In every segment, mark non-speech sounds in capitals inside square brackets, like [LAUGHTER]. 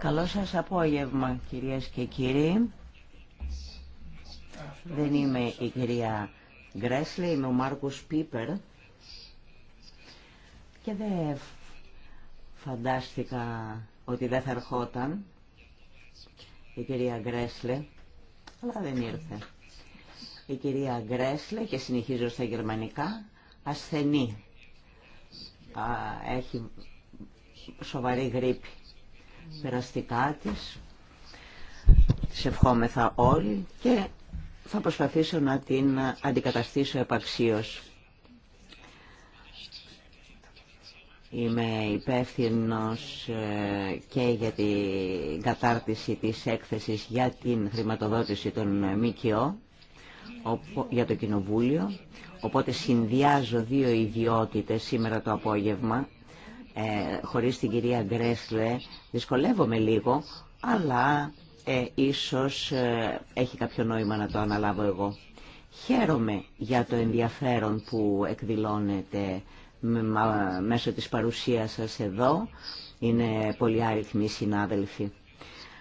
Καλό σας απόγευμα κυρίες και κύριοι. Δεν είμαι η κυρία Γκρέσλε, είμαι ο Μάρκος Πίπερ και δεν φαντάστηκα ότι δεν θα ερχόταν η κυρία Γκρέσλε, αλλά δεν ήρθε. Η κυρία Γκρέσλε, και συνεχίζω στα γερμανικά, ασθενή. Έχει σοβαρή γρήπη. Περαστικά της, της ευχόμεθα όλοι και θα προσπαθήσω να την αντικαταστήσω επαξίως. Είμαι υπεύθυνο ε, και για την κατάρτιση της έκθεσης για την χρηματοδότηση των ΜΚΟ για το Κοινοβούλιο. Οπότε συνδυάζω δύο ιδιότητες σήμερα το απόγευμα ε, χωρίς την κυρία Γκρέσλε δυσκολεύομαι λίγο, αλλά ε, ίσως ε, έχει κάποιο νόημα να το αναλάβω εγώ. Χαίρομαι για το ενδιαφέρον που εκδηλώνεται μέσω της παρουσίας σας εδώ. Είναι πολύ άριθμοι συνάδελφοι.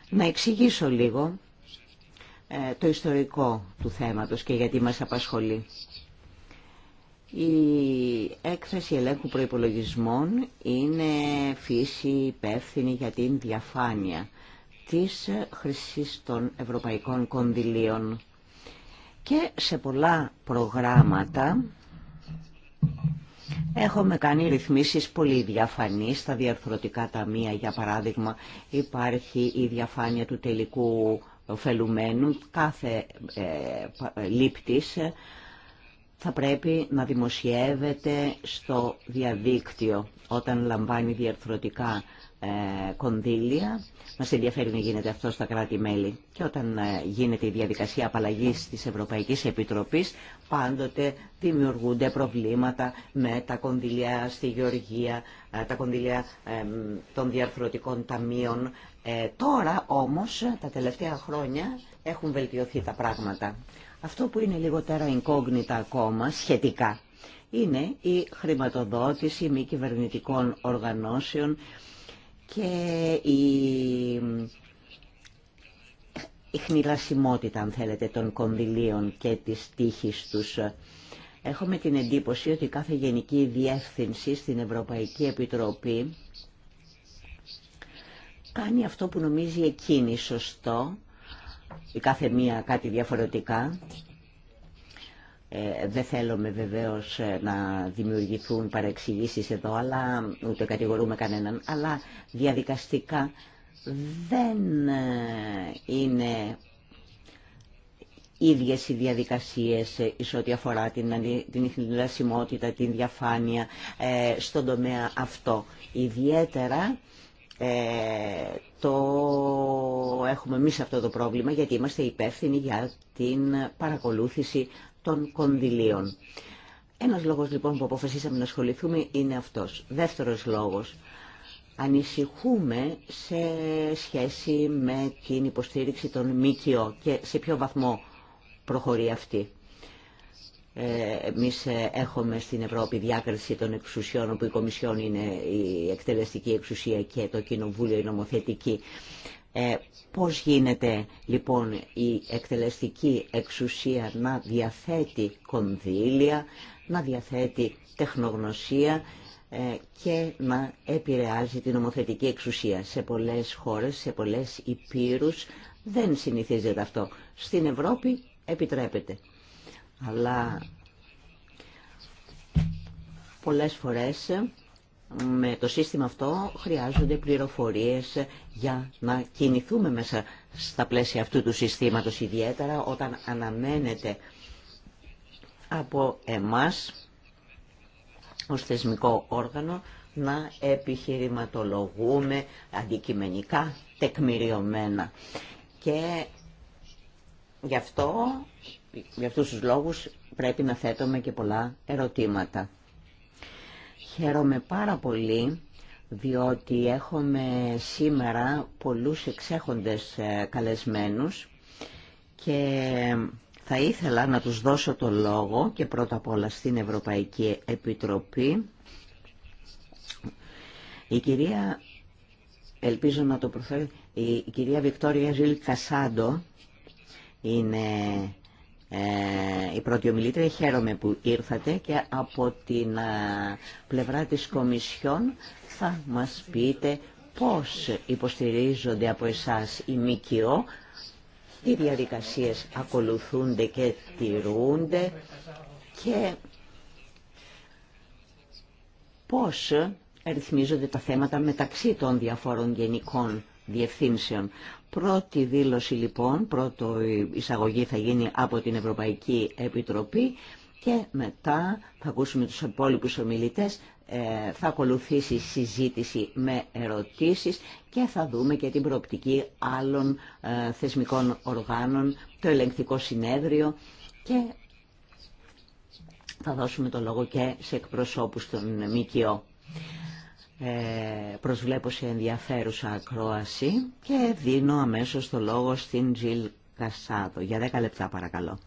Να εξηγήσω λίγο ε, το ιστορικό του θέματος και γιατί μας απασχολεί. Η έκθεση ελέγχου προϋπολογισμών είναι φύση υπεύθυνη για την διαφάνεια της χρυσής των ευρωπαϊκών κονδυλίων και σε πολλά προγράμματα Έχουμε κάνει ρυθμίσεις πολύ διαφανείς στα διαρθρωτικά ταμεία. Για παράδειγμα, υπάρχει η διαφάνεια του τελικού ωφελουμένου κάθε ε, ε θα πρέπει να δημοσιεύεται στο διαδίκτυο όταν λαμβάνει διαρθρωτικά ε, κονδύλια. Μας ενδιαφέρει να γίνεται αυτό στα κράτη-μέλη. Και όταν ε, γίνεται η διαδικασία απαλλαγής της Ευρωπαϊκής Επιτροπής, πάντοτε δημιουργούνται προβλήματα με τα κονδύλια στη Γεωργία, ε, τα κονδύλια των διαρθρωτικών ταμείων. Τώρα όμως, τα τελευταία χρόνια, έχουν βελτιωθεί τα πράγματα. Αυτό που είναι λιγότερα εγκόγνητα ακόμα, σχετικά, είναι η χρηματοδότηση μη κυβερνητικών οργανώσεων και η, η χνηλασιμότητα, αν θέλετε, των κονδυλίων και της τύχης τους. Έχουμε την εντύπωση ότι κάθε γενική διεύθυνση στην Ευρωπαϊκή Επιτροπή κάνει αυτό που νομίζει εκείνη σωστό η κάθε μία κάτι διαφορετικά. Ε, δεν θέλουμε βεβαίως ε, να δημιουργηθούν παρεξηγήσεις εδώ, αλλά ούτε κατηγορούμε κανέναν, αλλά διαδικαστικά δεν ε, είναι ίδιες οι διαδικασίες σε ό,τι αφορά την, την την διαφάνεια ε, στον τομέα αυτό. Ιδιαίτερα ε, το έχουμε εμεί αυτό το πρόβλημα γιατί είμαστε υπεύθυνοι για την παρακολούθηση των κονδυλίων. Ένας λόγος λοιπόν που αποφασίσαμε να ασχοληθούμε είναι αυτός. Δεύτερος λόγος. Ανησυχούμε σε σχέση με την υποστήριξη των ΜΚΟ και σε ποιο βαθμό προχωρεί αυτή. Ε, Εμεί ε, έχουμε στην Ευρώπη διάκριση των εξουσιών όπου η Κομισιόν είναι η εκτελεστική εξουσία και το Κοινοβούλιο η νομοθετική. Ε, πώς γίνεται λοιπόν η εκτελεστική εξουσία να διαθέτει κονδύλια, να διαθέτει τεχνογνωσία ε, και να επηρεάζει την νομοθετική εξουσία. Σε πολλές χώρες, σε πολλές υπήρους δεν συνηθίζεται αυτό. Στην Ευρώπη επιτρέπεται αλλά πολλές φορές με το σύστημα αυτό χρειάζονται πληροφορίες για να κινηθούμε μέσα στα πλαίσια αυτού του συστήματος, ιδιαίτερα όταν αναμένεται από εμάς ως θεσμικό όργανο να επιχειρηματολογούμε αντικειμενικά τεκμηριωμένα. Και γι' αυτό για αυτούς τους λόγους πρέπει να θέτουμε και πολλά ερωτήματα. Χαίρομαι πάρα πολύ διότι έχουμε σήμερα πολλούς εξέχοντες ε, καλεσμένους και θα ήθελα να τους δώσω το λόγο και πρώτα απ' όλα στην Ευρωπαϊκή Επιτροπή. Η κυρία, ελπίζω να το η κυρία Βικτόρια Ζήλ Κασάντο είναι ε, η πρώτη ομιλήτρια. Χαίρομαι που ήρθατε και από την ε, πλευρά της Κομισιόν θα μας πείτε πώς υποστηρίζονται από εσάς οι ΜΚΟ, τι διαδικασίες ακολουθούνται και τηρούνται και πώς ρυθμίζονται τα θέματα μεταξύ των διαφόρων γενικών διευθύνσεων. Πρώτη δήλωση λοιπόν, πρώτο εισαγωγή θα γίνει από την Ευρωπαϊκή Επιτροπή και μετά θα ακούσουμε τους υπόλοιπους ομιλητές, ε, θα ακολουθήσει συζήτηση με ερωτήσεις και θα δούμε και την προοπτική άλλων ε, θεσμικών οργάνων, το ελεγκτικό συνέδριο και θα δώσουμε το λόγο και σε εκπροσώπους των ΜΚΟ. Ε, προσβλέπω σε ενδιαφέρουσα ακρόαση και δίνω αμέσως το λόγο στην Τζιλ Κασάδο. Για 10 λεπτά παρακαλώ.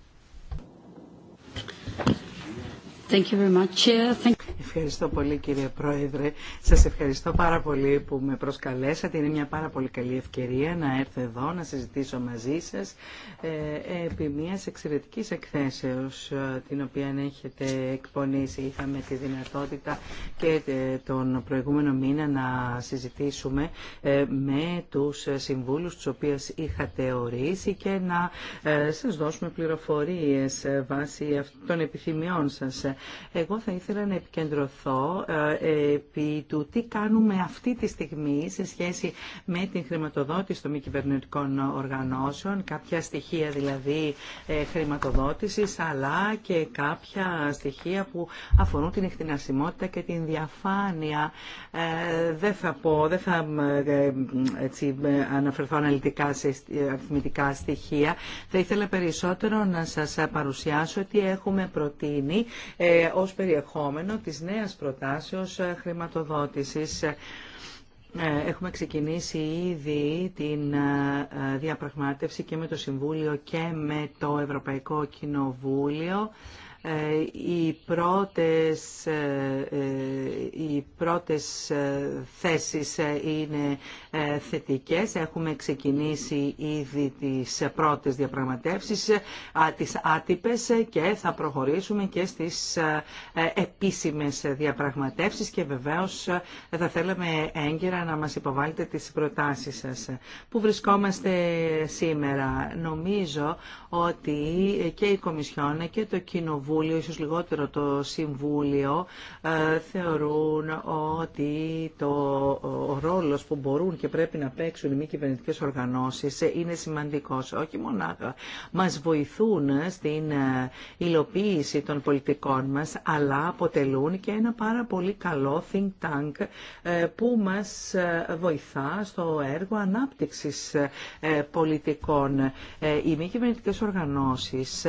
Ευχαριστώ πολύ κύριε Πρόεδρε. Σας ευχαριστώ πάρα πολύ που με προσκαλέσατε. Είναι μια πάρα πολύ καλή ευκαιρία να έρθω εδώ, να συζητήσω μαζί σας ε, επί μιας εξαιρετικής εκθέσεως ε, την οποία έχετε εκπονήσει. Είχαμε τη δυνατότητα και ε, τον προηγούμενο μήνα να συζητήσουμε με τους συμβούλους τους οποίους είχατε ορίσει και να σας δώσουμε πληροφορίες βάσει των επιθυμιών σας. Εγώ θα ήθελα να επικεντρωθώ ε, επί του τι κάνουμε αυτή τη στιγμή σε σχέση με την χρηματοδότηση των μη κυβερνητικών οργανώσεων, κάποια στοιχεία δηλαδή ε, χρηματοδότησης, αλλά και κάποια στοιχεία που αφορούν την εκτινασιμότητα και την διαφάνεια. Ε, δεν θα πω, δεν θα έτσι, αναφερθώ αναλυτικά σε αριθμητικά στοιχεία. Θα ήθελα περισσότερο να σας παρουσιάσω τι έχουμε προτείνει ε, ως περιεχόμενο της νέας προτάσεως ε, χρηματοδότησης. Ε, έχουμε ξεκινήσει ήδη την διαπραγμάτευση και με το Συμβούλιο και με το Ευρωπαϊκό Κοινοβούλιο ε, οι πρώτες, ε, ε, οι πρώτες θέσεις είναι θετικές. Έχουμε ξεκινήσει ήδη τις πρώτες διαπραγματεύσεις, τις άτυπες και θα προχωρήσουμε και στις επίσημες διαπραγματεύσεις και βεβαίως θα θέλαμε έγκαιρα να μας υποβάλλετε τις προτάσεις σας. Πού βρισκόμαστε σήμερα. Νομίζω ότι και η Κομισιόν και το Κοινοβούλιο Συμβούλιο, ίσως λιγότερο το Συμβούλιο, ε, θεωρούν ότι το, ο ρόλος που μπορούν και πρέπει να παίξουν οι μη κυβερνητικέ οργανώσεις είναι σημαντικός. Όχι μονάχα μας βοηθούν στην ε, υλοποίηση των πολιτικών μας, αλλά αποτελούν και ένα πάρα πολύ καλό think tank ε, που μας βοηθά στο έργο ανάπτυξης πολιτικών. Οι μη κυβερνητικέ οργανώσεις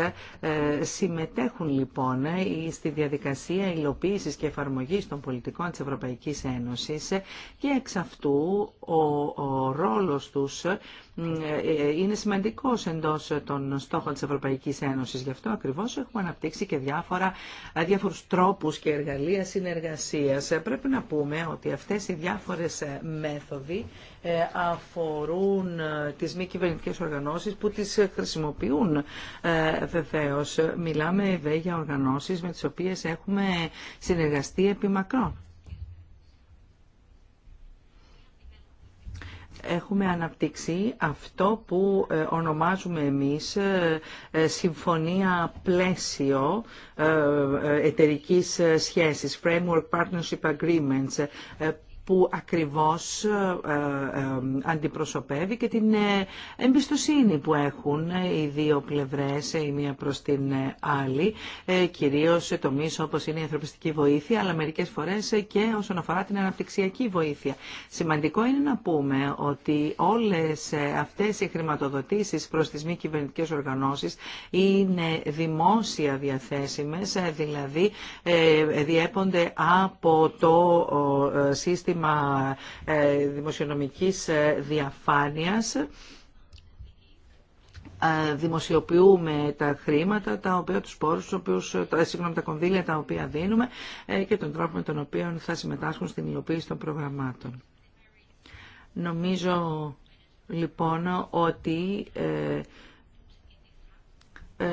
συμμετέχουν λοιπόν ε, στη διαδικασία υλοποίησης και εφαρμογής των πολιτικών της Ευρωπαϊκής Ένωσης ε, και εξ αυτού ο, ο ρόλος τους είναι σημαντικό εντός των στόχων της Ευρωπαϊκής Ένωσης. Γι' αυτό ακριβώς έχουμε αναπτύξει και διάφορα, διάφορους τρόπους και εργαλεία συνεργασίας. Πρέπει να πούμε ότι αυτές οι διάφορες ε, μέθοδοι ε, αφορούν ε, τις μη κυβερνητικέ οργανώσεις που τις χρησιμοποιούν βεβαίω. Μιλάμε για οργανώσεις με τις οποίες έχουμε συνεργαστεί επί έχουμε αναπτύξει αυτό που ε, ονομάζουμε εμείς ε, ε, συμφωνία πλαίσιο εταιρικής σχέσης, framework partnership agreements, που ακριβώς ε, ε, ε, αντιπροσωπεύει και την εμπιστοσύνη που έχουν οι δύο πλευρές, η μία προς την άλλη, κυρίως σε τομείς όπως είναι η ανθρωπιστική βοήθεια, αλλά μερικές φορές και όσον αφορά την αναπτυξιακή βοήθεια. Σημαντικό είναι να πούμε ότι όλες αυτές οι χρηματοδοτήσεις προς τις μη κυβερνητικέ οργανώσεις είναι δημόσια διαθέσιμες, δηλαδή διέπονται από το σύστημα ζήτημα ε, δημοσιονομικής ε, διαφάνειας ε, δημοσιοποιούμε τα χρήματα, τα οποία τους πόρους, οποίους, τα, τα κονδύλια τα οποία δίνουμε και τον τρόπο με τον οποίο θα συμμετάσχουν στην υλοποίηση των προγραμμάτων. Νομίζω λοιπόν ότι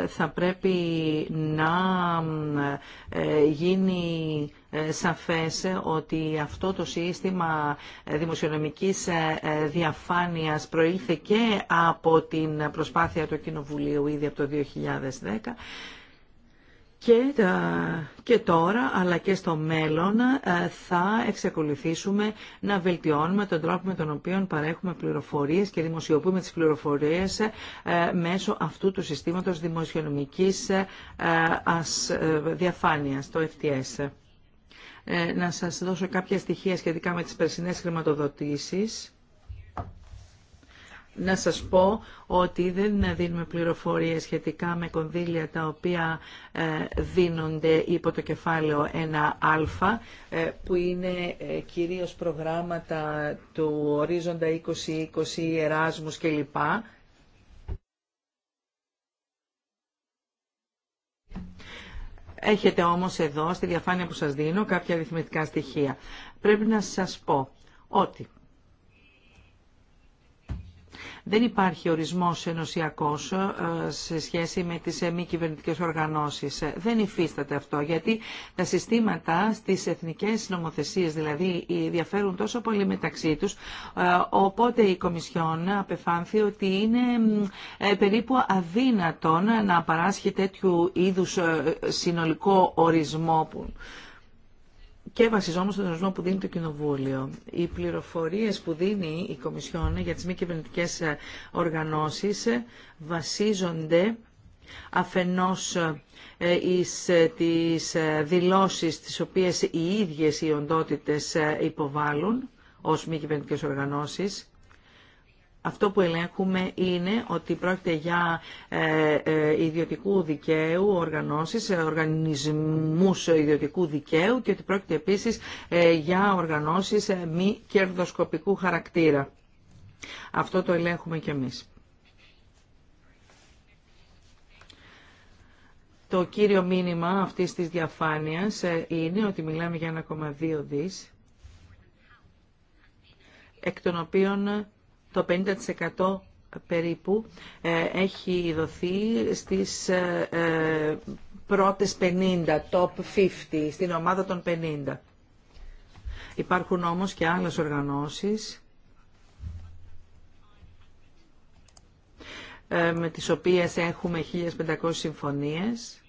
θα πρέπει να ε, γίνει ε, σαφές ότι αυτό το σύστημα δημοσιονομικής ε, διαφάνειας προήλθε και από την προσπάθεια του Κοινοβουλίου ήδη από το 2010 ε, και, τώρα αλλά και στο μέλλον ε, θα εξακολουθήσουμε να βελτιώνουμε τον τρόπο με τον οποίο παρέχουμε πληροφορίες και δημοσιοποιούμε τις πληροφορίες ε, μέσω αυτού του συστήματος δημοσιονομικής διαφάνειας, το FTS. Να σας δώσω κάποια στοιχεία σχετικά με τις περσινές χρηματοδοτήσεις να σας πω ότι δεν δίνουμε πληροφορίες σχετικά με κονδύλια τα οποία ε, δίνονται υπό το κεφάλαιο 1α ε, που είναι ε, κυρίως προγράμματα του ορίζοντα 2020, Εράσμους κλπ. Έχετε όμως εδώ στη διαφάνεια που σας δίνω κάποια αριθμητικά στοιχεία. Πρέπει να σας πω ότι δεν υπάρχει ορισμός ενωσιακός ε, σε σχέση με τις ε, μη κυβερνητικέ οργανώσεις. Ε, δεν υφίσταται αυτό, γιατί τα συστήματα στις εθνικές νομοθεσίες, δηλαδή, διαφέρουν τόσο πολύ μεταξύ τους, οπότε η Κομισιόν απεφάνθη ότι είναι περίπου αδύνατον να παράσχει τέτοιου είδους συνολικό ορισμό που και βασιζόμαστε στον ορισμό που δίνει το Κοινοβούλιο. Οι πληροφορίες που δίνει η Κομισιόν για τις μη κυβερνητικέ ε, οργανώσεις ε, βασίζονται αφενός ε, εις τις δηλώσεις τις οποίες οι ίδιες οι οντότητες υποβάλλουν ως μη κυβερνητικέ οργανώσεις αυτό που ελέγχουμε είναι ότι πρόκειται για ε, ε, ιδιωτικού δικαίου οργανώσεις, ε, οργανισμούς ιδιωτικού δικαίου και ότι πρόκειται επίσης για οργανώσεις μη κερδοσκοπικού χαρακτήρα. Αυτό το ελέγχουμε και εμείς. Το κύριο μήνυμα αυτής της διαφάνειας είναι ότι μιλάμε για 1,2 δις, εκ των οποίων το 50% περίπου ε, έχει δοθεί στις ε, ε, πρώτες 50, top 50, στην ομάδα των 50. Υπάρχουν όμως και άλλες οργανώσεις με τις οποίες έχουμε 1.500 συμφωνίες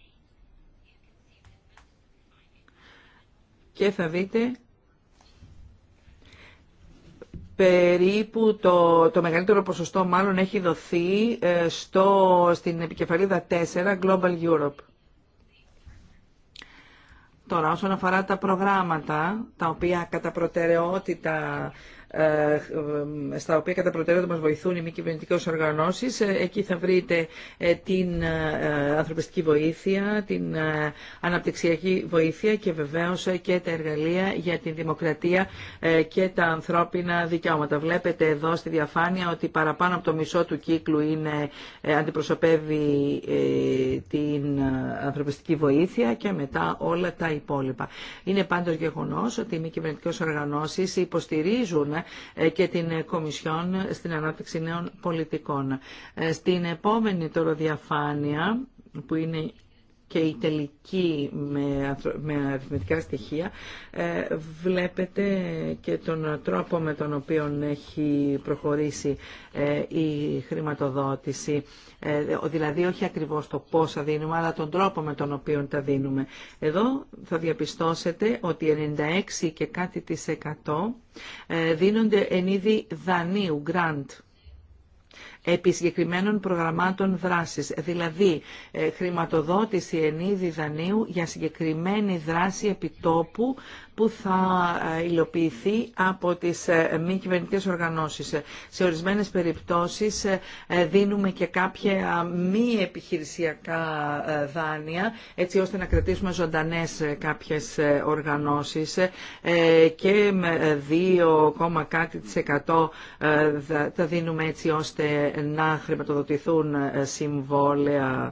και θα δείτε περίπου το, το μεγαλύτερο ποσοστό μάλλον έχει δοθεί ε, στο, στην επικεφαλίδα 4 Global Europe. Τώρα, όσον αφορά τα προγράμματα, τα οποία κατά προτεραιότητα ε, στα οποία κατά προτεραιότητα μας βοηθούν οι μη κυβερνητικές οργανώσεις. Ε, εκεί θα βρείτε ε, την ανθρωπιστική βοήθεια, την αναπτυξιακή βοήθεια και βεβαίως και τα εργαλεία για την δημοκρατία και τα ανθρώπινα δικαιώματα. Βλέπετε εδώ στη διαφάνεια ότι παραπάνω από το μισό του κύκλου είναι, αντιπροσωπεύει την ανθρωπιστική βοήθεια και μετά όλα τα υπόλοιπα. Είναι πάντως γεγονός ότι οι μη κυβερνητικές οργανώσεις υποστηρίζουν ε, και την ε, Κομισιόν στην ανάπτυξη νέων πολιτικών. Ε, στην επόμενη τώρα διαφάνεια, που είναι και η τελική με, με αριθμητικά στοιχεία, ε, βλέπετε και τον τρόπο με τον οποίο έχει προχωρήσει ε, η χρηματοδότηση. Ε, δηλαδή όχι ακριβώς το πόσα δίνουμε, αλλά τον τρόπο με τον οποίο τα δίνουμε. Εδώ θα διαπιστώσετε ότι 96 και κάτι της 100 δίνονται εν είδη δανείου, grant επί συγκεκριμένων προγραμμάτων δράσης, δηλαδή ε, χρηματοδότηση ενίδη δανείου για συγκεκριμένη δράση επιτόπου που θα ε, υλοποιηθεί από τις ε, μη κυβερνητικέ οργανώσεις. Σε ορισμένες περιπτώσεις ε, δίνουμε και κάποια μη επιχειρησιακά δάνεια, έτσι ώστε να κρατήσουμε ζωντανές κάποιες οργανώσεις και με 2, κάτι τα δίνουμε έτσι ώστε να χρηματοδοτηθούν συμβόλαια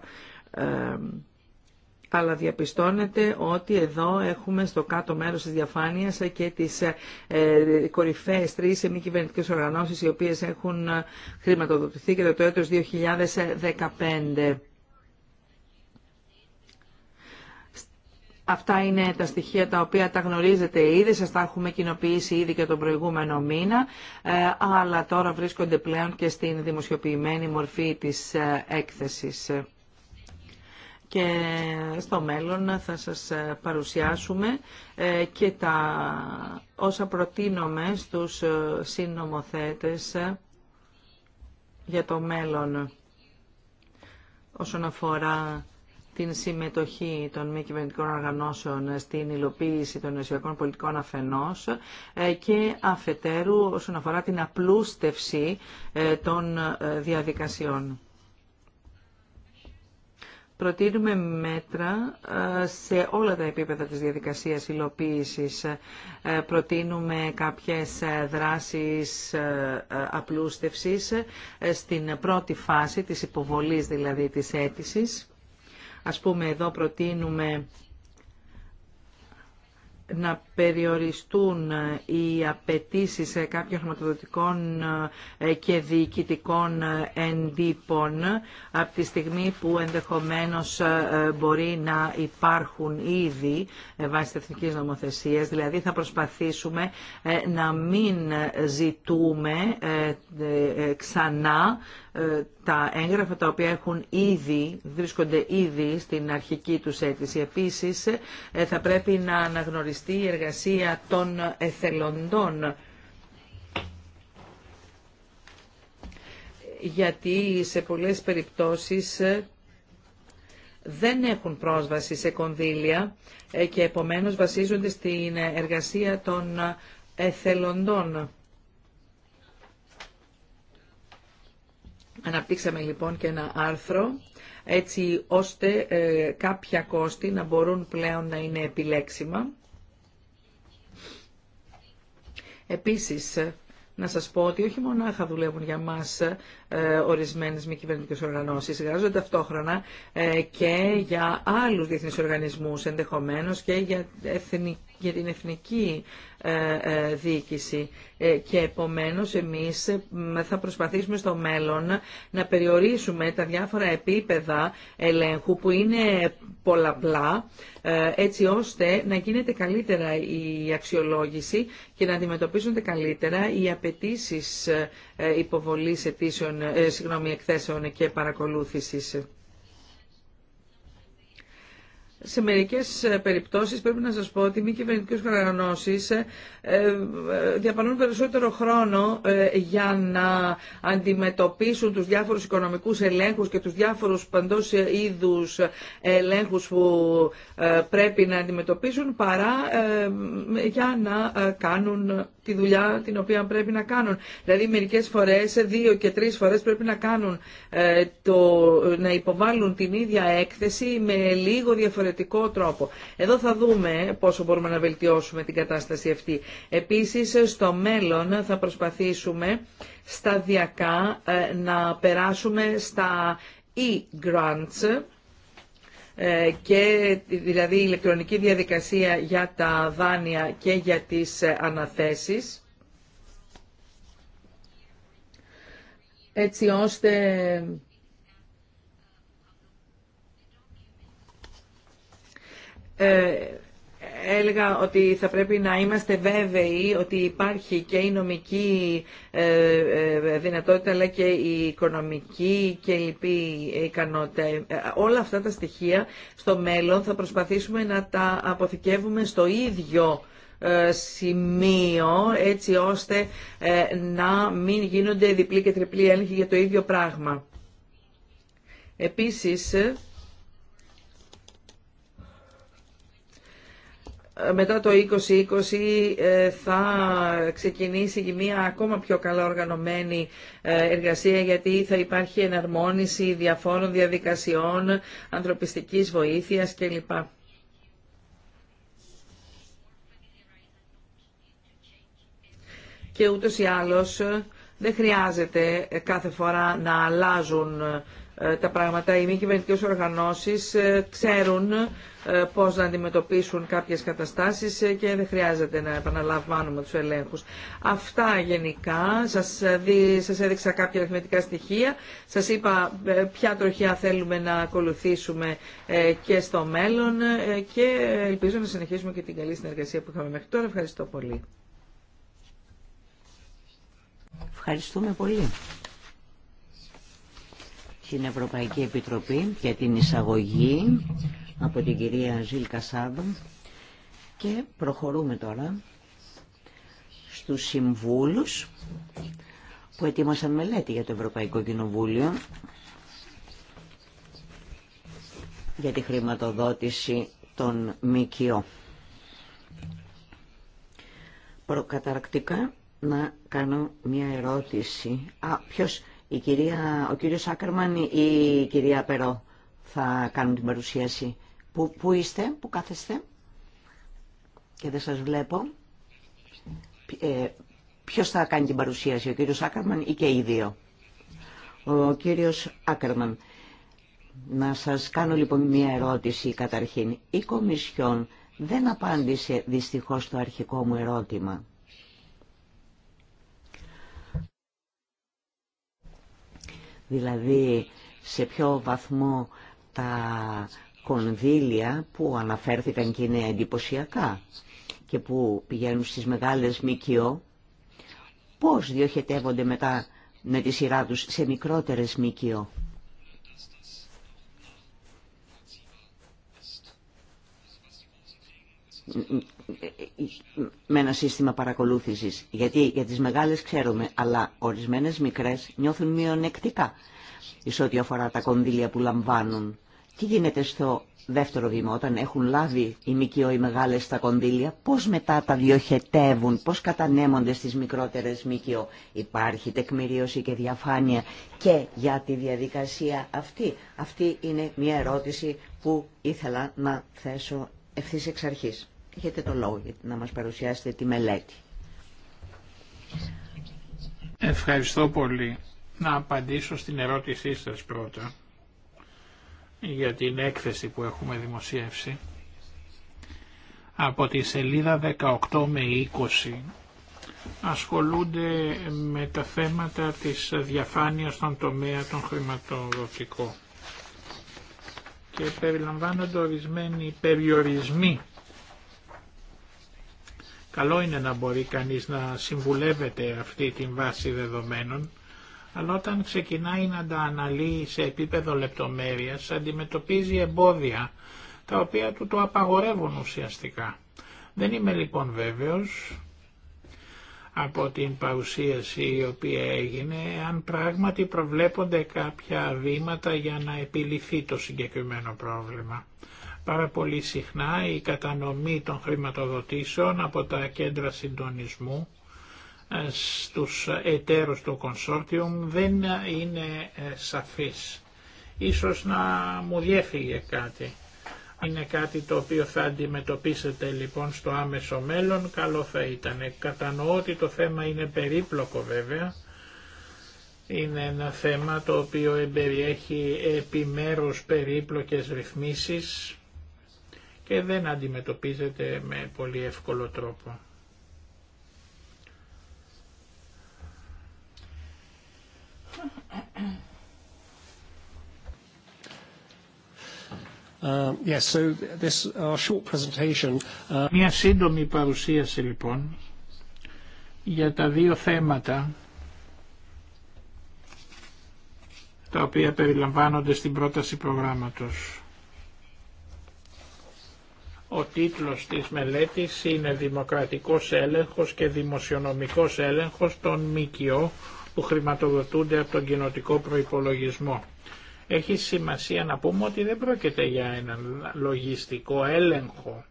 αλλά διαπιστώνεται ότι εδώ έχουμε στο κάτω μέρος της διαφάνειας και τις ε, κορυφαίες τρεις μη κυβερνητικέ οργανώσεις οι οποίες έχουν ε, χρηματοδοτηθεί και το έτος 2015. Αυτά είναι τα στοιχεία τα οποία τα γνωρίζετε ήδη, σας τα έχουμε κοινοποιήσει ήδη και τον προηγούμενο μήνα, ε, αλλά τώρα βρίσκονται πλέον και στην δημοσιοποιημένη μορφή της έκθεσης και στο μέλλον θα σας παρουσιάσουμε ε, και τα όσα προτείνουμε στους ε, συνομοθέτες ε, για το μέλλον όσον αφορά την συμμετοχή των μη κυβερνητικών οργανώσεων στην υλοποίηση των νοσιακών πολιτικών αφενός και αφετέρου όσον αφορά την απλούστευση των διαδικασιών προτείνουμε μέτρα ε, σε όλα τα επίπεδα της διαδικασίας υλοποίησης. Ε, προτείνουμε κάποιες ε, δράσεις απλούστευσης στην πρώτη φάση της υποβολής δηλαδή της αίτησης. Ας πούμε εδώ προτείνουμε να περιοριστούν οι απαιτήσει κάποιων χρηματοδοτικών ε, και διοικητικών ε, εντύπων από τη στιγμή που ενδεχομένως ε, μπορεί να υπάρχουν ήδη βάσει εθνική νομοθεσία. Δηλαδή θα προσπαθήσουμε να μην ζητούμε ξανά τα έγγραφα τα οποία έχουν ήδη, βρίσκονται ήδη στην αρχική τους αίτηση. Επίσης θα πρέπει να αναγνωριστεί η εργασία εργασία των εθελοντών. Γιατί σε πολλές περιπτώσεις δεν έχουν πρόσβαση σε κονδύλια ε, και επομένως βασίζονται στην εργασία των εθελοντών. Αναπτύξαμε λοιπόν και ένα άρθρο έτσι ώστε ε, κάποια κόστη να μπορούν πλέον να είναι επιλέξιμα Επίσης, να σας πω ότι όχι μονάχα δουλεύουν για μας ε, ορισμένες μη κυβερνητικές οργανώσεις, εργάζονται ταυτόχρονα ε, και για άλλους διεθνείς οργανισμούς, ενδεχομένως και για εθνική για την εθνική ε, ε, διοίκηση ε, και επομένως εμείς θα προσπαθήσουμε στο μέλλον να περιορίσουμε τα διάφορα επίπεδα ελέγχου που είναι πολλαπλά έτσι ώστε να γίνεται καλύτερα η αξιολόγηση και να αντιμετωπίζονται καλύτερα οι απαιτήσει υποβολής αιτήσεων, συγγνώμη, εκθέσεων και παρακολούθησης σε μερικέ ε, περιπτώσει, πρέπει να σα πω ότι οι μη κυβερνητικές ε, ε, διαπανούν περισσότερο χρόνο ε, για να αντιμετωπίσουν του διάφορου οικονομικού ελέγχου και του διάφορου παντό είδου ελέγχου που πρέπει να αντιμετωπίσουν παρά για να κάνουν τη δουλειά την οποία πρέπει να κάνουν. Δηλαδή μερικέ φορέ δύο και τρει φορέ πρέπει να κάνουν να υποβάλουν την ίδια έκθεση με λίγο διαφορετικό τρόπο. Εδώ θα δούμε πόσο μπορούμε να βελτιώσουμε την κατάσταση αυτή. Επίσης, στο μέλλον θα προσπαθήσουμε σταδιακά ε, να περάσουμε στα e-grants, ε, και δηλαδή η ηλεκτρονική διαδικασία για τα δάνεια και για τις ε, αναθέσεις. έτσι ώστε Ε, έλεγα ότι θα πρέπει να είμαστε βέβαιοι ότι υπάρχει και η νομική ε, ε, δυνατότητα αλλά και η οικονομική και η λοιπή ικανότητα. Όλα αυτά τα στοιχεία στο μέλλον θα προσπαθήσουμε να τα αποθηκεύουμε στο ίδιο σημείο έτσι ώστε να μην γίνονται διπλή και τριπλή έλεγχη για το ίδιο πράγμα. Επίσης, μετά το 2020 ε, θα ξεκινήσει μια ακόμα πιο καλά οργανωμένη ε, εργασία γιατί θα υπάρχει εναρμόνιση διαφόρων διαδικασιών, ανθρωπιστικής βοήθειας κλπ. Και ούτως ή άλλως ε, δεν χρειάζεται κάθε φορά να αλλάζουν ε, τα πράγματα. Οι μη κυβερνητικέ οργανώσεις ε, ξέρουν ε, πώ να αντιμετωπίσουν κάποιες καταστάσεις και δεν χρειάζεται να επαναλαμβάνουμε του ελέγχους. Αυτά γενικά. Σα σας έδειξα κάποια αριθμητικά στοιχεία. Σας είπα ποια τροχιά θέλουμε να ακολουθήσουμε και στο μέλλον και ελπίζω να συνεχίσουμε και την καλή συνεργασία που είχαμε μέχρι τώρα. Ευχαριστώ πολύ. Ευχαριστούμε πολύ στην Ευρωπαϊκή Επιτροπή για την εισαγωγή από την κυρία Ζήλ Κασάδο και προχωρούμε τώρα στους συμβούλους που ετοίμασαν μελέτη για το Ευρωπαϊκό Κοινοβούλιο για τη χρηματοδότηση των ΜΚΟ. Προκαταρκτικά να κάνω μια ερώτηση. Α, ποιος η κυρία, ο κύριο Άκερμαν ή η κυρία Περό θα κάνουν την παρουσίαση. Πού, είστε, πού κάθεστε και δεν σας βλέπω. Ε, ποιος θα κάνει την παρουσίαση, ο κύριος Άκερμαν ή και οι δύο. Ο κύριος Άκερμαν. Να σας κάνω λοιπόν μια ερώτηση καταρχήν. Η Κομισιόν δεν απάντησε δυστυχώς το αρχικό μου ερώτημα. δηλαδή σε ποιο βαθμό τα κονδύλια που αναφέρθηκαν και είναι εντυπωσιακά και που πηγαίνουν στις μεγάλες ΜΚΟ, πώς διοχετεύονται μετά με τη σειρά τους σε μικρότερες ΜΚΟ. με ένα σύστημα παρακολούθησης. Γιατί για τις μεγάλες ξέρουμε, αλλά ορισμένες μικρές νιώθουν μειονεκτικά σε ό,τι αφορά τα κονδύλια που λαμβάνουν. Τι γίνεται στο δεύτερο βήμα, όταν έχουν λάβει οι ΜΚΟ οι μεγάλες τα κονδύλια, πώς μετά τα διοχετεύουν, πώς κατανέμονται στις μικρότερες ΜΚΟ. Υπάρχει τεκμηρίωση και διαφάνεια και για τη διαδικασία αυτή. Αυτή είναι μια ερώτηση που ήθελα να θέσω ευθύ εξ αρχής. Έχετε το λόγο για να μας παρουσιάσετε τη μελέτη. Ευχαριστώ πολύ. Να απαντήσω στην ερώτησή σας πρώτα για την έκθεση που έχουμε δημοσιεύσει. Από τη σελίδα 18 με 20 ασχολούνται με τα θέματα της διαφάνειας στον τομέα των χρηματοδοτικών και περιλαμβάνονται ορισμένοι περιορισμοί Καλό είναι να μπορεί κανείς να συμβουλεύεται αυτή την βάση δεδομένων, αλλά όταν ξεκινάει να τα αναλύει σε επίπεδο λεπτομέρειας, αντιμετωπίζει εμπόδια, τα οποία του το απαγορεύουν ουσιαστικά. Δεν είμαι λοιπόν βέβαιος από την παρουσίαση η οποία έγινε, αν πράγματι προβλέπονται κάποια βήματα για να επιληθεί το συγκεκριμένο πρόβλημα. Πάρα πολύ συχνά η κατανομή των χρηματοδοτήσεων από τα κέντρα συντονισμού ε, στους εταίρους του κονσόρτιουμ δεν είναι ε, σαφής. Ίσως να μου διέφυγε κάτι. Είναι κάτι το οποίο θα αντιμετωπίσετε λοιπόν στο άμεσο μέλλον, καλό θα ήταν. Ε, κατανοώ ότι το θέμα είναι περίπλοκο βέβαια. Είναι ένα θέμα το οποίο εμπεριέχει επιμέρους περίπλοκες ρυθμίσεις και δεν αντιμετωπίζεται με πολύ εύκολο τρόπο. Um, yes, so this, short uh, Μια σύντομη παρουσίαση λοιπόν για τα δύο θέματα τα οποία περιλαμβάνονται στην πρόταση προγράμματος. Ο τίτλος της μελέτης είναι «Δημοκρατικός έλεγχος και δημοσιονομικός έλεγχος των ΜΚΟ που χρηματοδοτούνται από τον κοινοτικό προϋπολογισμό». Έχει σημασία να πούμε ότι δεν πρόκειται για έναν λογιστικό έλεγχο.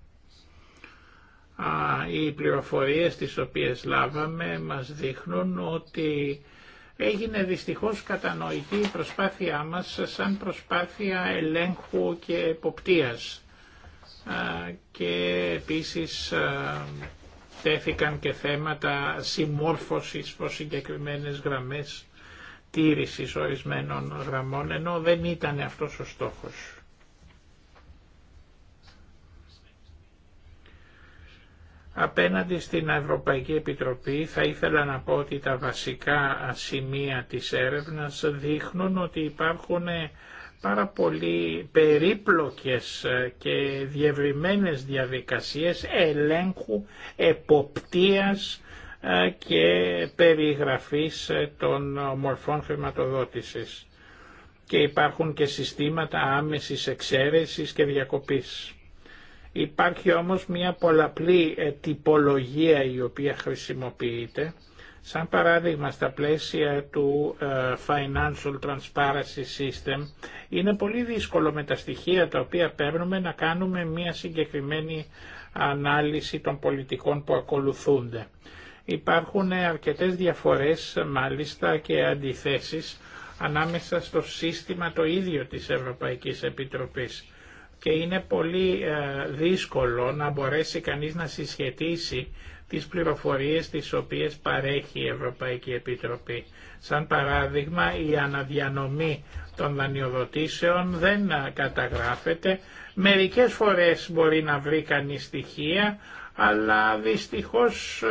Α, οι πληροφορίες τις οποίες λάβαμε μας δείχνουν ότι έγινε δυστυχώς κατανοητή η προσπάθειά μας σαν προσπάθεια ελέγχου και εποπτείας και επίσης τέθηκαν και θέματα συμμόρφωσης προς συγκεκριμένες γραμμές τήρησης ορισμένων γραμμών, ενώ δεν ήταν αυτός ο στόχος. Απέναντι στην Ευρωπαϊκή Επιτροπή θα ήθελα να πω ότι τα βασικά σημεία της έρευνας δείχνουν ότι υπάρχουν πάρα πολύ περίπλοκες ε, και διευρυμένες διαδικασίες ελέγχου, εποπτείας ε, και περιγραφής ε, των μορφών χρηματοδότησης. Και υπάρχουν και συστήματα άμεσης εξαίρεσης και διακοπής. Υπάρχει όμως μια πολλαπλή τυπολογία η οποία χρησιμοποιείται Σαν παράδειγμα στα πλαίσια του ε, Financial Transparency System είναι πολύ δύσκολο με τα στοιχεία τα οποία παίρνουμε να κάνουμε μια συγκεκριμένη ανάλυση των πολιτικών που ακολουθούνται. Υπάρχουν αρκετές διαφορές μάλιστα και αντιθέσεις ανάμεσα στο σύστημα το ίδιο της Ευρωπαϊκής Επιτροπής και είναι πολύ ε, δύσκολο να μπορέσει κανείς να συσχετίσει τις πληροφορίες τις οποίες παρέχει η Ευρωπαϊκή Επιτροπή. Σαν παράδειγμα η αναδιανομή των δανειοδοτήσεων δεν καταγράφεται. Μερικές φορές μπορεί να βρει κανεί στοιχεία, αλλά δυστυχώς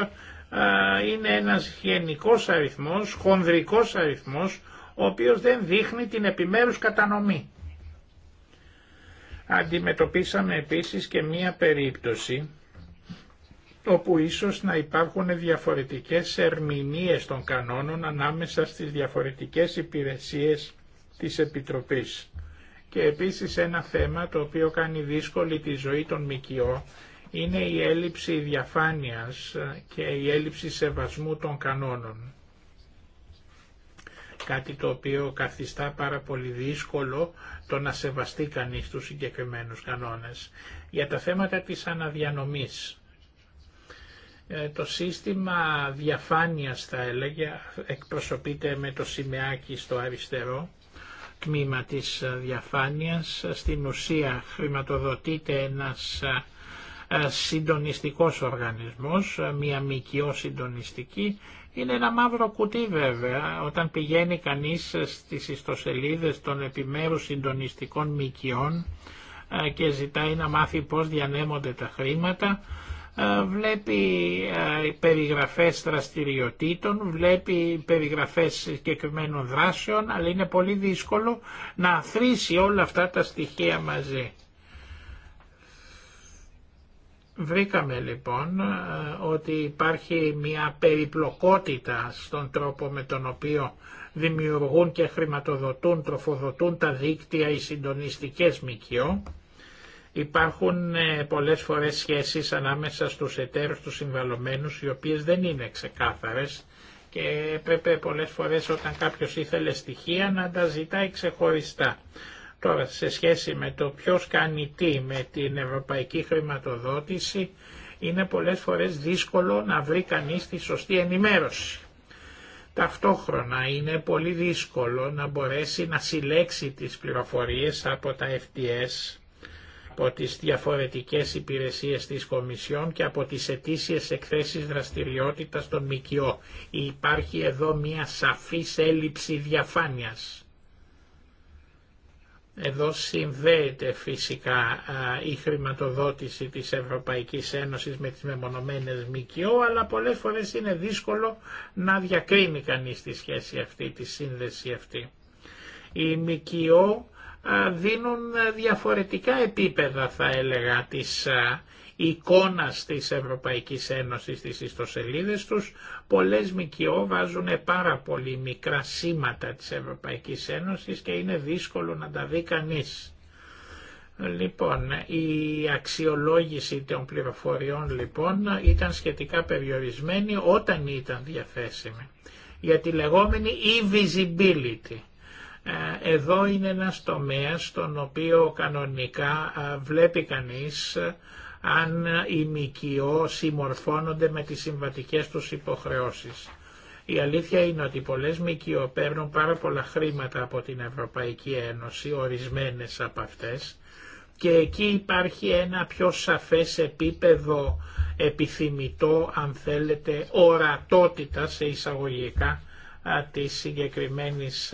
είναι ένας γενικός αριθμός, χονδρικός αριθμός, ο οποίος δεν δείχνει την επιμέρους κατανομή. Αντιμετωπίσαμε επίσης και μία περίπτωση όπου ίσως να υπάρχουν διαφορετικές ερμηνείες των κανόνων ανάμεσα στις διαφορετικές υπηρεσίες της Επιτροπής. Και επίσης ένα θέμα το οποίο κάνει δύσκολη τη ζωή των ΜΚΟ είναι η έλλειψη διαφάνειας και η έλλειψη σεβασμού των κανόνων. Κάτι το οποίο καθιστά πάρα πολύ δύσκολο το να σεβαστεί κανείς τους συγκεκριμένους κανόνες. Για τα θέματα της αναδιανομής ε, το σύστημα διαφάνειας θα έλεγε, εκπροσωπείται με το σημεάκι στο αριστερό τμήμα της ε, διαφάνειας. Στην ουσία χρηματοδοτείται ένας ε, συντονιστικός οργανισμός, μια μικιό συντονιστική. Είναι ένα μαύρο κουτί βέβαια, όταν πηγαίνει κανείς στις ιστοσελίδες των επιμέρους συντονιστικών μικιών και ζητάει να μάθει πώς διανέμονται τα χρήματα, ε, βλέπει ε, περιγραφές δραστηριοτήτων, βλέπει περιγραφές συγκεκριμένων δράσεων, αλλά είναι πολύ δύσκολο να αθροίσει όλα αυτά τα στοιχεία μαζί. Βρήκαμε λοιπόν ε, ότι υπάρχει μια περιπλοκότητα στον τρόπο με τον οποίο δημιουργούν και χρηματοδοτούν, τροφοδοτούν τα δίκτυα οι συντονιστικές μικιο. Υπάρχουν ε, πολλές φορές σχέσεις ανάμεσα στους εταίρους, του συμβαλωμένους, οι οποίες δεν είναι ξεκάθαρες και έπρεπε πολλές φορές όταν κάποιος ήθελε στοιχεία να τα ζητάει ξεχωριστά. Τώρα, σε σχέση με το ποιος κάνει τι με την ευρωπαϊκή χρηματοδότηση, είναι πολλές φορές δύσκολο να βρει κανείς τη σωστή ενημέρωση. Ταυτόχρονα είναι πολύ δύσκολο να μπορέσει να συλλέξει τις πληροφορίες από τα FTS από τις διαφορετικές υπηρεσίες της Κομισιόν και από τις ετήσιες εκθέσεις δραστηριότητας των ΜΚΟ. Υπάρχει εδώ μια σαφής έλλειψη διαφάνειας. Εδώ συνδέεται φυσικά η χρηματοδότηση της Ευρωπαϊκής Ένωσης με τις μεμονωμένες ΜΚΟ, αλλά πολλές φορές είναι δύσκολο να διακρίνει κανείς τη σχέση αυτή, τη σύνδεση αυτή. Η ΜΚΟ δίνουν διαφορετικά επίπεδα θα έλεγα της εικόνας της Ευρωπαϊκής Ένωσης στις ιστοσελίδες τους. Πολλές ΜΚΟ βάζουν πάρα πολύ μικρά σήματα της Ευρωπαϊκής Ένωσης και είναι δύσκολο να τα δει κανείς. Λοιπόν, η αξιολόγηση των πληροφοριών λοιπόν ήταν σχετικά περιορισμένη όταν ήταν διαθέσιμη για τη λεγόμενη e-visibility. Ε, εδώ είναι ένας τομέας στον οποίο κανονικά ε, βλέπει κανείς ε, αν οι ΜΚΟ συμμορφώνονται με τις συμβατικές τους υποχρεώσεις. Η αλήθεια είναι ότι πολλές ΜΚΟ παίρνουν πάρα πολλά χρήματα από την Ευρωπαϊκή Ένωση, ορισμένες από αυτές, και εκεί υπάρχει ένα πιο σαφές επίπεδο επιθυμητό, αν θέλετε, ορατότητα σε εισαγωγικά της συγκεκριμένης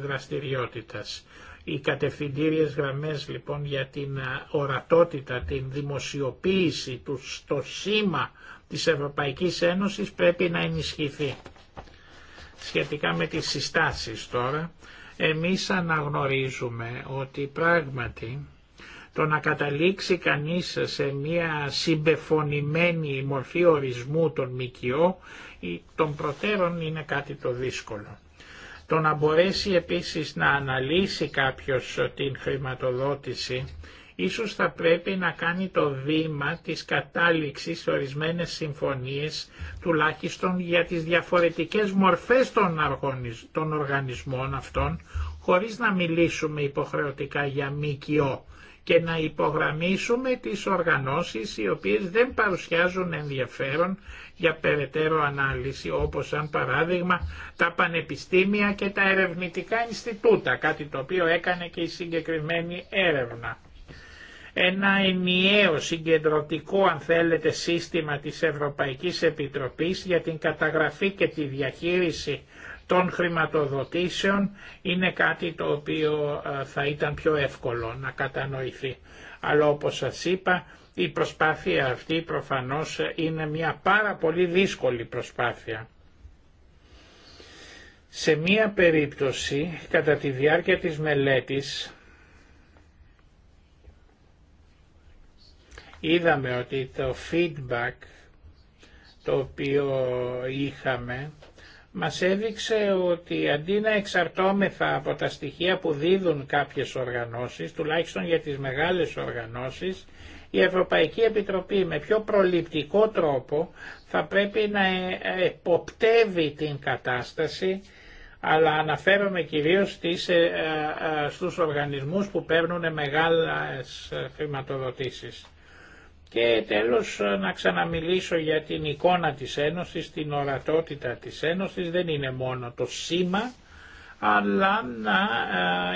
δραστηριότητας. Οι κατευθυντήριες γραμμές λοιπόν για την ορατότητα, την δημοσιοποίηση, του, στο σήμα της Ευρωπαϊκής Ένωσης πρέπει να ενισχυθεί. Σχετικά με τις συστάσεις τώρα, εμείς αναγνωρίζουμε ότι πράγματι το να καταλήξει κανείς σε μια συμπεφωνημένη μορφή ορισμού των ΜΚΟ ή των προτέρων είναι κάτι το δύσκολο. Το να μπορέσει επίσης να αναλύσει κάποιος την χρηματοδότηση ίσως θα πρέπει να κάνει το βήμα της κατάληξης σε ορισμένες συμφωνίες, τουλάχιστον για τις διαφορετικές μορφές των οργανισμών αυτών, χωρίς να μιλήσουμε υποχρεωτικά για ΜΚΟ και να υπογραμμίσουμε τις οργανώσεις οι οποίες δεν παρουσιάζουν ενδιαφέρον για περαιτέρω ανάλυση, όπως σαν παράδειγμα τα πανεπιστήμια και τα ερευνητικά Ινστιτούτα, κάτι το οποίο έκανε και η συγκεκριμένη έρευνα. Ένα ενιαίο συγκεντρωτικό αν θέλετε σύστημα της Ευρωπαϊκής Επιτροπής για την καταγραφή και τη διαχείριση των χρηματοδοτήσεων είναι κάτι το οποίο ε, θα ήταν πιο εύκολο να κατανοηθεί. Αλλά όπως σας είπα η προσπάθεια αυτή προφανώς είναι μια πάρα πολύ δύσκολη προσπάθεια. Σε μία περίπτωση κατά τη διάρκεια της μελέτης είδαμε ότι το feedback το οποίο είχαμε μας έδειξε ότι αντί να εξαρτώμεθα από τα στοιχεία που δίδουν κάποιες οργανώσεις, τουλάχιστον για τις μεγάλες οργανώσεις, η Ευρωπαϊκή Επιτροπή με πιο προληπτικό τρόπο θα πρέπει να ε, εποπτεύει την κατάσταση, αλλά αναφέρομαι κυρίως στις, ε, ε, στους οργανισμούς που παίρνουν μεγάλες χρηματοδοτήσεις. Και τέλος να ξαναμιλήσω για την εικόνα της Ένωσης, την ορατότητα της Ένωσης, δεν είναι μόνο το σήμα, αλλά να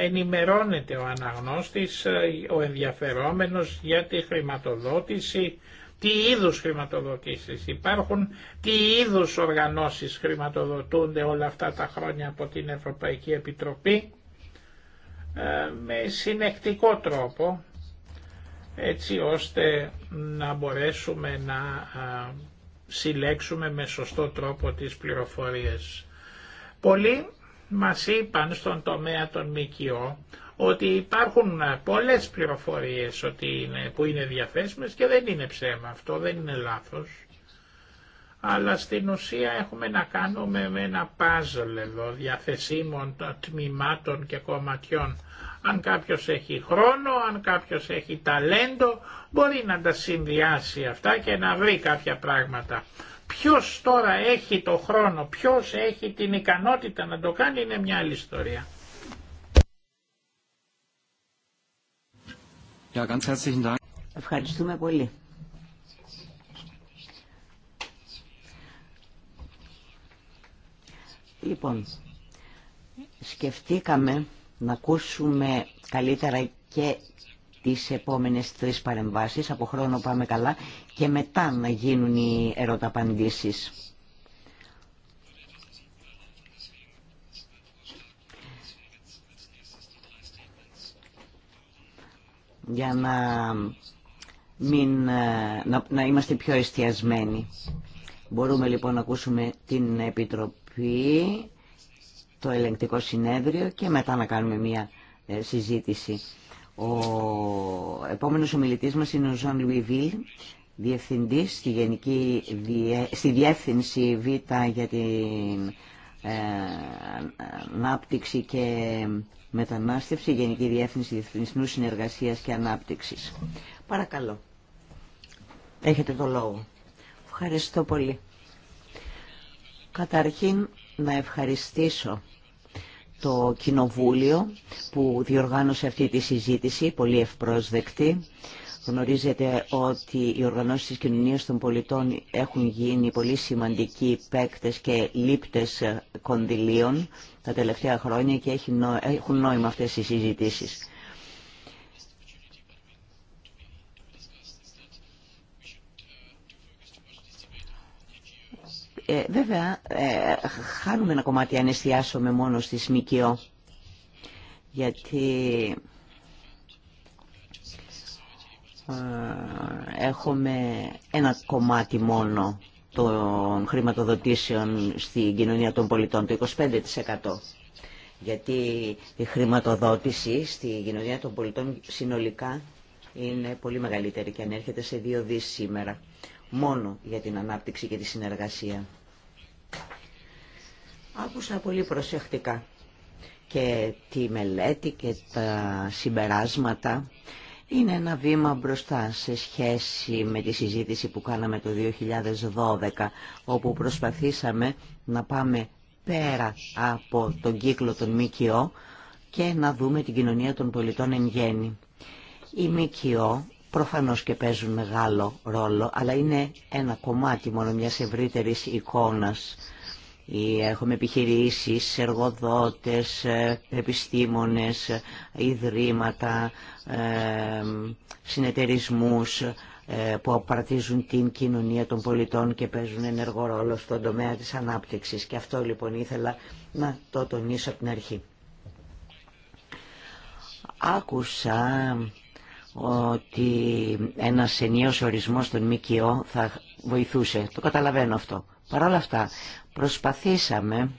ε, ενημερώνεται ο αναγνώστης, ε, ο ενδιαφερόμενος για τη χρηματοδότηση, τι είδους χρηματοδοτήσεις υπάρχουν, τι είδους οργανώσεις χρηματοδοτούνται όλα αυτά τα χρόνια από την Ευρωπαϊκή Επιτροπή ε, με συνεκτικό τρόπο έτσι ώστε να μπορέσουμε να συλλέξουμε με σωστό τρόπο τις πληροφορίες. Πολλοί μας είπαν στον τομέα των ΜΚΟ ότι υπάρχουν πολλές πληροφορίες ότι είναι, που είναι διαθέσιμες και δεν είναι ψέμα αυτό, δεν είναι λάθος. Αλλά στην ουσία έχουμε να κάνουμε με ένα πάζλ εδώ διαθεσίμων τμήματων και κομματιών αν κάποιος έχει χρόνο, αν κάποιος έχει ταλέντο, μπορεί να τα συνδυάσει αυτά και να βρει κάποια πράγματα. Ποιος τώρα έχει το χρόνο, ποιος έχει την ικανότητα να το κάνει είναι μια άλλη ιστορία. Ευχαριστούμε πολύ. Λοιπόν, σκεφτήκαμε να ακούσουμε καλύτερα και τις επόμενες τρεις παρεμβάσεις, από χρόνο πάμε καλά, και μετά να γίνουν οι ερωταπαντήσεις. Για να, μην, να, να είμαστε πιο εστιασμένοι. Μπορούμε λοιπόν να ακούσουμε την Επιτροπή το ελεγκτικό συνέδριο και μετά να κάνουμε μία ε, συζήτηση. Ο επόμενος ομιλητής μας είναι ο Ζαν Λουιβίλ, διευθυντής στη, Γενική, στη Διεύθυνση Β για την ε, Ανάπτυξη και Μετανάστευση, Γενική Διεύθυνση διεθνισμού Συνεργασίας και Ανάπτυξης. Παρακαλώ. Έχετε το λόγο. Ευχαριστώ πολύ. Καταρχήν να ευχαριστήσω το Κοινοβούλιο που διοργάνωσε αυτή τη συζήτηση, πολύ ευπρόσδεκτη. Γνωρίζετε ότι οι οργανώσεις της κοινωνίας των πολιτών έχουν γίνει πολύ σημαντικοί παίκτες και λήπτες κονδυλίων τα τελευταία χρόνια και έχουν νόημα αυτές οι συζητήσεις. Ε, βέβαια, ε, χάνουμε ένα κομμάτι αν εστιάσουμε μόνο στη ΣΜΚΙΟ, Γιατί ε, έχουμε ένα κομμάτι μόνο των χρηματοδοτήσεων στη κοινωνία των πολιτών, το 25%. Γιατί η χρηματοδότηση στη κοινωνία των πολιτών συνολικά είναι πολύ μεγαλύτερη και ανέρχεται σε δύο δις σήμερα μόνο για την ανάπτυξη και τη συνεργασία. Άκουσα πολύ προσεκτικά και τη μελέτη και τα συμπεράσματα είναι ένα βήμα μπροστά σε σχέση με τη συζήτηση που κάναμε το 2012 όπου προσπαθήσαμε να πάμε πέρα από τον κύκλο των ΜΚΟ και να δούμε την κοινωνία των πολιτών εν γέννη. Η ΜΚΟ προφανώς και παίζουν μεγάλο ρόλο, αλλά είναι ένα κομμάτι μόνο μιας ευρύτερης εικόνας. Έχουμε επιχειρήσεις, εργοδότες, ε, επιστήμονες, ε, ιδρύματα, ε, συνεταιρισμούς που απαρτίζουν την κοινωνία των πολιτών και παίζουν ενεργό ρόλο στον τομέα της ανάπτυξης. Και αυτό λοιπόν ήθελα να το τονίσω από την αρχή. Άκουσα ότι ένας ενιαίος ορισμός των ΜΚΟ θα βοηθούσε. Το καταλαβαίνω αυτό. Παρ' όλα αυτά προσπαθήσαμε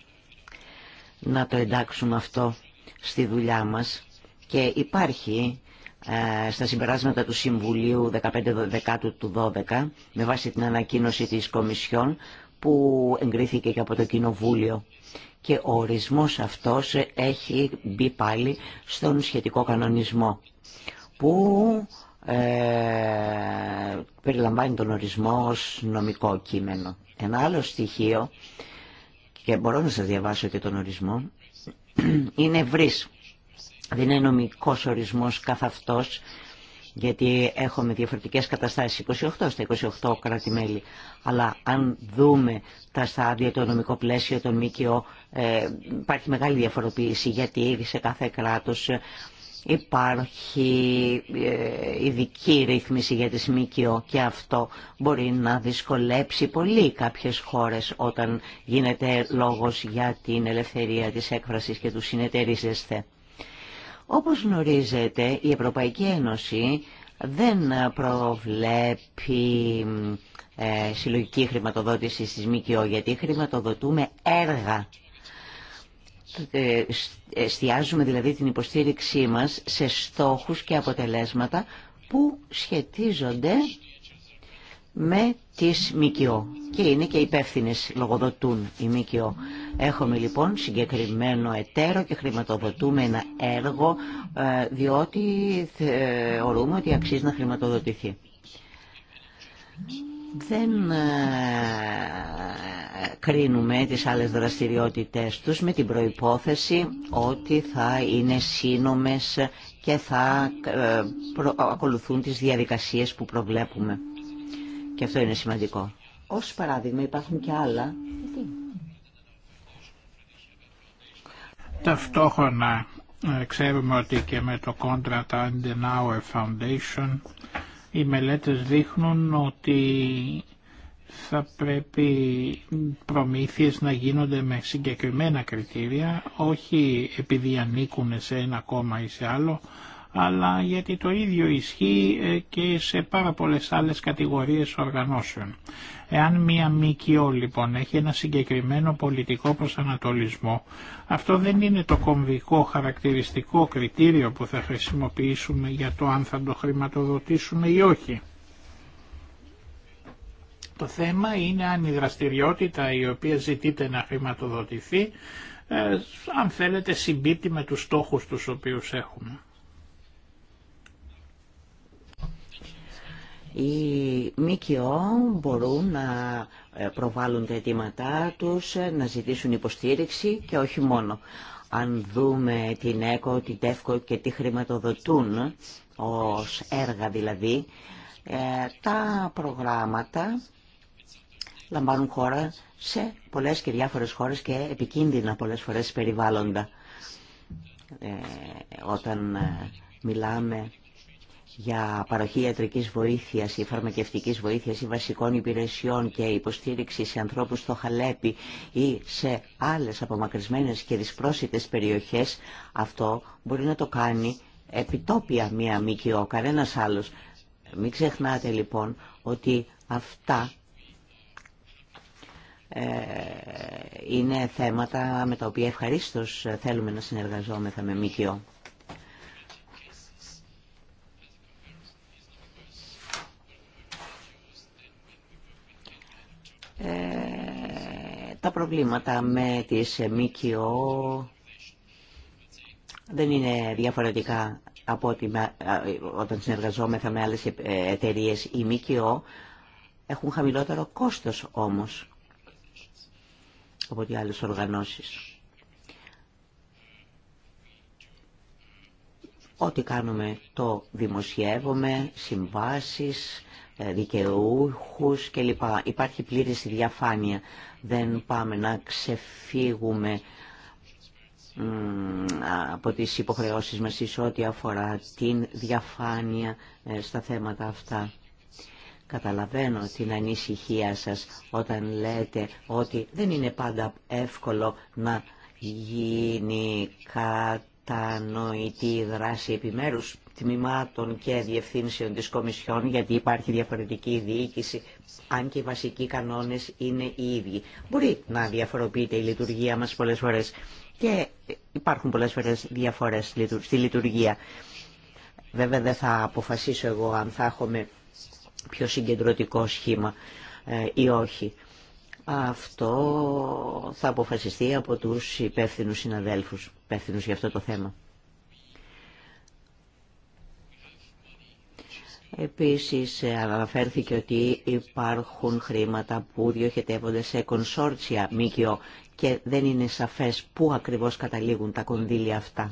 να το εντάξουμε αυτό στη δουλειά μας και υπάρχει ε, στα συμπεράσματα του Συμβουλίου 15-12 του 12 με βάση την ανακοίνωση της Κομισιόν που εγκρίθηκε και από το Κοινοβούλιο και ο ορισμός αυτός έχει μπει πάλι στον σχετικό κανονισμό που ε, περιλαμβάνει τον ορισμό ως νομικό κείμενο. Ένα άλλο στοιχείο, και μπορώ να σας διαβάσω και τον ορισμό, [CLEARS THROAT] είναι ευρύς. Δεν είναι νομικός ορισμός καθ' αυτός, γιατί έχουμε διαφορετικές καταστάσεις 28 στα 28 κράτη-μέλη. Αλλά αν δούμε τα στάδια, το νομικό πλαίσιο, το ΜΚΟ, ε, υπάρχει μεγάλη διαφοροποίηση γιατί σε κάθε κράτος Υπάρχει ε, ειδική ρύθμιση για τις ΜΚΟ και αυτό μπορεί να δυσκολέψει πολύ κάποιες χώρες όταν γίνεται λόγος για την ελευθερία της έκφρασης και του συνεταιρίζεσθε. Όπως γνωρίζετε, η Ευρωπαϊκή Ένωση δεν προβλέπει ε, συλλογική χρηματοδότηση στις ΜΚΟ γιατί χρηματοδοτούμε έργα ε, εστιάζουμε δηλαδή την υποστήριξή μας σε στόχους και αποτελέσματα που σχετίζονται με τις ΜΚΟ και είναι και υπεύθυνε λογοδοτούν οι ΜΚΟ. Έχουμε λοιπόν συγκεκριμένο εταίρο και χρηματοδοτούμε ένα έργο ε, διότι θεωρούμε ε, ότι αξίζει να χρηματοδοτηθεί δεν ε, κρίνουμε τις άλλες δραστηριότητες τους με την προϋπόθεση ότι θα είναι σύνομες και θα ε, ακολουθούν τις διαδικασίες που προβλέπουμε. Και αυτό είναι σημαντικό. Ως παράδειγμα υπάρχουν και άλλα. Ταυτόχρονα ε, ξέρουμε ότι και με το Contract Tandenauer Foundation οι μελέτες δείχνουν ότι θα πρέπει προμήθειες να γίνονται με συγκεκριμένα κριτήρια, όχι επειδή ανήκουν σε ένα κόμμα ή σε άλλο, αλλά γιατί το ίδιο ισχύει ε, και σε πάρα πολλές άλλες κατηγορίες οργανώσεων. Εάν μία ΜΚΟ λοιπόν έχει ένα συγκεκριμένο πολιτικό προσανατολισμό, αυτό δεν είναι το κομβικό χαρακτηριστικό κριτήριο που θα χρησιμοποιήσουμε για το αν θα το χρηματοδοτήσουμε ή όχι. Το θέμα είναι αν η δραστηριότητα η οποία ζητείται να χρηματοδοτηθεί, ε, αν θέλετε, συμπίπτει με τους στόχους τους οποίους έχουμε. Οι ΜΚΟ μπορούν να ε, προβάλλουν τα αιτήματά τους, ε, να ζητήσουν υποστήριξη και όχι μόνο. Αν δούμε την ΕΚΟ, την ΤΕΦΚΟ και τι χρηματοδοτούν ως έργα δηλαδή, ε, τα προγράμματα λαμβάνουν χώρα σε πολλές και διάφορες χώρες και επικίνδυνα πολλές φορές περιβάλλοντα. όταν μιλάμε για παροχή ιατρικής βοήθειας ή φαρμακευτικής βοήθειας ή βασικών υπηρεσιών και υποστήριξη σε ανθρώπους στο Χαλέπι ή σε άλλες απομακρυσμένες και δυσπρόσιτες περιοχές, αυτό μπορεί να το κάνει επιτόπια μία ΜΚΟ, κανένας άλλος. Μην ξεχνάτε λοιπόν ότι αυτά ε, είναι θέματα με τα οποία ευχαρίστως θέλουμε να συνεργαζόμεθα με ΜΚΟ. Τα προβλήματα με τις ΜΚΟ δεν είναι διαφορετικά από ότι όταν συνεργαζόμεθα με άλλες ε, εταιρείε ή ΜΚΟ έχουν χαμηλότερο κόστος όμως από ότι άλλες οργανώσεις. Ό,τι κάνουμε το δημοσιεύουμε, συμβάσεις, ε, δικαιούχους κλπ. Υπάρχει πλήρης διαφάνεια δεν πάμε να ξεφύγουμε από τις υποχρεώσεις μας εις ό,τι αφορά την διαφάνεια ε, στα θέματα αυτά. Καταλαβαίνω την ανησυχία σας όταν λέτε ότι δεν είναι πάντα εύκολο να γίνει κατανοητή δράση επιμέρους τμήματων και διευθύνσεων της Κομισιόν, γιατί υπάρχει διαφορετική διοίκηση, αν και οι βασικοί κανόνες είναι οι ίδιοι. Μπορεί να διαφοροποιείται η λειτουργία μας πολλές φορές και υπάρχουν πολλές φορές διαφορές στη λειτουργία. Βέβαια δεν θα αποφασίσω εγώ αν θα έχουμε πιο συγκεντρωτικό σχήμα ε, ή όχι. Αυτό θα αποφασιστεί από τους υπεύθυνους συναδέλφους, υπεύθυνους για αυτό το θέμα. Επίσης αναφέρθηκε ότι υπάρχουν χρήματα που διοχετεύονται σε κονσόρτσια ΜΚΟ και δεν είναι σαφές πού ακριβώς καταλήγουν τα κονδύλια αυτά.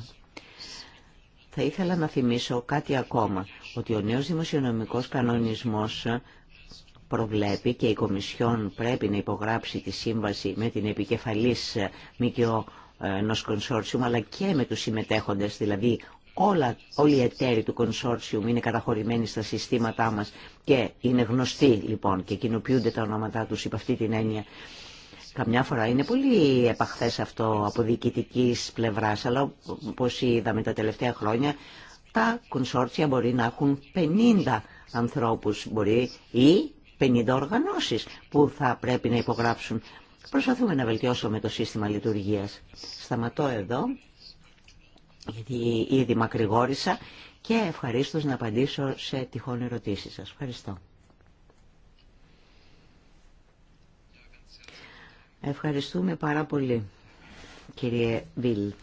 Θα ήθελα να θυμίσω κάτι ακόμα, ότι ο νέος δημοσιονομικός κανονισμός προβλέπει και η Κομισιόν πρέπει να υπογράψει τη σύμβαση με την επικεφαλής ΜΚΟ ενός κονσόρτσιου, αλλά και με τους συμμετέχοντες, δηλαδή Όλα, όλοι οι εταίροι του κονσόρσιου είναι καταχωρημένοι στα συστήματά μας και είναι γνωστοί λοιπόν και κοινοποιούνται τα ονόματά τους υπ' αυτή την έννοια. Καμιά φορά είναι πολύ επαχθές αυτό από διοικητική πλευράς, αλλά όπως είδαμε τα τελευταία χρόνια, τα κονσόρτσια μπορεί να έχουν 50 ανθρώπους μπορεί, ή 50 οργανώσεις που θα πρέπει να υπογράψουν. Προσπαθούμε να βελτιώσουμε το σύστημα λειτουργίας. Σταματώ εδώ γιατί ήδη μακρηγόρησα και ευχαρίστως να απαντήσω σε τυχόν ερωτήσεις σας. Ευχαριστώ. Ευχαριστούμε πάρα πολύ, κύριε Βίλ.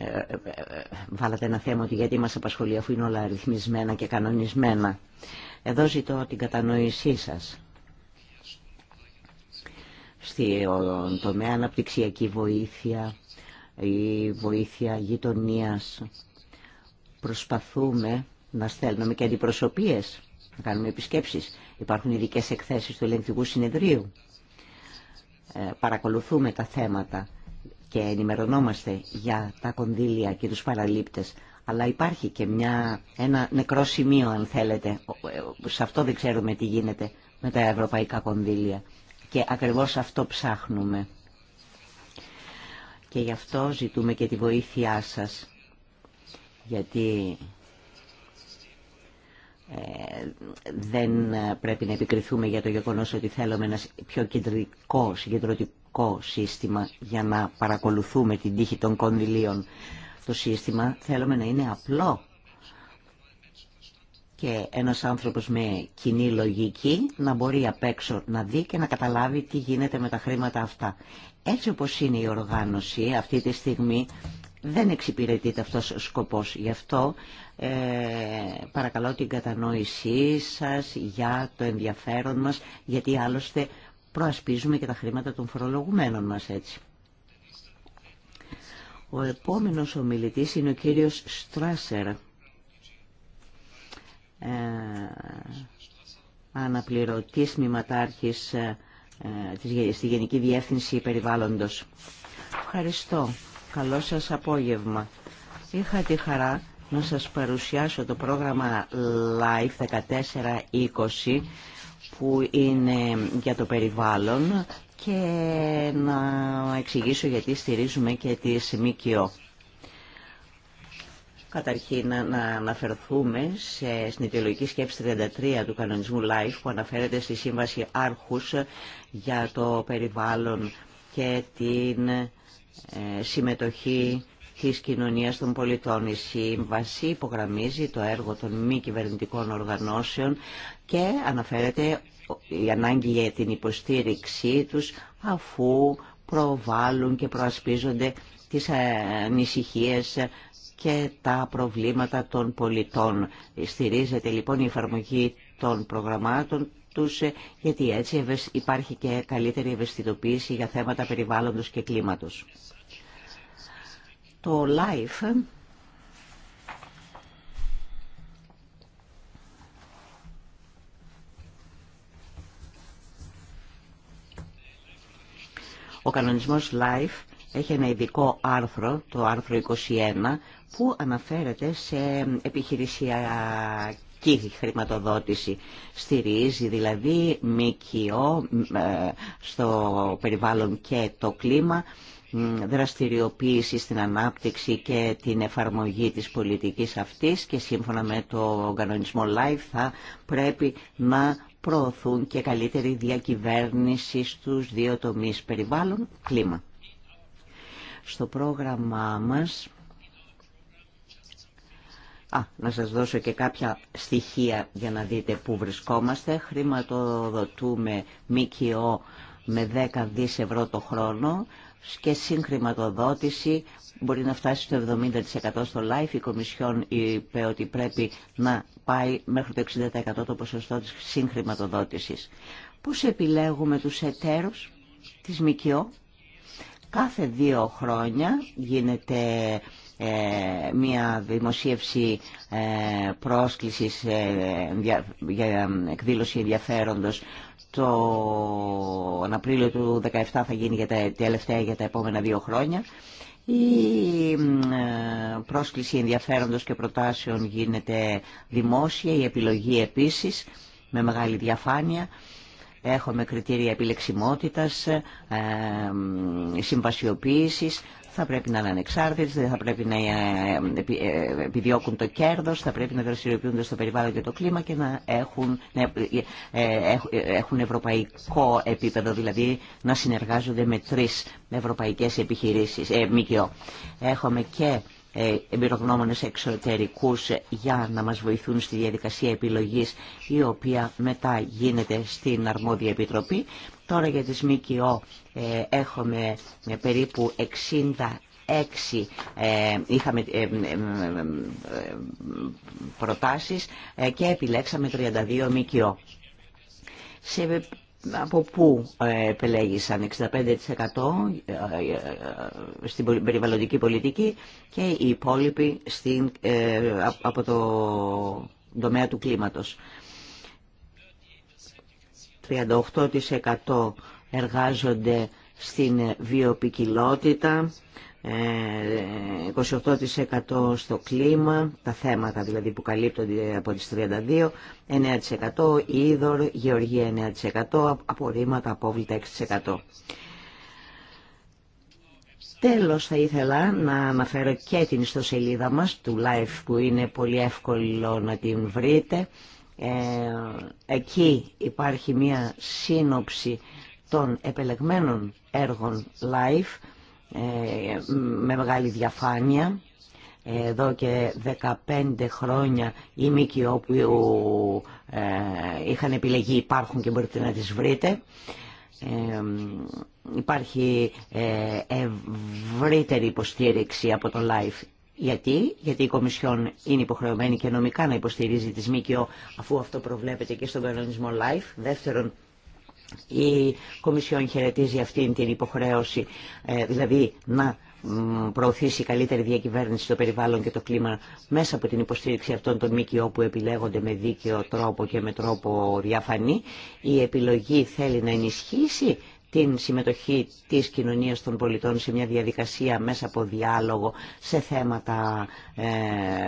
Ε, ε, ε, βάλατε ένα θέμα ότι γιατί μας απασχολεί αφού είναι όλα αριθμισμένα και κανονισμένα. Εδώ ζητώ την κατανοησή σας στον τομέα αναπτυξιακή βοήθεια ή βοήθεια γειτονίας. Προσπαθούμε να στέλνουμε και αντιπροσωπείες, να κάνουμε επισκέψεις. Υπάρχουν ειδικέ εκθέσεις του ελεγκτικού συνεδρίου. Ε, παρακολουθούμε τα θέματα και ενημερωνόμαστε για τα κονδύλια και τους παραλήπτες. Αλλά υπάρχει και μια, ένα νεκρό σημείο, αν θέλετε. Ε, σε αυτό δεν ξέρουμε τι γίνεται με τα ευρωπαϊκά κονδύλια. Και ακριβώς αυτό ψάχνουμε. Και γι' αυτό ζητούμε και τη βοήθειά σας. Γιατί ε, δεν πρέπει να επικριθούμε για το γεγονός ότι θέλουμε ένα πιο κεντρικό, συγκεντρωτικό σύστημα για να παρακολουθούμε την τύχη των κονδυλίων. Το σύστημα θέλουμε να είναι απλό και ένας άνθρωπος με κοινή λογική να μπορεί απ' έξω να δει και να καταλάβει τι γίνεται με τα χρήματα αυτά. Έτσι όπως είναι η οργάνωση αυτή τη στιγμή δεν εξυπηρετείται αυτός ο σκοπός. Γι' αυτό ε, παρακαλώ την κατανόησή σας για το ενδιαφέρον μας, γιατί άλλωστε προασπίζουμε και τα χρήματα των φορολογουμένων μας έτσι. Ο επόμενος ομιλητής είναι ο κύριος Στράσερ ε, αναπληρωτής μηματάρχης ε, στη Γενική Διεύθυνση Περιβάλλοντος. Ευχαριστώ. Καλό σας απόγευμα. Είχα τη χαρά να σας παρουσιάσω το πρόγραμμα Live 1420 που είναι για το περιβάλλον και να εξηγήσω γιατί στηρίζουμε και τις ΜΚΟ. Καταρχήν να αναφερθούμε σε, στην ιδεολογική σκέψη 33 του κανονισμού LIFE που αναφέρεται στη Σύμβαση Άρχους για το περιβάλλον και την ε, συμμετοχή της κοινωνίας των πολιτών. Η Σύμβαση υπογραμμίζει το έργο των μη κυβερνητικών οργανώσεων και αναφέρεται η ανάγκη για την υποστήριξή τους αφού προβάλλουν και προασπίζονται τις ανησυχίες και τα προβλήματα των πολιτών. Στηρίζεται λοιπόν η εφαρμογή των προγραμμάτων τους, ε, γιατί έτσι υπάρχει και καλύτερη ευαισθητοποίηση για θέματα περιβάλλοντος και κλίματος. Το LIFE Ο κανονισμός LIFE έχει ένα ειδικό άρθρο, το άρθρο 21, που αναφέρεται σε επιχειρησιακή χρηματοδότηση. Στηρίζει δηλαδή ΜΚΟ ε, στο περιβάλλον και το κλίμα, δραστηριοποίηση στην ανάπτυξη και την εφαρμογή της πολιτικής αυτής και σύμφωνα με το κανονισμό LIFE θα πρέπει να προωθούν και καλύτερη διακυβέρνηση στους δύο τομείς περιβάλλον, κλίμα. Στο πρόγραμμά μας Α, να σας δώσω και κάποια στοιχεία για να δείτε πού βρισκόμαστε. Χρηματοδοτούμε ΜΚΟ με 10 δις ευρώ το χρόνο και συγχρηματοδότηση μπορεί να φτάσει στο 70% στο life. Η Κομισιόν είπε ότι πρέπει να πάει μέχρι το 60% το ποσοστό της συγχρηματοδότησης. Πώς επιλέγουμε τους εταίρους της ΜΚΟ. Κάθε δύο χρόνια γίνεται ε, μια δημοσίευση ε, πρόσκλησης ε, για εκδήλωση ενδιαφέροντος τον Απρίλιο του 2017 θα γίνει για τα τελευταία για τα επόμενα δύο χρόνια. Η πρόσκληση ενδιαφέροντος και προτάσεων γίνεται δημόσια, η επιλογή επίσης με μεγάλη διαφάνεια. Έχουμε κριτήρια επιλεξιμότητας, συμβασιοποίησης, θα πρέπει να είναι ανεξάρτητες, θα πρέπει να ε, ε, επιδιώκουν το κέρδος, θα πρέπει να δραστηριοποιούνται στο περιβάλλον και το κλίμα και να έχουν, να ε, έχουν ευρωπαϊκό επίπεδο, δηλαδή να συνεργάζονται με τρεις ευρωπαϊκές επιχειρήσεις, ε, ΜΚΟ. Έχουμε και εμπειρογνώμονες εξωτερικούς για να μας βοηθούν στη διαδικασία επιλογής η οποία μετά γίνεται στην αρμόδια επιτροπή. Τώρα για τις ΜΚΟ ε, έχουμε ε, περίπου 66 ε, είχαμε προτάσεις και επιλέξαμε 32 ΜΚΟ. Σε από πού επελέγησαν 65% στην περιβαλλοντική πολιτική και οι υπόλοιποι στην, από το τομέα του κλίματος. 38% εργάζονται στην βιοπικιλότητα, 28% ε, στο κλίμα, τα θέματα δηλαδή που καλύπτονται από τις 32, 9% είδωρ, γεωργία 9%, απορρίμματα, απόβλητα 6%. Τέλος θα ήθελα να αναφέρω και την ιστοσελίδα μας του Life που είναι πολύ εύκολο να την βρείτε. Ε, εκεί υπάρχει μία σύνοψη των επελεγμένων έργων live ε, με μεγάλη διαφάνεια. Εδώ και 15 χρόνια οι όπου που ε, είχαν επιλεγεί υπάρχουν και μπορείτε να τις βρείτε. Ε, υπάρχει ε, ευρύτερη υποστήριξη από το LIFE. Γιατί? Γιατί η Κομισιόν είναι υποχρεωμένη και νομικά να υποστηρίζει τις ΜΚΟ αφού αυτό προβλέπεται και στον κανονισμό LIFE. Δεύτερον, η Κομισιόν χαιρετίζει αυτή την υποχρέωση, ε, δηλαδή να προωθήσει καλύτερη διακυβέρνηση στο περιβάλλον και το κλίμα μέσα από την υποστήριξη αυτών των ΜΚΟ που επιλέγονται με δίκαιο τρόπο και με τρόπο διαφανή. Η επιλογή θέλει να ενισχύσει την συμμετοχή της κοινωνίας των πολιτών σε μια διαδικασία μέσα από διάλογο σε θέματα ε,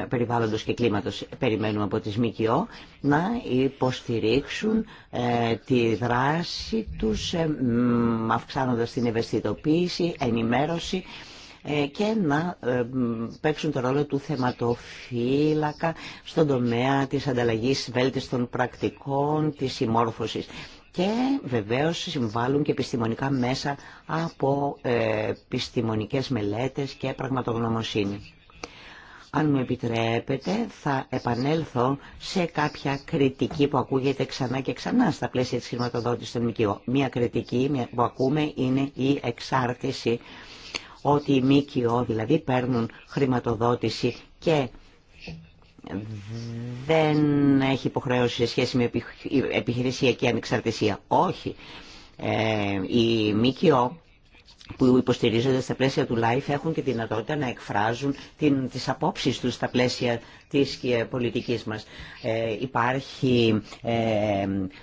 περιβάλλοντος και κλίματος περιμένουμε από τις ΜΚΟ να υποστηρίξουν ε, τη δράση τους ε, αυξάνοντας την ευαισθητοποίηση, ενημέρωση ε, και να ε, παίξουν το ρόλο του θεματοφύλακα στον τομέα της ανταλλαγής βέλτιστων πρακτικών, της συμμόρφωσης και βεβαίως συμβάλλουν και επιστημονικά μέσα από ε, επιστημονικές μελέτες και πραγματογνωμοσύνη. Αν μου επιτρέπετε θα επανέλθω σε κάποια κριτική που ακούγεται ξανά και ξανά στα πλαίσια της χρηματοδότησης των ΜΚΟ. Μία κριτική που ακούμε είναι η εξάρτηση ότι οι ΜΚΟ δηλαδή παίρνουν χρηματοδότηση και δεν έχει υποχρέωση σε σχέση με επιχειρησιακή ανεξαρτησία. Όχι. Ε, η ΜΚΟ που υποστηρίζονται στα πλαίσια του LIFE έχουν και τη δυνατότητα να εκφράζουν την, τις απόψεις τους στα πλαίσια της πολιτικής μας. Ε, υπάρχει ε,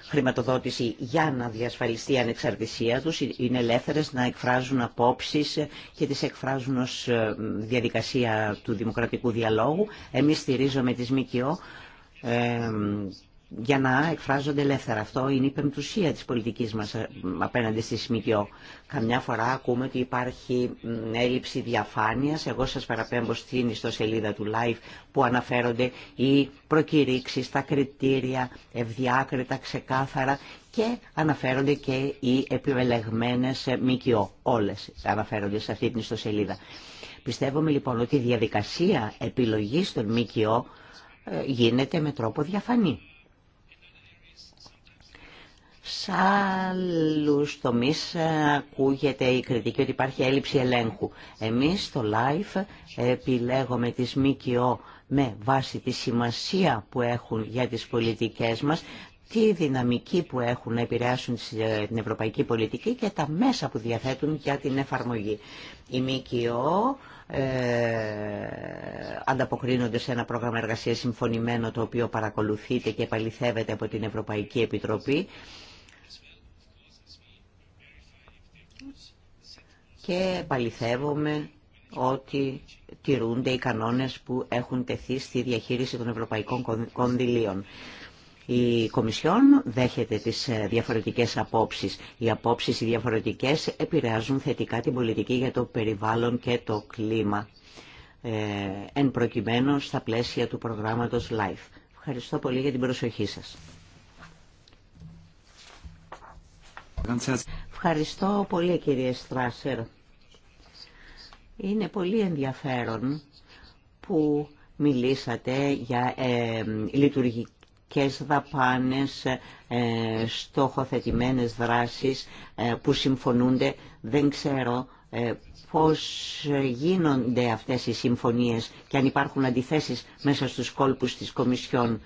χρηματοδότηση για να διασφαλιστεί η ανεξαρτησία τους, είναι ελεύθερες να εκφράζουν απόψεις και τις εκφράζουν ως ε, διαδικασία του δημοκρατικού διαλόγου. Εμείς στηρίζουμε τις ΜΚΟ ε, για να εκφράζονται ελεύθερα. Αυτό είναι η πεμπτουσία της πολιτικής μας ε, απέναντι στη ΜΚΟ. Καμιά φορά ακούμε ότι υπάρχει έλλειψη διαφάνειας. Εγώ σας παραπέμπω στην ιστοσελίδα του Live που αναφέρονται οι προκηρύξεις, τα κριτήρια ευδιάκριτα, ξεκάθαρα και αναφέρονται και οι επιβελεγμένες ε, ΜΚΟ. Όλες αναφέρονται σε αυτή την ιστοσελίδα. Πιστεύουμε λοιπόν ότι η διαδικασία επιλογής των ΜΚΟ ε, γίνεται με τρόπο διαφανή. Σε άλλους τομείς ε, ακούγεται η κριτική ότι υπάρχει έλλειψη ελέγχου. Εμείς στο live επιλέγουμε τις ΜΚΟ με βάση τη σημασία που έχουν για τις πολιτικές μας, τη δυναμική που έχουν να επηρεάσουν ε, την ευρωπαϊκή πολιτική και τα μέσα που διαθέτουν για την εφαρμογή. Η ΜΚΟ ε, ανταποκρίνονται σε ένα πρόγραμμα εργασίας συμφωνημένο το οποίο παρακολουθείται και επαληθεύεται από την Ευρωπαϊκή Επιτροπή και παληθεύομαι ότι τηρούνται οι κανόνες που έχουν τεθεί στη διαχείριση των ευρωπαϊκών κονδυλίων. Η Κομισιόν δέχεται τις ε, διαφορετικές απόψεις. Οι απόψεις οι διαφορετικές επηρεάζουν θετικά την πολιτική για το περιβάλλον και το κλίμα. Ε, εν προκειμένου στα πλαίσια του προγράμματος LIFE. Ευχαριστώ πολύ για την προσοχή σας. Ευχαριστώ πολύ κύριε Στράσερ. Είναι πολύ ενδιαφέρον που μιλήσατε για ε, λειτουργικές δαπάνες, ε, στόχοθετημένες δράσεις ε, που συμφωνούνται. Δεν ξέρω ε, πώς γίνονται αυτές οι συμφωνίες και αν υπάρχουν αντιθέσεις μέσα στους κόλπους της Κομισιόν.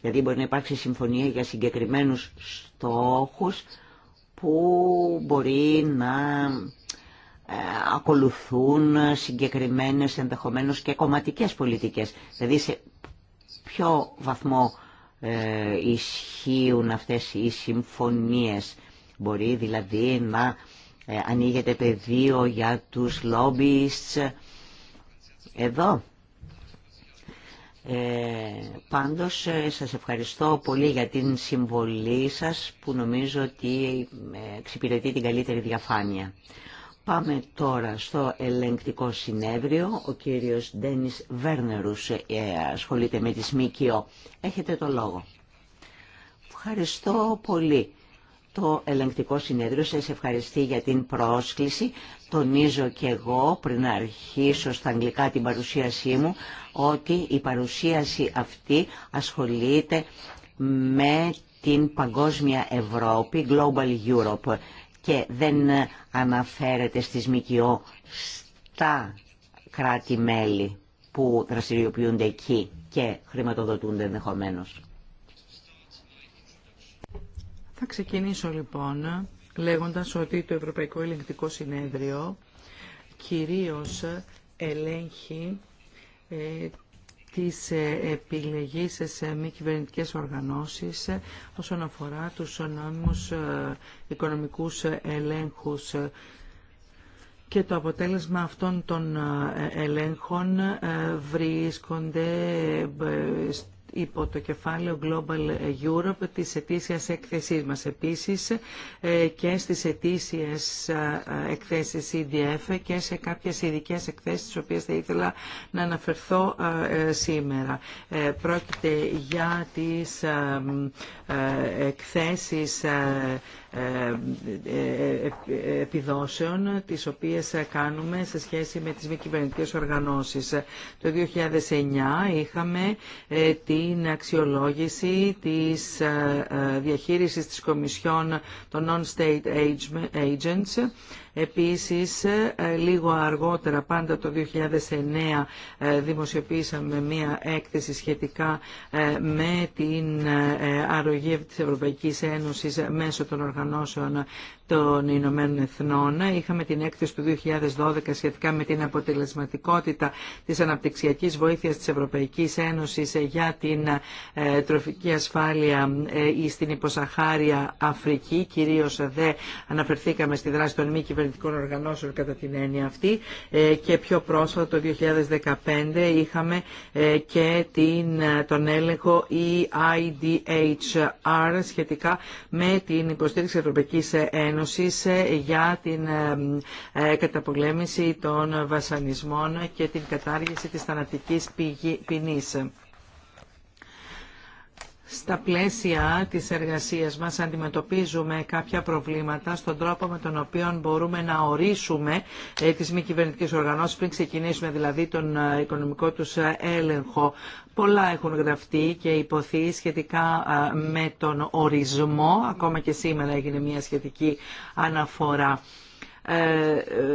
Δηλαδή μπορεί να υπάρξει συμφωνία για συγκεκριμένους στόχους που μπορεί να ε, ακολουθούν συγκεκριμένες ενδεχομένως και κομματικές πολιτικές. Δηλαδή σε ποιο βαθμό ε, ισχύουν αυτές οι συμφωνίες. Μπορεί δηλαδή να ε, ανοίγεται πεδίο για τους λόμπιστς εδώ. Ε, πάντως ε, σας ευχαριστώ πολύ για την συμβολή σας που νομίζω ότι εξυπηρετεί την καλύτερη διαφάνεια. Πάμε τώρα στο ελεγκτικό συνέδριο. Ο κύριος Ντένις Βέρνερους ε, ασχολείται με τη ΣΜΚΙΟ. Έχετε το λόγο. Ευχαριστώ πολύ. Το ελεγκτικό συνέδριο σας ευχαριστεί για την πρόσκληση. Τονίζω και εγώ πριν αρχίσω στα αγγλικά την παρουσίασή μου ότι η παρουσίαση αυτή ασχολείται με την παγκόσμια Ευρώπη, Global Europe, και δεν αναφέρεται στις ΜΚΟ στα κράτη-μέλη που δραστηριοποιούνται εκεί και χρηματοδοτούνται ενδεχομένω. Θα ξεκινήσω λοιπόν λέγοντας ότι το Ευρωπαϊκό Ελεγκτικό Συνέδριο κυρίως ελέγχει ε, της ε, επιλεγής σε μη κυβερνητικές οργανώσεις ε, όσον αφορά τους νόμιμους ε, οικονομικούς ελέγχους και το αποτέλεσμα αυτών των ελέγχων βρίσκονται υπό το κεφάλαιο Global Europe της ετήσιας έκθεσής μας. Επίσης ε, και στις ετήσιες ε, εκθέσεις CDF e και σε κάποιες ειδικέ εκθέσεις τις οποίες θα ήθελα να αναφερθώ ε, σήμερα. Πρόκειται για τις εκθέσεις επιδόσεων τις οποίες κάνουμε σε σχέση με τις μη κυβερνητικές οργανώσεις. Το 2009 είχαμε ε, την αξιολόγηση της ε, ε, διαχείρισης της Κομισιόν των Non-State Agents Επίσης, ε, λίγο αργότερα, πάντα το 2009, ε, δημοσιοποίησαμε μία έκθεση σχετικά ε, με την αρρωγή της Ευρωπαϊκής Ένωσης μέσω των οργανώσεων των Ηνωμένων Εθνών. Είχαμε την έκθεση του 2012 σχετικά με την αποτελεσματικότητα της αναπτυξιακής βοήθειας της Ευρωπαϊκής Ένωσης ε, για την ε, τροφική ασφάλεια ε, στην υποσαχάρια Αφρική. Κυρίως δε αναφερθήκαμε στη δράση των μη κυβερνητικών οργανώσεων κατά την έννοια αυτή και πιο πρόσφατα το 2015 είχαμε και την, τον έλεγχο EIDHR σχετικά με την υποστήριξη Ευρωπαϊκής Ένωσης Ένωσης ε, για την ε, ε, καταπολέμηση των βασανισμών και την κατάργηση της θανατικής ποινής. Στα πλαίσια της εργασίας μας αντιμετωπίζουμε κάποια προβλήματα στον τρόπο με τον οποίο μπορούμε να ορίσουμε ε, τις μη κυβερνητικέ οργανώσεις πριν ξεκινήσουμε δηλαδή τον ε, οικονομικό τους ε, έλεγχο. Πολλά έχουν γραφτεί και υποθεί σχετικά με τον ορισμό, ακόμα και σήμερα έγινε μια σχετική αναφορά. Ε,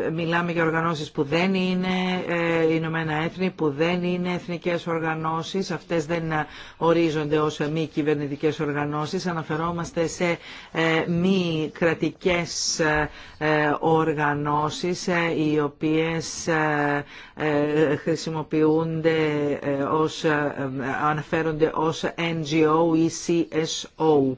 ε, μιλάμε για οργανώσεις που δεν είναι ε, Ηνωμένα Έθνη, που δεν είναι εθνικές οργανώσεις, αυτές δεν ορίζονται ως μη κυβερνητικέ οργανώσεις, αναφερόμαστε σε μη κρατικές οργανώσεις οι οποίες χρησιμοποιούνται ως, αναφέρονται ως NGO ή CSO.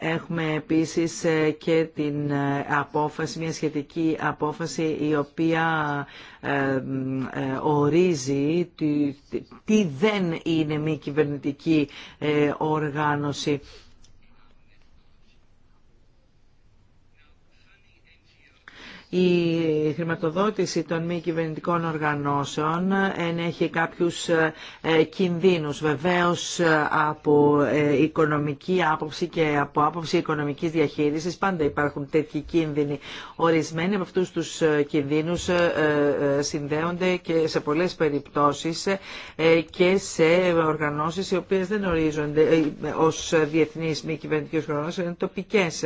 Έχουμε επίσης ε, και την ε, απόφαση, μια σχετική απόφαση η οποία ε, ορίζει τι δεν είναι μη κυβερνητική οργάνωση. Η χρηματοδότηση των μη κυβερνητικών οργανώσεων ενέχει κάποιους ε, κινδύνους. Βεβαίως ε, από ε, οικονομική άποψη και από άποψη οικονομικής διαχείρισης πάντα υπάρχουν τέτοιοι κίνδυνοι. Ορισμένοι από αυτούς τους κινδύνους συνδέονται και σε πολλές περιπτώσεις και σε οργανώσεις οι οποίες δεν ορίζονται ως διεθνείς μη κυβερνητικές οργανώσεις, είναι τοπικές.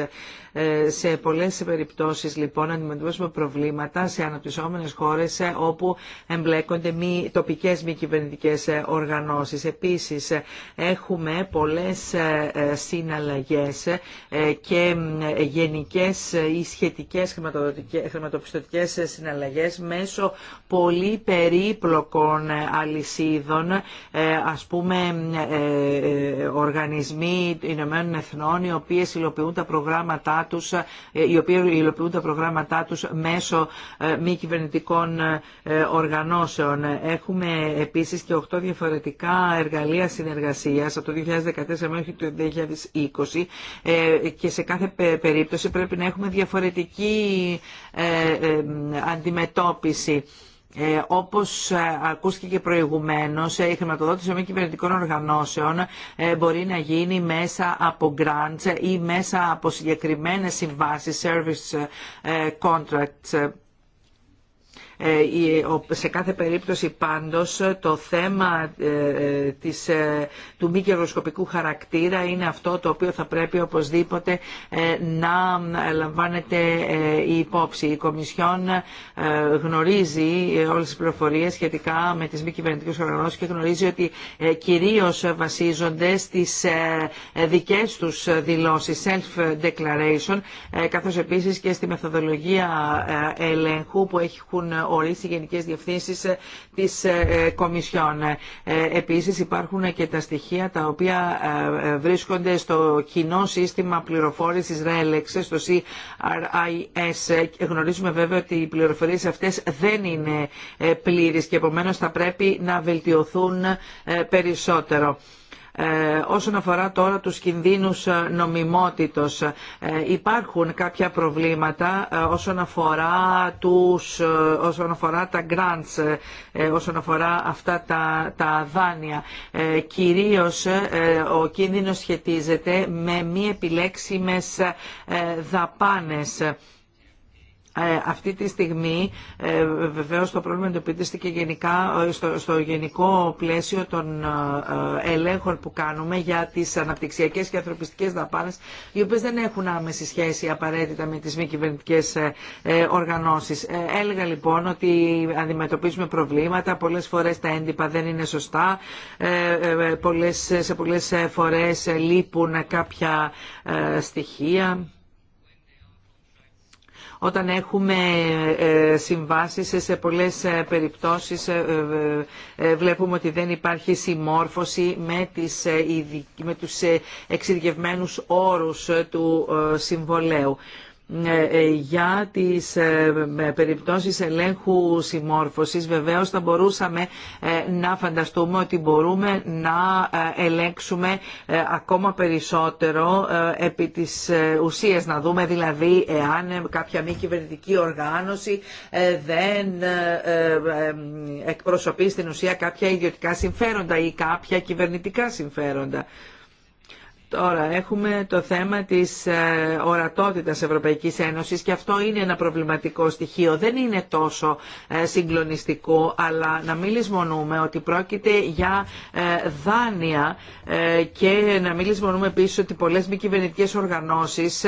Σε πολλές περιπτώσεις λοιπόν αντιμετωπίζονται προβλήματα σε αναπτυσσόμενες χώρες ε, όπου εμπλέκονται μη, τοπικές μη κυβερνητικέ ε, οργανώσεις. Επίσης ε, έχουμε πολλέ συναλλαγέ και γενικές ή σχετικές χρηματοπιστωτικές συναλλαγές μέσω πολύ περίπλοκων αλυσίδων ας πούμε οργανισμοί Ηνωμένων Εθνών οι οποίε υλοποιούν τα προγράμματά οι οποίοι υλοποιούν τα προγράμματά του μέσω ε, μη κυβερνητικών ε, ε, οργανώσεων. Έχουμε επίσης και 8 διαφορετικά εργαλεία συνεργασίας από το 2014 μέχρι το 2020 και σε κάθε περίπτωση πρέπει να έχουμε διαφορετική αντιμετώπιση. Ε, όπως ε, ακούστηκε και προηγουμένως, ε, η χρηματοδότηση μη κυβερνητικών οργανώσεων ε, μπορεί να γίνει μέσα από grants ή μέσα από συγκεκριμένες συμβάσεις, service contracts ε, σε κάθε περίπτωση πάντως το θέμα ε, ε, της, του μη κερδοσκοπικού χαρακτήρα είναι αυτό το οποίο θα πρέπει οπωσδήποτε να λαμβάνεται η υπόψη. Η Κομισιόν γνωρίζει όλες τις πληροφορίες σχετικά με τις μη κυβερνητικές οργανώσεις και γνωρίζει ότι κυρίως βασίζονται στις δικές τους δηλώσεις self-declaration καθώς επίσης και στη μεθοδολογία ελέγχου που έχουν οι γενικέ διευθύνσει ε, της ε, Κομισιόν. Ε, Επίση, υπάρχουν και τα στοιχεία τα οποία βρίσκονται στο κοινό σύστημα πληροφόρηση RELEX, στο CRIS. Γνωρίζουμε βέβαια ότι οι πληροφορίε αυτές δεν είναι πλήρε και επομένως θα πρέπει να βελτιωθούν περισσότερο. Ε, όσον αφορά τώρα τους κινδύνους ε, νομιμότητος, ε, υπάρχουν κάποια προβλήματα όσον αφορά, τους, όσον αφορά τα grants, όσον αφορά αυτά τα, τα δάνεια. Κυρίως ο κίνδυνος σχετίζεται με μη επιλέξιμες δαπάνες ε, αυτή τη στιγμή ε, βεβαίως το πρόβλημα εντοπίστηκε γενικά ε, στο, στο γενικό πλαίσιο των ελέγχων που κάνουμε για τις αναπτυξιακές και ανθρωπιστικές δαπάνες οι οποίες δεν έχουν άμεση σχέση απαραίτητα με τις μη κυβερνητικέ οργανώσεις. Έλεγα λοιπόν ότι αντιμετωπίζουμε προβλήματα, πολλές φορές τα έντυπα δεν είναι σωστά, πολλές, σε πολλές φορές λείπουν κάποια στοιχεία όταν έχουμε ε, συμβάσεις σε πολλές ε, περιπτώσεις ε, βλέπουμε ότι δεν υπάρχει συμμόρφωση με, τις, με τους εξειδικευμένους όρους του συμβολέου. Ε, ε, για τις ε, περιπτώσεις ελέγχου συμμόρφωσης βεβαίως θα μπορούσαμε να φανταστούμε ότι μπορούμε να ελέγξουμε ακόμα περισσότερο επί της ουσίας να δούμε δηλαδή εάν κάποια μη κυβερνητική οργάνωση δεν εκπροσωπεί στην ουσία κάποια ιδιωτικά συμφέροντα ή κάποια κυβερνητικά συμφέροντα. Τώρα έχουμε το θέμα της ε, ορατότητας Ευρωπαϊκής Ένωσης και αυτό είναι ένα προβληματικό στοιχείο. Δεν είναι τόσο ε, συγκλονιστικό, αλλά να μην λησμονούμε ότι πρόκειται για ε, δάνεια και να μην λησμονούμε επίσης ότι πολλές μη κυβερνητικέ οργανώσεις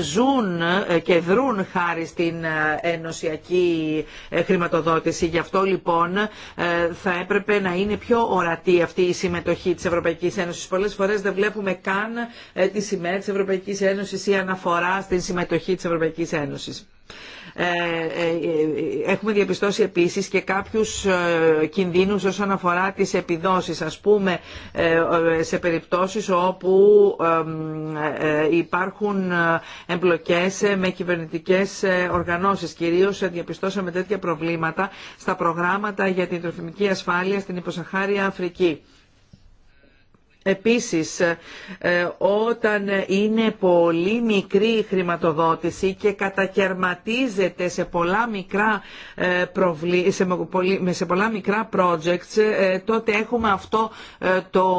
ζουν και δρούν χάρη στην ενωσιακή χρηματοδότηση. Γι' αυτό λοιπόν θα έπρεπε να είναι πιο ορατή αυτή η συμμετοχή της Ευρωπαϊκής Ένωσης. Πολλές φορές δεν βλέπουμε καν καν ε, τη σημαία της Ευρωπαϊκής Ένωσης ή αναφορά στην συμμετοχή της Ευρωπαϊκής Ένωσης. Ε, ε, έχουμε διαπιστώσει επίσης και κάποιους κινδύνους όσον αφορά τις επιδόσεις. Ας πούμε σε περιπτώσεις όπου υπάρχουν εμπλοκές με κυβερνητικές οργανώσεις. Κυρίως διαπιστώσαμε τέτοια προβλήματα στα προγράμματα για την τροφιμική ασφάλεια στην υποσαχάρια Αφρική. Επίσης, ε, όταν είναι πολύ μικρή η χρηματοδότηση και κατακαιρματίζεται σε πολλά μικρά, ε, προβλή, σε πολλά μικρά projects, ε, τότε έχουμε αυτό το,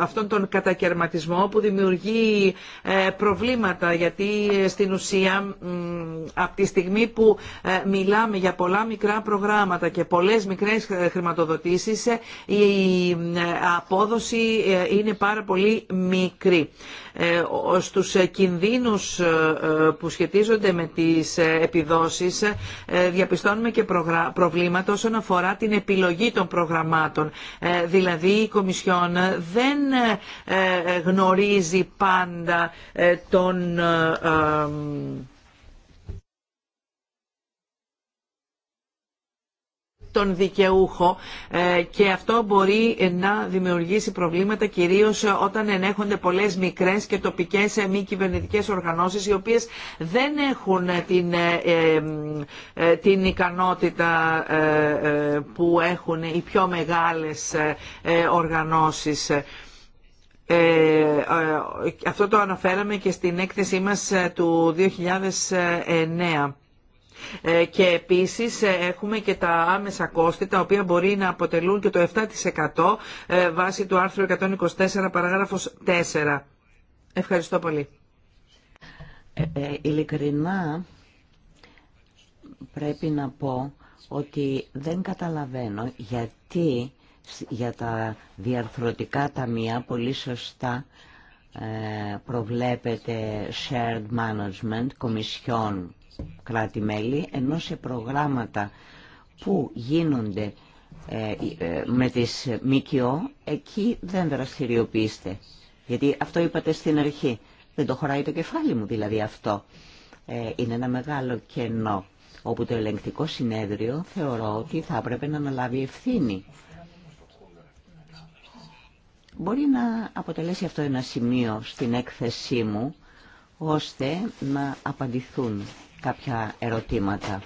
αυτόν τον κατακαιρματισμό που δημιουργεί προβλήματα, γιατί στην ουσία από τη στιγμή που μιλάμε για πολλά μικρά προγράμματα και πολλές μικρές χρηματοδοτήσεις, η απόδοση είναι πάρα πολύ μικρή. Ε, στους κινδύνους ε, που σχετίζονται με τις ε, επιδόσεις διαπιστώνουμε και προβλήματα όσον αφορά την επιλογή των προγραμμάτων. Δηλαδή η Κομισιόν δεν γνωρίζει πάντα τον τον δικαιούχο ε, και αυτό μπορεί να δημιουργήσει προβλήματα κυρίως όταν ενέχονται πολλές μικρές και τοπικές ε, μη κυβερνητικές οργανώσεις οι οποίες δεν έχουν ε, την, την ικανότητα που έχουν οι πιο μεγάλες οργανώσεις. αυτό το αναφέραμε και στην έκθεσή μας του 2009. Ε, και επίσης ε, έχουμε και τα άμεσα κόστη τα οποία μπορεί να αποτελούν και το 7% ε, βάσει του άρθρου 124 παράγραφος 4. Ευχαριστώ πολύ. Ε, ε, ειλικρινά πρέπει να πω ότι δεν καταλαβαίνω γιατί για τα διαρθρωτικά ταμεία πολύ σωστά προβλέπεται shared management, κομισιόν κράτη-μέλη, ενώ σε προγράμματα που γίνονται ε, ε, με τις ΜΚΟ, εκεί δεν δραστηριοποιείστε. Γιατί αυτό είπατε στην αρχή. Δεν το χωράει το κεφάλι μου δηλαδή αυτό. Ε, είναι ένα μεγάλο κενό, όπου το ελεγκτικό συνέδριο θεωρώ ότι θα έπρεπε να αναλάβει ευθύνη. Μπορεί να αποτελέσει αυτό ένα σημείο στην έκθεσή μου, ώστε να απαντηθούν κάποια ερωτήματα.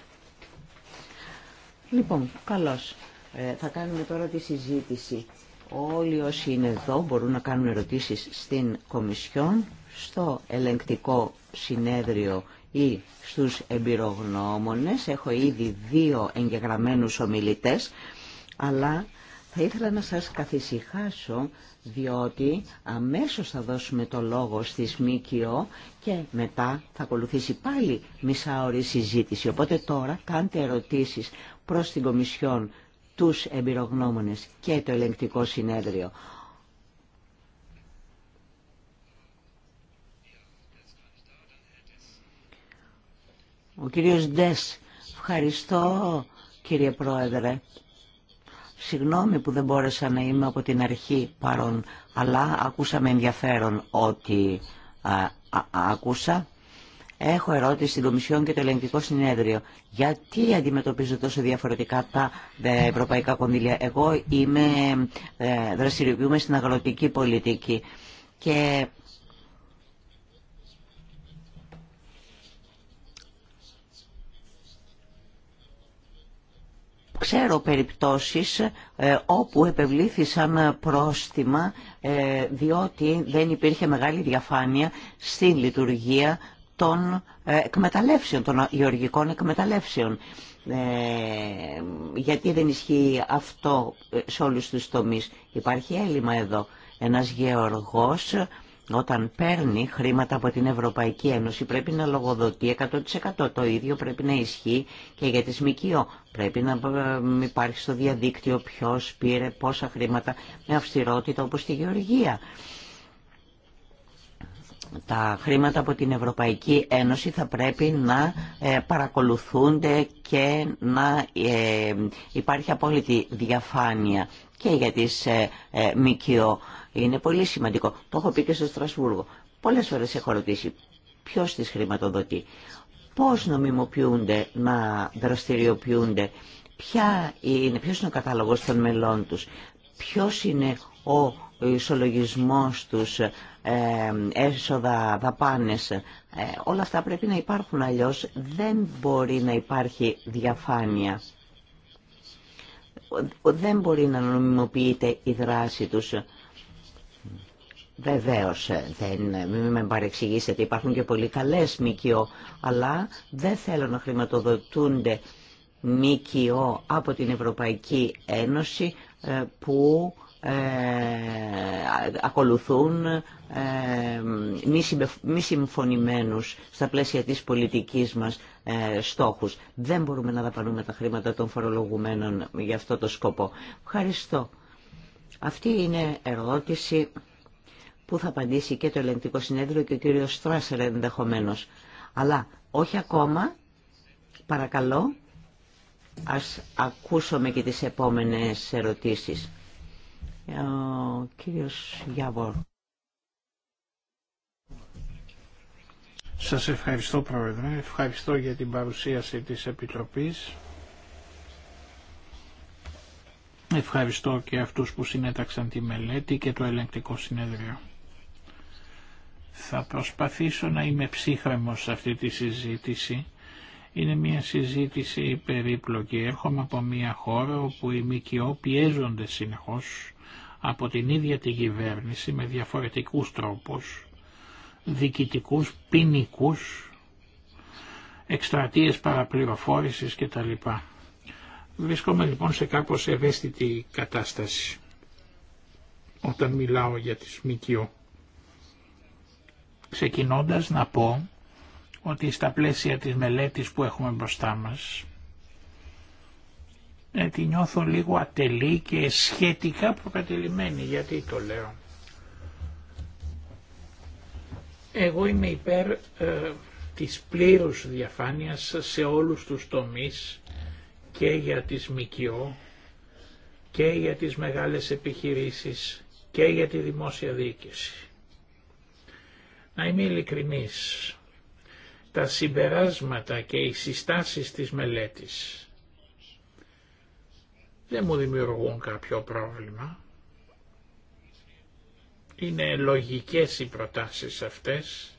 Λοιπόν, καλώς. Ε, θα κάνουμε τώρα τη συζήτηση. Όλοι όσοι είναι εδώ μπορούν να κάνουν ερωτήσεις στην Κομισιόν, στο ελεγκτικό συνέδριο ή στους εμπειρογνώμονες. Έχω ήδη δύο εγγεγραμμένους ομιλητές, αλλά θα ήθελα να σας καθησυχάσω διότι αμέσως θα δώσουμε το λόγο στη ΜΚΟ και μετά θα ακολουθήσει πάλι μισάωρη συζήτηση. Οπότε τώρα κάντε ερωτήσεις προς την Κομισιόν, τους εμπειρογνώμονες και το ελεγκτικό συνέδριο. Ο κύριος Ντες, ευχαριστώ κύριε Πρόεδρε. Συγγνώμη που δεν μπόρεσα να είμαι από την αρχή παρόν, αλλά ακούσαμε ενδιαφέρον ό,τι ακούσα. Έχω ερώτηση στην Κομισιόν και το Ελεγκτικό Συνέδριο. Γιατί αντιμετωπίζω τόσο διαφορετικά τα ε, ευρωπαϊκά κονδύλια. Εγώ είμαι, ε, δραστηριοποιούμε στην αγροτική πολιτική και Ξέρω περιπτώσεις ε, όπου επευλήθησαν πρόστιμα ε, διότι δεν υπήρχε μεγάλη διαφάνεια στην λειτουργία των ε, εκμεταλλεύσεων, των γεωργικών εκμεταλλεύσεων. γιατί δεν ισχύει αυτό σε όλους τους τομείς. Υπάρχει έλλειμμα εδώ. Ένας γεωργός όταν παίρνει χρήματα από την Ευρωπαϊκή Ένωση πρέπει να λογοδοτεί 100%. Το ίδιο πρέπει να ισχύει και για τις ΜΚΙΟ. Πρέπει να ε, υπάρχει στο διαδίκτυο ποιος πήρε πόσα χρήματα με αυστηρότητα όπως τη Γεωργία. Τα χρήματα από την Ευρωπαϊκή Ένωση θα πρέπει να ε, παρακολουθούνται και να ε, υπάρχει απόλυτη διαφάνεια και για τις ΜΚΟ. Είναι πολύ σημαντικό. Το έχω πει και στο Στρασβούργο. Πολλέ φορέ έχω ρωτήσει ποιος τις χρηματοδοτεί. Πώς νομιμοποιούνται να δραστηριοποιούνται. Ποια είναι, ποιος είναι ο κατάλογο των μελών τους. ποιο είναι ο ισολογισμό τους, ε, έσοδα, δαπάνες. Ε, όλα αυτά πρέπει να υπάρχουν αλλιώ. Δεν μπορεί να υπάρχει διαφάνεια. Δεν μπορεί να νομιμοποιείται η δράση τους. Βεβαίω, ε, δεν, ε, μην με παρεξηγήσετε, υπάρχουν και πολύ καλέ ΜΚΟ, αλλά δεν θέλω να χρηματοδοτούνται ΜΚΟ από την Ευρωπαϊκή Ένωση ε, που ακολουθούν μη, συμφωνημένου στα πλαίσια της πολιτικής μας ε, στόχους. Δεν μπορούμε να δαπανούμε τα χρήματα των φορολογουμένων για αυτό το σκοπό. Ευχαριστώ. Αυτή είναι ερώτηση που θα απαντήσει και το ελεγκτικό συνέδριο και ο κύριος Στράσερ ενδεχομένως. Αλλά όχι ακόμα, παρακαλώ, ας ακούσουμε και τις επόμενες ερωτήσεις. Ε, ο κύριος Γιάβορ. Σας ευχαριστώ Πρόεδρε, ευχαριστώ για την παρουσίαση της Επιτροπής. Ευχαριστώ και αυτούς που συνέταξαν τη μελέτη και το ελεγκτικό συνέδριο. Θα προσπαθήσω να είμαι ψύχρεμος σε αυτή τη συζήτηση. Είναι μια συζήτηση περίπλοκη. Έρχομαι από μια χώρα όπου οι ΜΚΟ πιέζονται συνεχώς από την ίδια τη κυβέρνηση με διαφορετικούς τρόπους, διοικητικούς, ποινικού, εκστρατείες παραπληροφόρησης κτλ. Βρίσκομαι λοιπόν σε κάπως ευαίσθητη κατάσταση όταν μιλάω για τις ΜΚΟ ξεκινώντας να πω ότι στα πλαίσια της μελέτης που έχουμε μπροστά μας ε, τη νιώθω λίγο ατελή και σχετικά προκατελημένη. Γιατί το λέω. Εγώ είμαι υπέρ ε, της πλήρους διαφάνειας σε όλους τους τομείς και για τις ΜΚΟ και για τις μεγάλες επιχειρήσεις και για τη δημόσια διοίκηση. Να είμαι ειλικρινής. Τα συμπεράσματα και οι συστάσεις της μελέτης δεν μου δημιουργούν κάποιο πρόβλημα. Είναι λογικές οι προτάσεις αυτές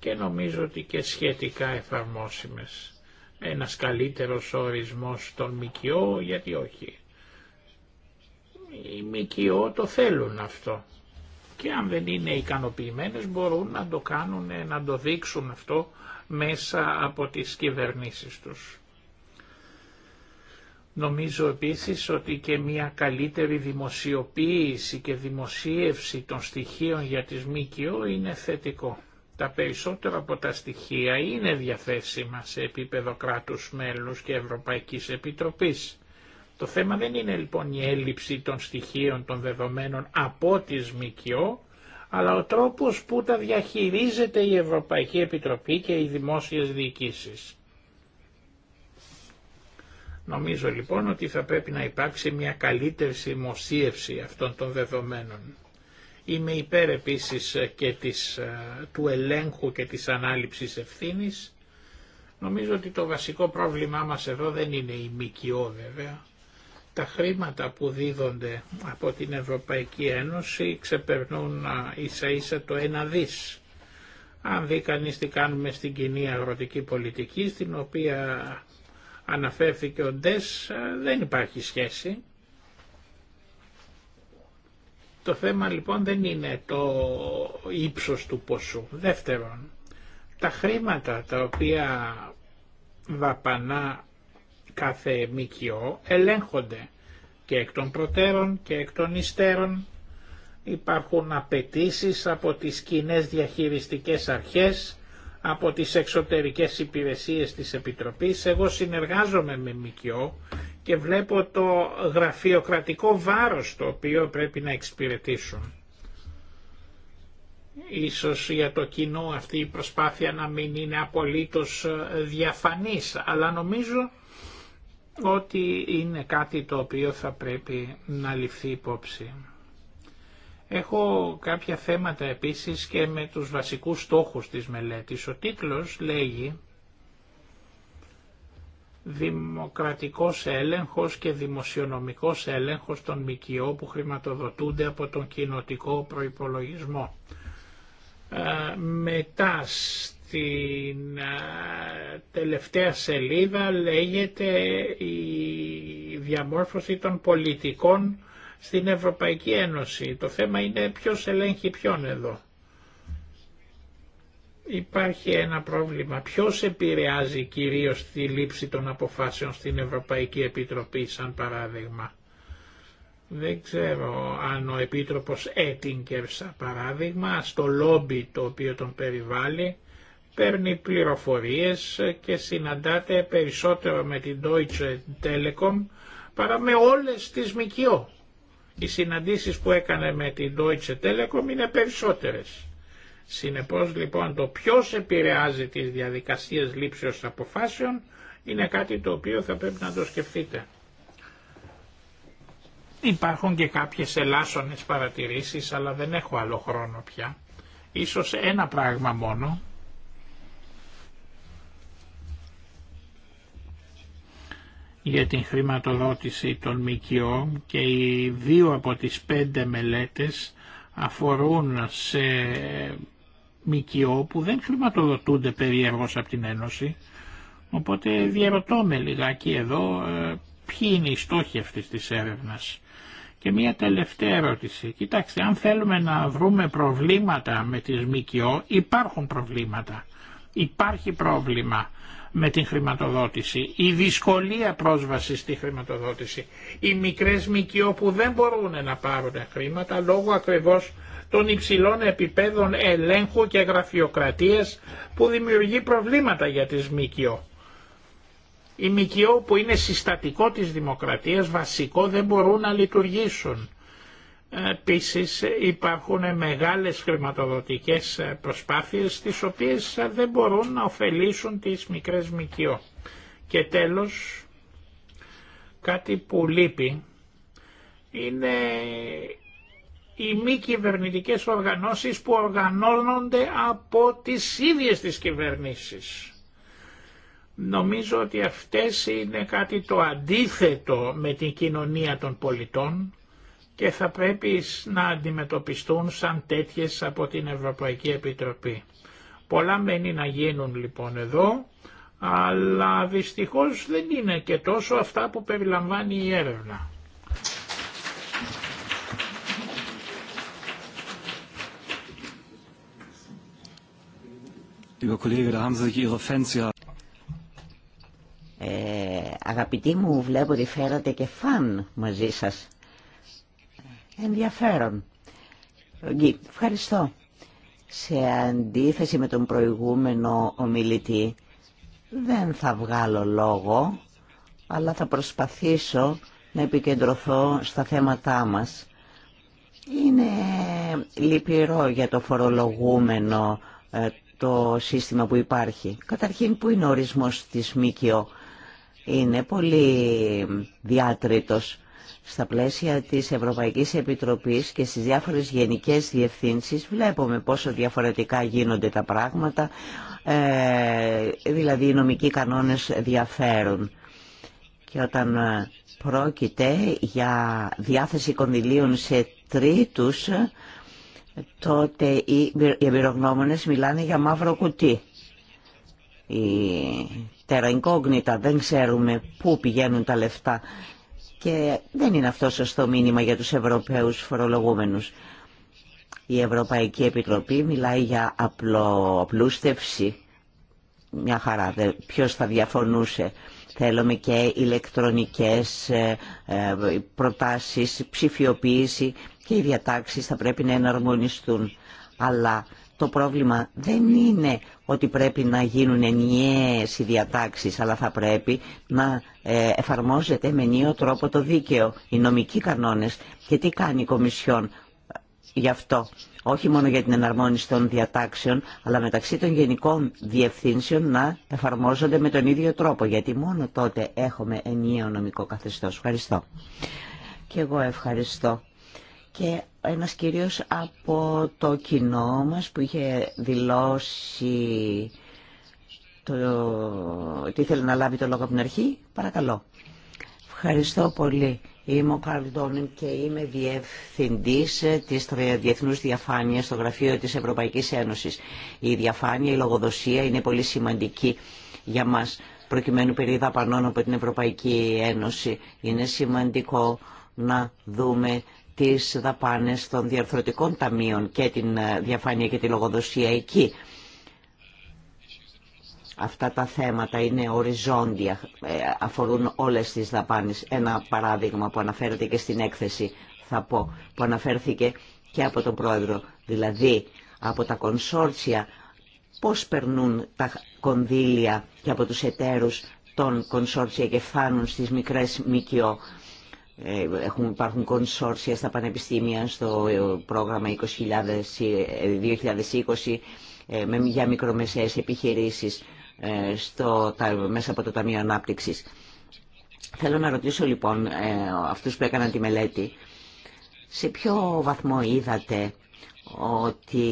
και νομίζω ότι και σχετικά εφαρμόσιμες. Ένας καλύτερος ορισμός των ΜΚΟ, γιατί όχι. Οι ΜΚΟ το θέλουν αυτό και αν δεν είναι ικανοποιημένες μπορούν να το κάνουν, να το δείξουν αυτό μέσα από τις κυβερνήσεις τους. Νομίζω επίσης ότι και μια καλύτερη δημοσιοποίηση και δημοσίευση των στοιχείων για τις ΜΚΟ είναι θετικό. Τα περισσότερα από τα στοιχεία είναι διαθέσιμα σε επίπεδο κράτους μέλους και Ευρωπαϊκής Επιτροπής. Το θέμα δεν είναι λοιπόν η έλλειψη των στοιχείων των δεδομένων από τις μικιό, αλλά ο τρόπος που τα διαχειρίζεται η Ευρωπαϊκή Επιτροπή και οι δημόσιες διοικήσεις. Νομίζω λοιπόν ότι θα πρέπει να υπάρξει μια καλύτερη συμμοσίευση αυτών των δεδομένων. Είμαι υπέρ επίσης και της, ε, του ελέγχου και της ανάληψης ευθύνης. Νομίζω ότι το βασικό πρόβλημά μας εδώ δεν είναι η ΜΚΟ βέβαια, τα χρήματα που δίδονται από την Ευρωπαϊκή Ένωση ξεπερνούν ίσα ίσα το ένα δις. Αν δει κανείς τι κάνουμε στην κοινή αγροτική πολιτική, στην οποία αναφέρθηκε ο Ντες, δεν υπάρχει σχέση. Το θέμα λοιπόν δεν είναι το ύψος του ποσού. Δεύτερον, τα χρήματα τα οποία δαπανά κάθε ΜΚΟ ελέγχονται και εκ των προτέρων και εκ των υστέρων. Υπάρχουν απαιτήσει από τις κοινέ διαχειριστικές αρχές, από τις εξωτερικές υπηρεσίες της Επιτροπής. Εγώ συνεργάζομαι με ΜΚΟ και βλέπω το γραφειοκρατικό βάρος το οποίο πρέπει να εξυπηρετήσουν. Ίσως για το κοινό αυτή η προσπάθεια να μην είναι απολύτως διαφανής, αλλά νομίζω ότι είναι κάτι το οποίο θα πρέπει να ληφθεί υπόψη. Έχω κάποια θέματα επίσης και με τους βασικούς στόχους της μελέτης. Ο τίτλος λέγει «Δημοκρατικός έλεγχος και δημοσιονομικός έλεγχος των ΜΚΟ που χρηματοδοτούνται από τον κοινοτικό προϋπολογισμό». Ε, μετά στην τελευταία σελίδα λέγεται η διαμόρφωση των πολιτικών στην Ευρωπαϊκή Ένωση. Το θέμα είναι ποιος ελέγχει ποιον εδώ. Υπάρχει ένα πρόβλημα. Ποιος επηρεάζει κυρίως τη λήψη των αποφάσεων στην Ευρωπαϊκή Επιτροπή σαν παράδειγμα. Δεν ξέρω αν ο Επίτροπος Έτιγκερ σαν παράδειγμα στο λόμπι το οποίο τον περιβάλλει παίρνει πληροφορίες και συναντάται περισσότερο με την Deutsche Telekom παρά με όλες τις ΜΚΟ. Οι συναντήσεις που έκανε με την Deutsche Telekom είναι περισσότερες. Συνεπώς λοιπόν το ποιος επηρεάζει τις διαδικασίες λήψεως αποφάσεων είναι κάτι το οποίο θα πρέπει να το σκεφτείτε. Υπάρχουν και κάποιες ελάσσονες παρατηρήσεις αλλά δεν έχω άλλο χρόνο πια. Ίσως ένα πράγμα μόνο για την χρηματοδότηση των ΜΚΟ και οι δύο από τις πέντε μελέτες αφορούν σε ΜΚΟ που δεν χρηματοδοτούνται περίεργως από την Ένωση. Οπότε διαρωτώ με λιγάκι εδώ ε, ποιοι είναι οι στόχοι αυτής της έρευνας. Και μια τελευταία ερώτηση. Κοιτάξτε, αν θέλουμε να βρούμε προβλήματα με τις ΜΚΟ, υπάρχουν προβλήματα. Υπάρχει πρόβλημα με την χρηματοδότηση, η δυσκολία πρόσβαση στη χρηματοδότηση, οι μικρές ΜΚΟ που δεν μπορούν να πάρουν χρήματα λόγω ακριβώς των υψηλών επιπέδων ελέγχου και γραφειοκρατίας που δημιουργεί προβλήματα για τις ΜΚΟ. Οι ΜΚΟ που είναι συστατικό της δημοκρατίας βασικό δεν μπορούν να λειτουργήσουν. Επίσης υπάρχουν μεγάλες χρηματοδοτικές προσπάθειες τις οποίες δεν μπορούν να ωφελήσουν τις μικρές μικιό. Και τέλος, κάτι που λείπει είναι οι μη κυβερνητικέ οργανώσεις που οργανώνονται από τις ίδιες τις κυβερνήσεις. Νομίζω ότι αυτές είναι κάτι το αντίθετο με την κοινωνία των πολιτών και θα πρέπει να αντιμετωπιστούν σαν τέτοιες από την Ευρωπαϊκή Επιτροπή. Πολλά μένει να γίνουν λοιπόν εδώ, αλλά δυστυχώς δεν είναι και τόσο αυτά που περιλαμβάνει η έρευνα. Ε, αγαπητοί μου, βλέπω ότι φέρατε και φαν μαζί σας ενδιαφέρον. Ευχαριστώ. Σε αντίθεση με τον προηγούμενο ομιλητή, δεν θα βγάλω λόγο, αλλά θα προσπαθήσω να επικεντρωθώ στα θέματά μας. Είναι λυπηρό για το φορολογούμενο ε, το σύστημα που υπάρχει. Καταρχήν, που είναι ο ορισμός της ΜΚΟ. Είναι πολύ διάτρητος στα πλαίσια της Ευρωπαϊκής Επιτροπής και στις διάφορες γενικές διευθύνσεις βλέπουμε πόσο διαφορετικά γίνονται τα πράγματα, ε, δηλαδή οι νομικοί κανόνες διαφέρουν. Και όταν ε, πρόκειται για διάθεση κονδυλίων σε τρίτους, τότε οι εμπειρογνώμονες μιλάνε για μαύρο κουτί. Η τερα δεν ξέρουμε πού πηγαίνουν τα λεφτά και δεν είναι αυτό σωστό μήνυμα για τους Ευρωπαίους φορολογούμενους. Η Ευρωπαϊκή Επιτροπή μιλάει για απλό, απλούστευση. Μια χαρά, ποιος θα διαφωνούσε. Θέλουμε και ηλεκτρονικές ε, ε, προτάσεις, ψηφιοποίηση και οι διατάξεις θα πρέπει να εναρμονιστούν. Αλλά το πρόβλημα δεν είναι ότι πρέπει να γίνουν ενιαίες οι διατάξεις, αλλά θα πρέπει να ε, εφαρμόζεται με νέο τρόπο το δίκαιο, οι νομικοί κανόνες. Και τι κάνει η Κομισιόν ε, γι' αυτό, όχι μόνο για την εναρμόνιση των διατάξεων, αλλά μεταξύ των γενικών διευθύνσεων να εφαρμόζονται με τον ίδιο τρόπο, γιατί μόνο τότε έχουμε ενιαίο νομικό καθεστώς. Ευχαριστώ. Και εγώ ευχαριστώ ένας κυρίος από το κοινό μας που είχε δηλώσει το... ότι ήθελε να λάβει το λόγο από την αρχή. Παρακαλώ. Ευχαριστώ πολύ. Είμαι ο Καρλ Ντόνιν και είμαι διευθυντής της Διεθνούς Διαφάνειας στο Γραφείο της Ευρωπαϊκής Ένωσης. Η διαφάνεια, η λογοδοσία είναι πολύ σημαντική για μας προκειμένου περί δαπανών από την Ευρωπαϊκή Ένωση. Είναι σημαντικό να δούμε τις δαπάνες των διαρθρωτικών ταμείων και την ε, διαφάνεια και τη λογοδοσία εκεί. Αυτά τα θέματα είναι οριζόντια, ε, αφορούν όλες τις δαπάνες. Ένα παράδειγμα που αναφέρεται και στην έκθεση, θα πω, που αναφέρθηκε και από τον Πρόεδρο, δηλαδή από τα κονσόρτσια, πώς περνούν τα κονδύλια και από τους εταίρους των κονσόρτσια και φάνουν στις μικρές ΜΚΟ. Ε, έχουν, υπάρχουν κονσόρσια στα πανεπιστήμια στο ε, πρόγραμμα 2020, ε, για μικρομεσαίες επιχειρήσεις στο, μέσα από το Ταμείο Ανάπτυξης. Θέλω να ρωτήσω λοιπόν αυτούς που έκαναν τη μελέτη, σε ποιο βαθμό είδατε ότι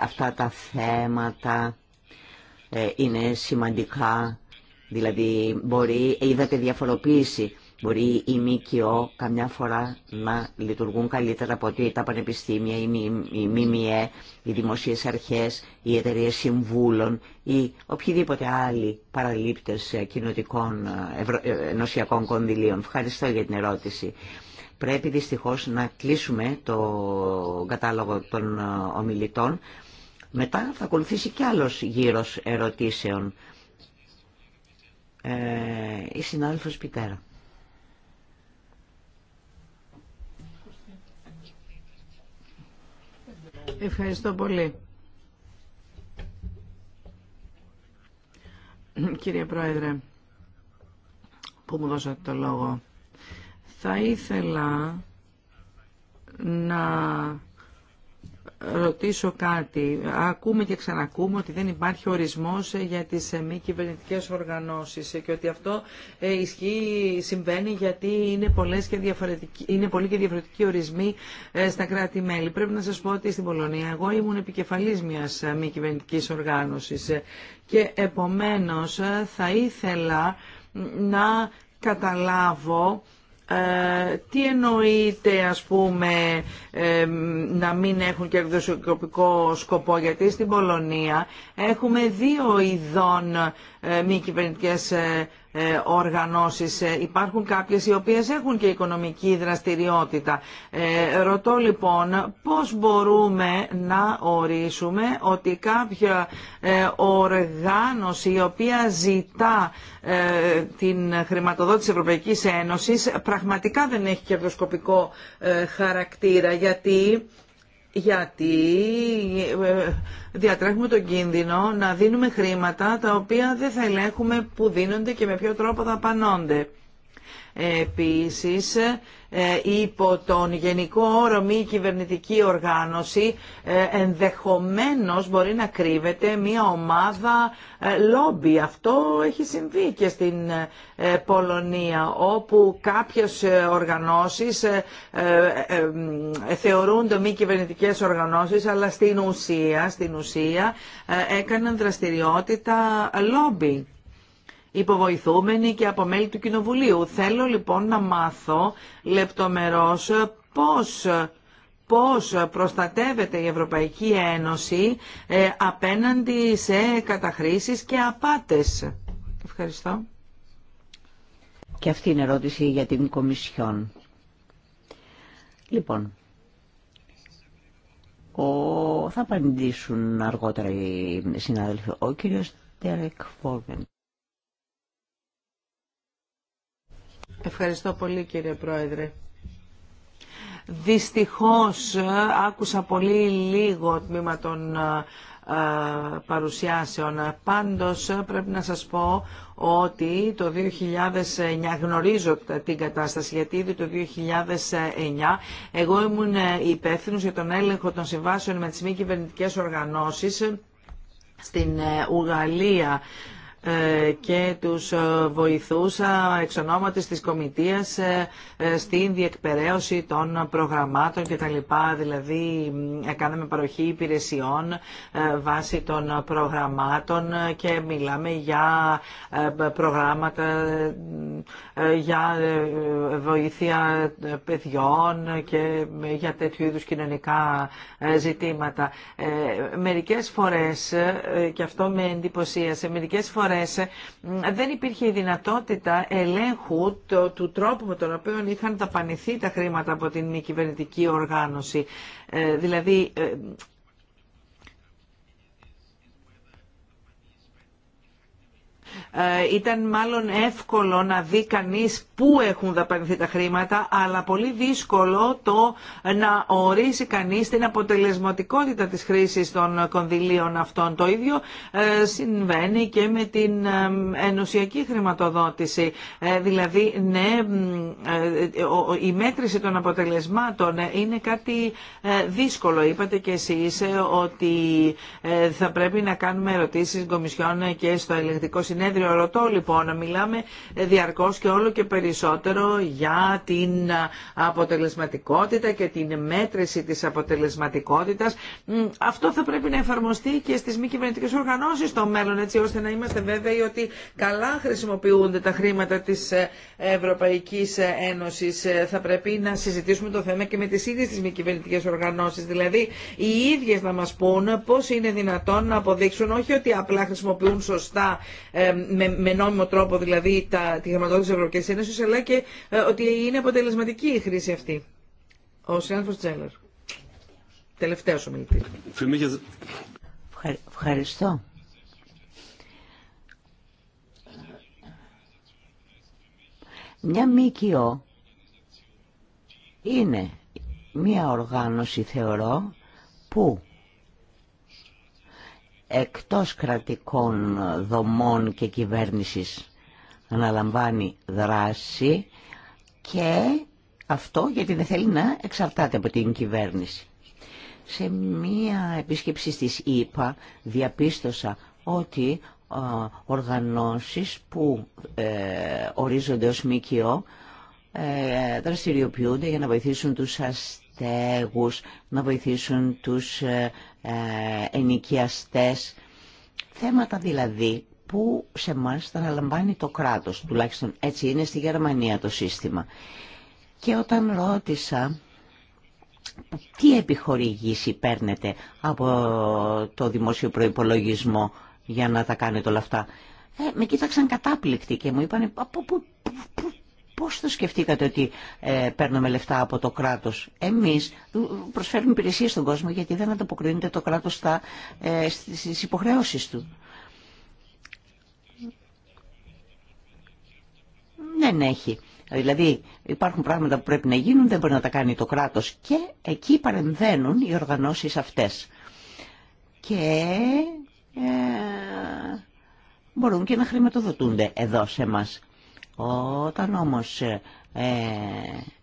αυτά τα θέματα είναι σημαντικά, δηλαδή μπορεί, είδατε διαφοροποίηση Μπορεί η ΜΚΟ καμιά φορά να λειτουργούν καλύτερα από ότι τα πανεπιστήμια, οι ΜΜΕ, οι δημοσίες αρχές, οι εταιρείε συμβούλων ή οποιοδήποτε άλλοι παραλήπτες κοινωτικών ευρω... Ε, ενωσιακών κονδυλίων. Ευχαριστώ για την ερώτηση. Πρέπει δυστυχώς να κλείσουμε το κατάλογο των ε, ομιλητών. Μετά θα ακολουθήσει κι άλλος γύρος ερωτήσεων. Ε, η συνάδελφος Πιτέρα. Ευχαριστώ πολύ. Κύριε Πρόεδρε, που μου δώσατε το λόγο, θα ήθελα να ρωτήσω κάτι. Ακούμε και ξανακούμε ότι δεν υπάρχει ορισμός ε, για τις ε, μη κυβερνητικέ οργανώσεις ε, και ότι αυτό ισχύει, συμβαίνει γιατί είναι, πολλές και είναι πολλοί και διαφορετικοί ορισμοί στα κράτη-μέλη. Πρέπει να σας πω ότι στην Πολωνία εγώ ήμουν επικεφαλής μιας μη κυβερνητική οργάνωσης και επομένως θα ήθελα να καταλάβω ε, τι εννοείται ας πούμε ε, να μην έχουν και κερδοσκοπικό σκοπό γιατί στην Πολωνία έχουμε δύο ειδών ε, μη κυβερνητικέ ε, ε, οργανώσει. Υπάρχουν κάποιες οι οποίες έχουν και οικονομική δραστηριότητα. Ρωτώ λοιπόν πώς μπορούμε να ορίσουμε ότι κάποια οργάνωση η οποία ζητά την χρηματοδότηση Ευρωπαϊκής Ένωσης πραγματικά δεν έχει κερδοσκοπικό χαρακτήρα γιατί γιατί ε, διατρέχουμε τον κίνδυνο να δίνουμε χρήματα τα οποία δεν θα ελέγχουμε που δίνονται και με ποιο τρόπο θα πανώνται. Επίσης, ε, υπό τον γενικό όρο μη κυβερνητική οργάνωση ε, ενδεχομένως μπορεί να κρύβεται μια ομάδα ε, λόμπι. Αυτό έχει συμβεί και στην Πολωνία όπου κάποιες οργανώσεις θεωρούνται μη κυβερνητικέ οργανώσεις αλλά στην ουσία, στην ουσία έκαναν δραστηριότητα λόμπι υποβοηθούμενοι και από μέλη του Κοινοβουλίου. Θέλω λοιπόν να μάθω λεπτομερώς πώς πώς προστατεύεται η Ευρωπαϊκή Ένωση ε, απέναντι σε καταχρήσεις και απάτες. Ευχαριστώ. Και αυτή είναι ερώτηση για την Κομισιόν. Λοιπόν, ο... θα απαντήσουν αργότερα οι συνάδελφοι. Ο κύριος Τέρεκ Φόρμεντ. Ευχαριστώ πολύ κύριε Πρόεδρε. Δυστυχώς άκουσα πολύ λίγο τμήμα των ε, παρουσιάσεων. Πάντως πρέπει να σας πω ότι το 2009 γνωρίζω την κατάσταση γιατί ήδη το 2009 εγώ ήμουν υπεύθυνος για τον έλεγχο των συμβάσεων με τις μη κυβερνητικές οργανώσεις στην ε, Ουγαλία ε, και τους ε, βοηθούσα εξ της Κομιτείας ε, στην διεκπαιρέωση των προγραμμάτων και λοιπά Δηλαδή κάναμε παροχή υπηρεσιών βάσει των προγραμμάτων και μιλάμε για προγράμματα για βοήθεια παιδιών και για τέτοιου είδους κοινωνικά ζητήματα. Μερικές φορές, και αυτό με εντυπωσίασε, μερικές φορές φορές δεν υπήρχε η δυνατότητα ελέγχου του τρόπου με τον οποίο είχαν ταπανηθεί τα χρήματα από την μη κυβερνητική οργάνωση. Ε, δηλαδή, ε, Ε, ήταν μάλλον εύκολο να δει κανείς πού έχουν δαπανηθεί τα χρήματα, αλλά πολύ δύσκολο το να ορίσει κανείς την αποτελεσματικότητα της χρήσης των κονδυλίων αυτών. Το ίδιο ε, συμβαίνει και με την ε, ενωσιακή χρηματοδότηση. Δηλαδή, ναι, η μέτρηση των αποτελεσμάτων είναι κάτι δύσκολο. Είπατε και εσείς ότι θα πρέπει να κάνουμε ερωτήσεις Κομισιόν και στο ελεγκτικό συνέδριο συνέδριο. Ρωτώ λοιπόν να μιλάμε διαρκώς και όλο και περισσότερο για την αποτελεσματικότητα και την μέτρηση της αποτελεσματικότητας. Αυτό θα πρέπει να εφαρμοστεί και στις μη κυβερνητικές οργανώσεις στο μέλλον έτσι ώστε να είμαστε βέβαιοι ότι καλά χρησιμοποιούνται τα χρήματα της Ευρωπαϊκής Ένωσης. Θα πρέπει να συζητήσουμε το θέμα και με τις ίδιες τις μη κυβερνητικές οργανώσεις. Δηλαδή οι ίδιες να μας πούν πώς είναι δυνατόν να αποδείξουν όχι ότι απλά χρησιμοποιούν σωστά ε, με, με νόμιμο τρόπο δηλαδή τα, τη χρηματοδότηση της Ευρωπαϊκής Ένωσης, αλλά και ε, ότι είναι αποτελεσματική η χρήση αυτή. Ο Σιάνφος Τζέλλερ. Τελευταίος ο μιλητής. Ευχαριστώ. Μια ΜΚΟ είναι μια οργάνωση θεωρώ που εκτός κρατικών δομών και κυβέρνησης αναλαμβάνει δράση και αυτό γιατί δεν θέλει να εξαρτάται από την κυβέρνηση. Σε μία επίσκεψη στις ΕΙΠΑ διαπίστωσα ότι οργανώσεις που ε, ορίζονται ως ΜΚΟ ε, δραστηριοποιούνται για να βοηθήσουν τους αστέρους να βοηθήσουν τους ε, ε, ενοικιαστές. Θέματα δηλαδή που σε εμά τα αναλαμβάνει το κράτος, τουλάχιστον έτσι είναι στη Γερμανία το σύστημα. Και όταν ρώτησα τι επιχορηγήσει παίρνετε από το δημόσιο προϋπολογισμό για να τα κάνετε όλα αυτά, ε, με κοίταξαν κατάπληκτοι και μου είπαν Πώς το σκεφτήκατε ότι ε, παίρνουμε λεφτά από το κράτος. Εμείς προσφέρουμε υπηρεσίες στον κόσμο γιατί δεν ανταποκρίνεται το κράτος στα, ε, στις υποχρεώσεις του. Δεν έχει. Δηλαδή υπάρχουν πράγματα που πρέπει να γίνουν, δεν μπορεί να τα κάνει το κράτος και εκεί παρεμβαίνουν οι οργανώσεις αυτές. Και ε, μπορούν και να χρηματοδοτούνται εδώ σε εμάς. Όταν όμως ε,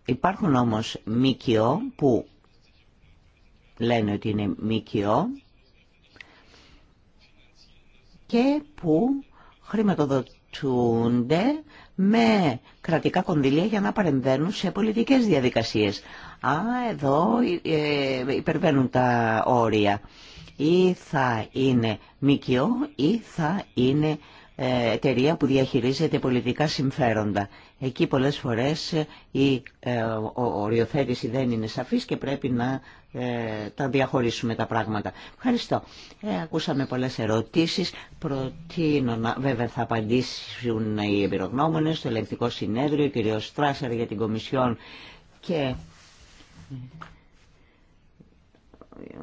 υπάρχουν όμως Μικιό που λένε ότι είναι Μικιο και που χρηματοδοτούνται με κρατικά κονδυλία για να παρεμβαίνουν σε πολιτικές διαδικασίες. Α, εδώ ε, υπερβαίνουν τα όρια. Ή θα είναι Μικιο ή θα είναι ε, εταιρεία που διαχειρίζεται πολιτικά συμφέροντα. Εκεί πολλές φορές ε, η ε, οριοθέτηση δεν είναι σαφής και πρέπει να τα διαχωρίσουμε τα πράγματα. Ευχαριστώ. ακούσαμε πολλές ερωτήσεις. Προτείνω να... Βέβαια θα απαντήσουν οι εμπειρογνώμονες, το ελεγκτικό συνέδριο, ο κ. Στράσερ για την Κομισιόν και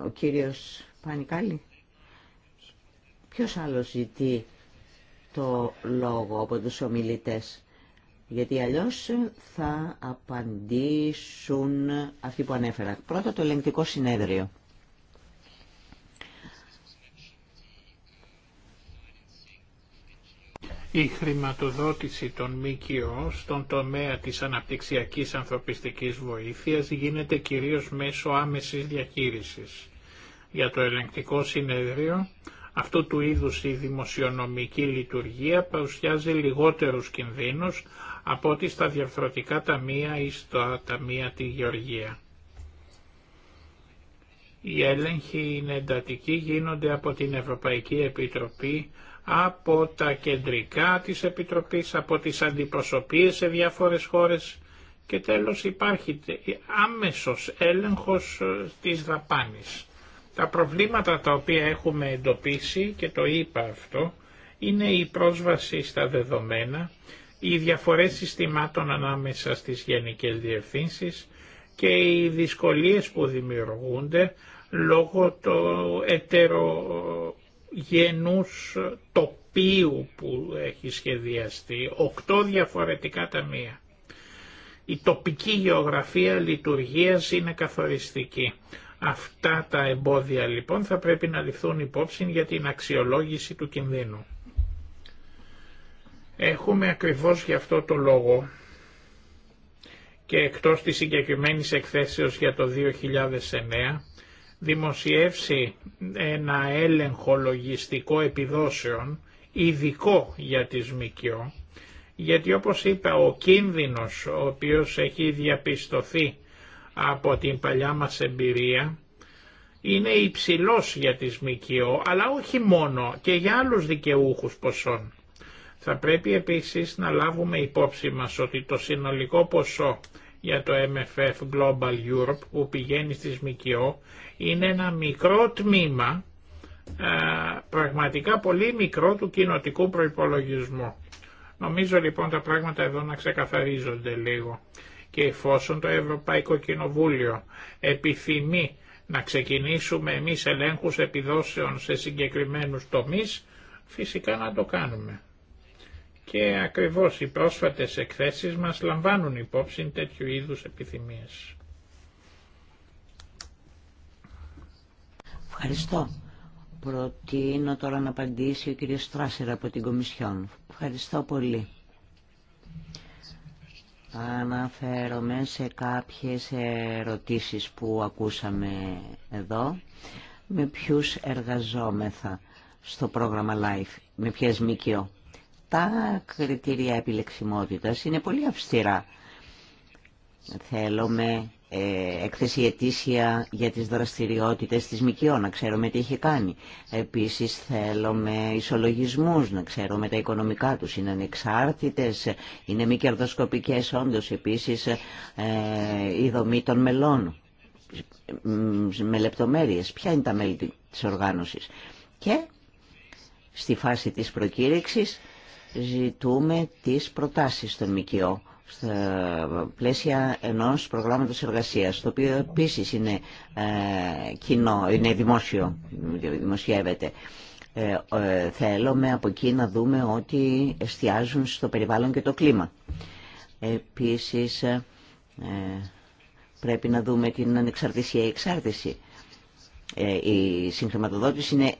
ο κύριος Πανικάλη. Ποιος άλλος ζητεί το λόγο από τους ομιλητές. Γιατί αλλιώς θα απαντήσουν αυτοί που ανέφερα. Πρώτα το ελεγκτικό συνέδριο. Η χρηματοδότηση των ΜΚΟ στον τομέα της αναπτυξιακής ανθρωπιστικής βοήθειας γίνεται κυρίως μέσω άμεσης διαχείρισης. Για το ελεγκτικό συνέδριο αυτού του είδους η δημοσιονομική λειτουργία παρουσιάζει λιγότερους κινδύνους από ότι στα τα ταμεία ή στα ταμεία τη Γεωργία. Οι έλεγχοι είναι εντατικοί, γίνονται από την Ευρωπαϊκή Επιτροπή, από τα κεντρικά της Επιτροπής, από τις αντιπροσωπείες σε διάφορες χώρες και τέλος υπάρχει άμεσος έλεγχος ε, της δαπάνης. Τα προβλήματα τα οποία έχουμε εντοπίσει και το είπα αυτό είναι η πρόσβαση στα δεδομένα, οι διαφορές συστημάτων ανάμεσα στις γενικές διευθύνσεις και οι δυσκολίες που δημιουργούνται λόγω του ετερογενούς τοπίου που έχει σχεδιαστεί, οκτώ διαφορετικά ταμεία. Η τοπική γεωγραφία λειτουργίας είναι καθοριστική. Αυτά τα εμπόδια λοιπόν θα πρέπει να ληφθούν υπόψη για την αξιολόγηση του κινδύνου. Έχουμε ακριβώς γι' αυτό το λόγο και εκτός της συγκεκριμένης εκθέσεως για το 2009 δημοσιεύσει ένα έλεγχο λογιστικό επιδόσεων ειδικό για τις ΣΜΚΙΟ γιατί όπως είπα ο κίνδυνος ο οποίος έχει διαπιστωθεί από την παλιά μας εμπειρία είναι υψηλός για τις ΜΚΟ, αλλά όχι μόνο και για άλλους δικαιούχους ποσών. Θα πρέπει επίσης να λάβουμε υπόψη μας ότι το συνολικό ποσό για το MFF Global Europe που πηγαίνει στις ΜΚΟ είναι ένα μικρό τμήμα, ε, πραγματικά πολύ μικρό του κοινοτικού προϋπολογισμού. Νομίζω λοιπόν τα πράγματα εδώ να ξεκαθαρίζονται λίγο και εφόσον το Ευρωπαϊκό Κοινοβούλιο επιθυμεί να ξεκινήσουμε εμείς ελέγχους επιδόσεων σε συγκεκριμένους τομείς, φυσικά να το κάνουμε. Και ακριβώς οι πρόσφατες εκθέσεις μας λαμβάνουν υπόψη τέτοιου είδους επιθυμίες. Ευχαριστώ. Προτείνω τώρα να απαντήσει ο κ. Στράσερ από την Κομισιόν. Ευχαριστώ πολύ. Αναφέρομαι σε κάποιες ερωτήσεις που ακούσαμε εδώ. Με ποιους εργαζόμεθα στο πρόγραμμα LIFE, με ποιες ΜΚΟ. Τα κριτήρια επιλεξιμότητας είναι πολύ αυστηρά. Θέλουμε ε, έκθεση ετήσια για τις δραστηριότητες της ΜΚΟ, να ξέρουμε τι έχει κάνει. Επίσης θέλουμε ισολογισμούς, να ξέρουμε τα οικονομικά τους, είναι ανεξάρτητες, είναι μη κερδοσκοπικές όντως, επίσης ε, η δομή των μελών, με λεπτομέρειες, ποια είναι τα μέλη της οργάνωσης. Και στη φάση της προκήρυξης ζητούμε τις προτάσεις των ΜΚΟ στα πλαίσια ενός προγράμματος εργασίας, το οποίο επίσης είναι ε, κοινό, είναι δημόσιο, δημοσιεύεται. Ε, ε, θέλουμε από εκεί να δούμε ότι εστιάζουν στο περιβάλλον και το κλίμα. Επίσης, ε, πρέπει να δούμε την ανεξαρτησία ή εξάρτηση. Ε, η συγχρηματοδότηση είναι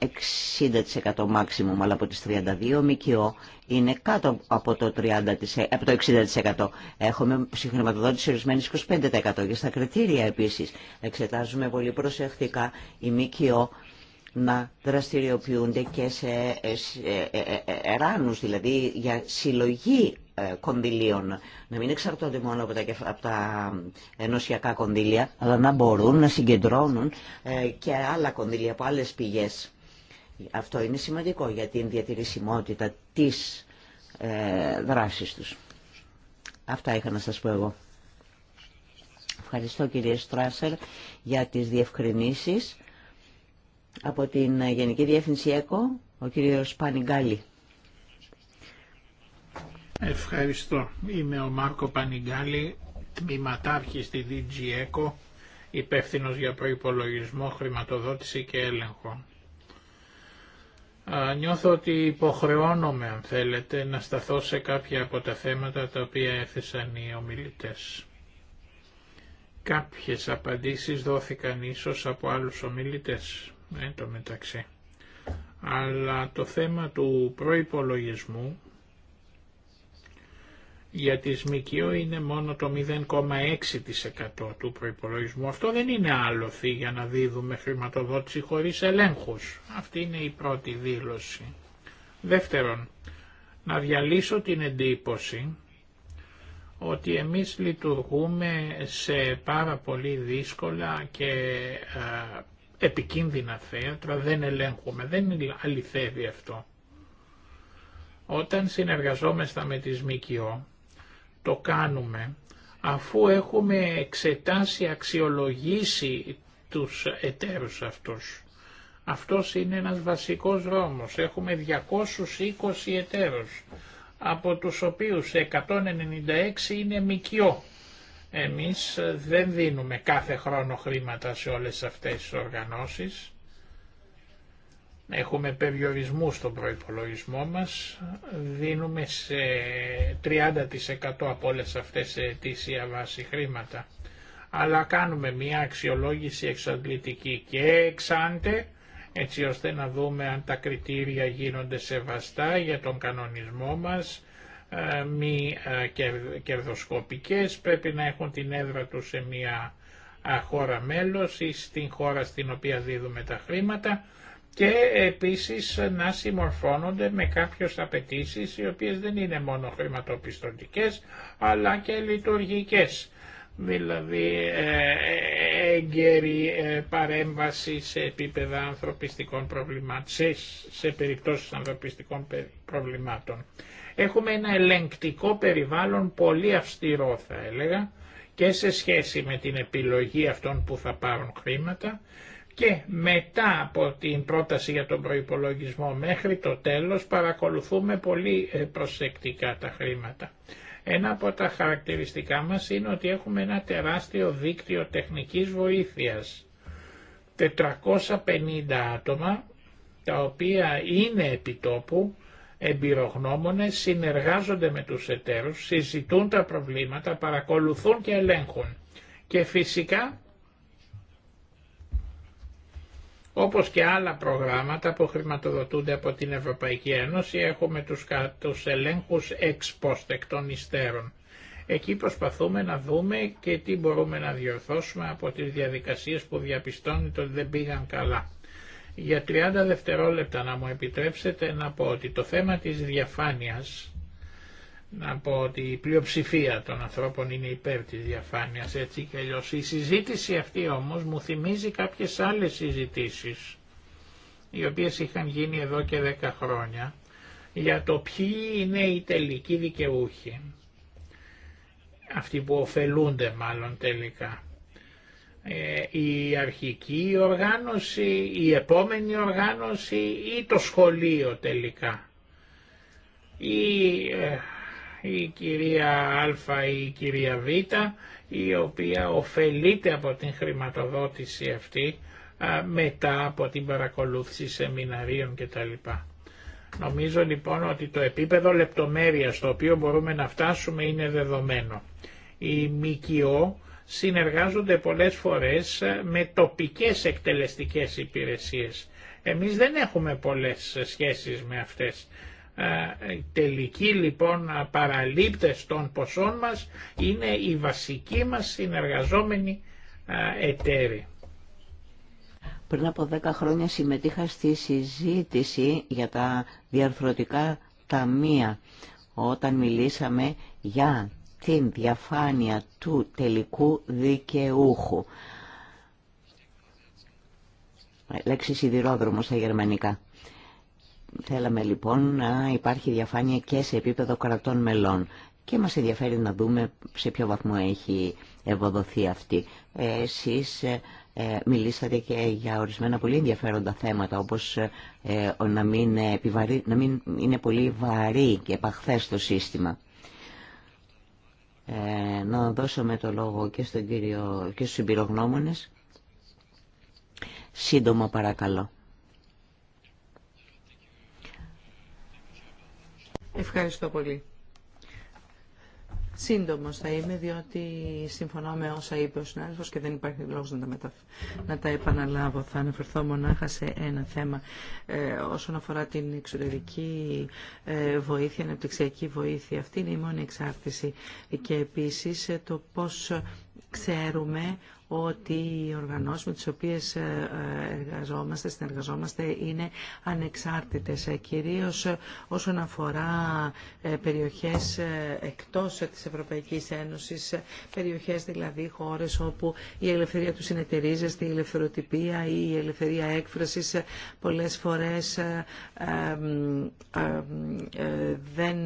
60% maximum, αλλά από τις 32 ΜΚΟ είναι κάτω από το, 30%, από το 60%. Έχουμε συγχρηματοδότηση ορισμένης 25% και στα κριτήρια επίσης. Εξετάζουμε πολύ προσεκτικά η ΜΚΟ να δραστηριοποιούνται και σε εράνους, ε, ε, ε, δηλαδή για συλλογή κονδυλίων. Να μην εξαρτώνται μόνο από τα, από τα ενωσιακά κονδύλια, αλλά να μπορούν να συγκεντρώνουν και άλλα κονδύλια από άλλες πηγές. Αυτό είναι σημαντικό για την διατηρησιμότητα της δράσης τους. Αυτά είχα να σας πω εγώ. Ευχαριστώ κύριε Στράσερ για τις διευκρινήσεις από την Γενική Διεύθυνση ΕΚΟ, ο κύριος Πανιγκάλη. Ευχαριστώ. Είμαι ο Μάρκο Πανιγκάλη, τμήματάρχη στη DG ΕΚΟ υπεύθυνος για προϋπολογισμό, χρηματοδότηση και έλεγχο. Νιώθω ότι υποχρεώνομαι, αν θέλετε, να σταθώ σε κάποια από τα θέματα τα οποία έθεσαν οι ομιλητές. Κάποιες απαντήσεις δόθηκαν ίσως από άλλους ομιλητές εν μεταξύ. Αλλά το θέμα του προϋπολογισμού για τη ΣΜΚΙΟ είναι μόνο το 0,6% του προϋπολογισμού. Αυτό δεν είναι άλοθη για να δίδουμε χρηματοδότηση χωρίς ελέγχους. Αυτή είναι η πρώτη δήλωση. Δεύτερον, να διαλύσω την εντύπωση ότι εμείς λειτουργούμε σε πάρα πολύ δύσκολα και ε, επικίνδυνα θέατρα δεν ελέγχουμε, δεν αληθεύει αυτό. Όταν συνεργαζόμεθα με τις ΜΚΟ, το κάνουμε αφού έχουμε εξετάσει, αξιολογήσει τους εταίρους αυτούς. Αυτός είναι ένας βασικός δρόμος. Έχουμε 220 εταίρους, από τους οποίους 196 είναι ΜΚΟ. Εμείς ε, δεν δίνουμε κάθε χρόνο χρήματα σε όλες αυτές τις οργανώσεις. Έχουμε περιορισμού στον προϋπολογισμό μας. Δίνουμε σε 30% από όλες αυτές τις αιτήσια βάση χρήματα. Αλλά κάνουμε μια αξιολόγηση εξαντλητική και εξάντε, έτσι ώστε να δούμε αν τα κριτήρια γίνονται σεβαστά για τον κανονισμό μας, ε, μη ε, κερδοσκοπικές, πρέπει να έχουν την έδρα τους σε μια χώρα μέλος ή στην χώρα στην οποία δίδουμε τα χρήματα και επίσης να συμμορφώνονται με κάποιες απαιτήσει οι οποίες δεν είναι μόνο χρηματοπιστωτικές αλλά και λειτουργικές. Δηλαδή ε, έγκαιρη παρέμβαση σε επίπεδα ανθρωπιστικών προβλημάτων, σε, σε περιπτώσεις ανθρωπιστικών προβλημάτων. Έχουμε ένα ελεγκτικό περιβάλλον πολύ αυστηρό θα έλεγα και σε σχέση με την επιλογή αυτών που θα πάρουν χρήματα και μετά από την πρόταση για τον προϋπολογισμό μέχρι το τέλος παρακολουθούμε πολύ ε, προσεκτικά τα χρήματα. Ένα από τα χαρακτηριστικά μας είναι ότι έχουμε ένα τεράστιο δίκτυο τεχνικής βοήθειας. 450 άτομα τα οποία είναι επιτόπου εμπειρογνώμονες συνεργάζονται με τους εταίρους, συζητούν τα προβλήματα, παρακολουθούν και ελέγχουν. Και φυσικά, όπως και άλλα προγράμματα που χρηματοδοτούνται από την Ευρωπαϊκή Ένωση, έχουμε τους, τους ελέγχους εξ των υστέρων. Εκεί προσπαθούμε να δούμε και τι μπορούμε να διορθώσουμε από τις διαδικασίες που διαπιστώνει ότι δεν πήγαν καλά. Για 30 δευτερόλεπτα να μου επιτρέψετε να πω ότι το θέμα της διαφάνειας, να πω ότι η πλειοψηφία των ανθρώπων είναι υπέρ της διαφάνειας έτσι και αλλιώς. Η συζήτηση αυτή όμως μου θυμίζει κάποιες άλλες συζητήσεις, οι οποίες είχαν γίνει εδώ και 10 χρόνια, για το ποιοι είναι οι τελικοί δικαιούχοι, αυτοί που ωφελούνται μάλλον τελικά. Ε, η αρχική οργάνωση, η επόμενη οργάνωση ή το σχολείο τελικά. Ή ε, η κυρία Α ή η κυρία Β η οποία ωφελείται από την χρηματοδότηση αυτή μετά από την παρακολούθηση σεμιναρίων κτλ. Νομίζω λοιπόν ότι το επίπεδο λεπτομέρειας στο οποίο μπορούμε να φτάσουμε είναι δεδομένο. Η ΜΚΟ συνεργάζονται πολλές φορές ε, με τοπικές εκτελεστικές υπηρεσίες. Εμείς δεν έχουμε πολλές ε, σχέσεις με αυτές. Ε, τελικοί λοιπόν παραλήπτες των ποσών μας είναι η βασική μας συνεργαζόμενη εταίροι. Πριν από 10 χρόνια συμμετείχα στη συζήτηση για τα διαρθρωτικά ταμεία όταν μιλήσαμε για την διαφάνεια του τελικού δικαιούχου. Λέξη σιδηρόδρομο στα γερμανικά. Θέλαμε λοιπόν να υπάρχει διαφάνεια και σε επίπεδο κρατών μελών. Και μας ενδιαφέρει να δούμε σε ποιο βαθμό έχει ευοδοθεί αυτή. Εσείς ε, ε, μιλήσατε και για ορισμένα πολύ ενδιαφέροντα θέματα, όπως ε, να μην είναι πολύ βαρύ και επαχθές το σύστημα ε, να δώσουμε το λόγο και στον κύριο και στους συμπυρογνώμονες. Σύντομα παρακαλώ. Ευχαριστώ πολύ. Σύντομο θα είμαι, διότι συμφωνώ με όσα είπε ο συνάδελφο και δεν υπάρχει λόγο να, να τα επαναλάβω. Θα αναφερθώ μονάχα σε ένα θέμα ε, όσον αφορά την εξωτερική ε, βοήθεια, αναπτυξιακή βοήθεια. Αυτή είναι η μόνη εξάρτηση. Και επίση ε, το πώ ξέρουμε ότι οι οργανώσεις με τις οποίες ε, εργαζόμαστε, συνεργαζόμαστε είναι ανεξάρτητες, ε, κυρίως ε, όσον αφορά περιοχές εκτός της Ευρωπαϊκής Ένωσης, περιοχές δηλαδή χώρες όπου η ελευθερία του συνεταιρίζεται, η ελευθεροτυπία ή η ελευθερία έκφρασης πολλές φορές δεν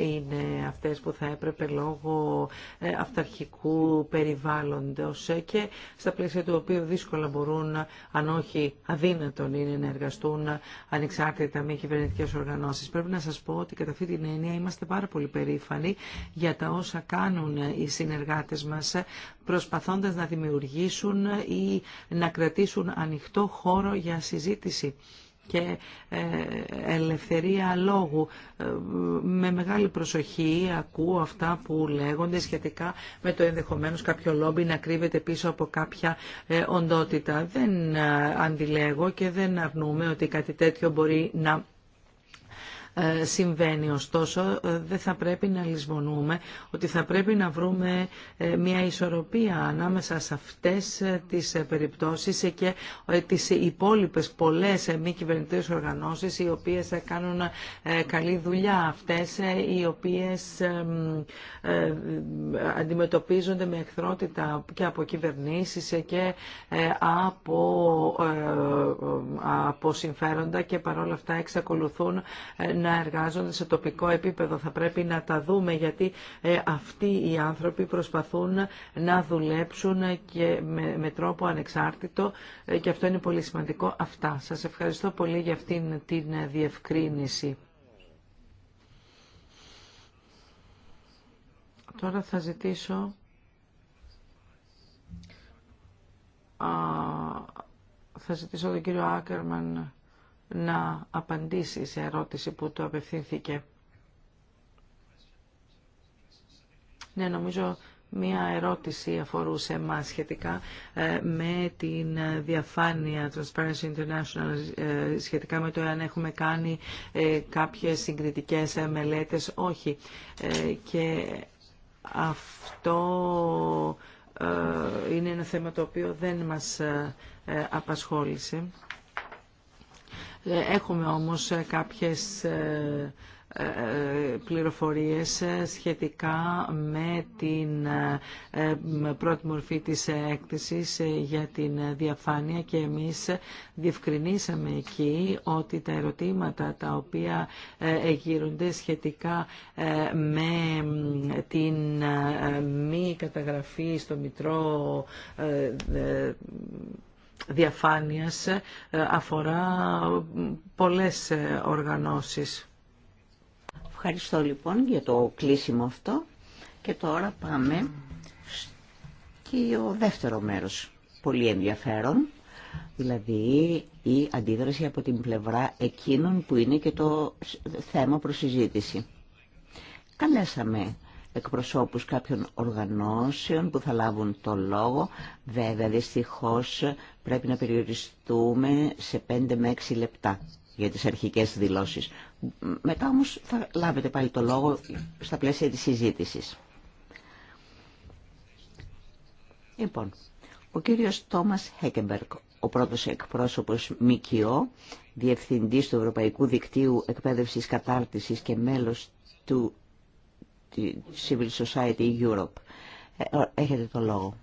είναι αυτές που θα έπρεπε λόγω αυταρχικού περιβάλλοντος και στα πλαίσια του οποίου δύσκολα μπορούν, αν όχι αδύνατον είναι να εργαστούν ανεξάρτητα με κυβερνητικέ οργανώσεις. Πρέπει να σας πω ότι κατά αυτή την έννοια είμαστε πάρα πολύ περήφανοι για τα όσα κάνουν οι συνεργάτες μας προσπαθώντας να δημιουργήσουν ή να κρατήσουν ανοιχτό χώρο για συζήτηση και ε, ελευθερία λόγου. Ε, με μεγάλη προσοχή ακούω αυτά που λέγονται σχετικά με το ενδεχομένως κάποιο λόμπι να κρύβεται πίσω από κάποια ε, οντότητα. Δεν αντιλέγω και δεν αρνούμε ότι κάτι τέτοιο μπορεί να ε, συμβαίνει. Ωστόσο, ε, δεν θα πρέπει να λησμονούμε ότι θα πρέπει να βρούμε ε, μια ισορροπία ανάμεσα σε αυτές τις περιπτώσεις και τις υπόλοιπες πολλές μη κυβερνητικέ οργανώσεις οι οποίες κάνουν καλή δουλειά αυτές οι οποίες αντιμετωπίζονται με εχθρότητα και από κυβερνήσεις και από, από συμφέροντα και παρόλα αυτά εξακολουθούν να εργάζονται σε τοπικό επίπεδο. Θα πρέπει να τα δούμε γιατί ε, αυτοί οι άνθρωποι προσπαθούν να δουλέψουν και με τρόπο ανεξάρτητο ε, και αυτό είναι πολύ σημαντικό. Αυτά. Σας ευχαριστώ πολύ για αυτήν την διευκρίνηση. Τώρα θα ζητήσω θα ζητήσω τον κύριο Άκερμαν να απαντήσει σε ερώτηση που του απευθύνθηκε. Ναι, νομίζω μία ερώτηση αφορούσε μας σχετικά ε, με την διαφάνεια Transparency International, ε, σχετικά με το αν έχουμε κάνει ε, κάποιες συγκριτικές μελέτες. Όχι. Και αυτό είναι ένα θέμα το οποίο δεν μας απασχόλησε. Έχουμε όμως ε, κάποιες ε, ε, πληροφορίες σχετικά με την πρώτη μορφή της έκθεσης για την διαφάνεια και εμείς διευκρινίσαμε εκεί ότι τα ερωτήματα τα οποία εγείρονται σχετικά με την μη καταγραφή στο Μητρό διαφάνειας ε, αφορά πολλές ε, οργανώσεις. Ευχαριστώ λοιπόν για το κλείσιμο αυτό και τώρα πάμε ο δεύτερο μέρος. Πολύ ενδιαφέρον, δηλαδή η αντίδραση από την πλευρά εκείνων που είναι και το θέμα προς συζήτηση. Καλέσαμε εκπροσώπους κάποιων οργανώσεων που θα λάβουν το λόγο. Βέβαια, δυστυχώς πρέπει να περιοριστούμε σε 5 με 6 λεπτά για τις αρχικές δηλώσεις. Μετά όμως θα λάβετε πάλι το λόγο στα πλαίσια της συζήτησης. Λοιπόν, ο κύριος Τόμας Χέκεμπερκ, ο πρώτος εκπρόσωπος ΜΚΟ, διευθυντής του Ευρωπαϊκού Δικτύου Εκπαίδευσης Κατάρτισης και μέλος του τη Civil Society Europe. Ε, ε, έχετε το λόγο.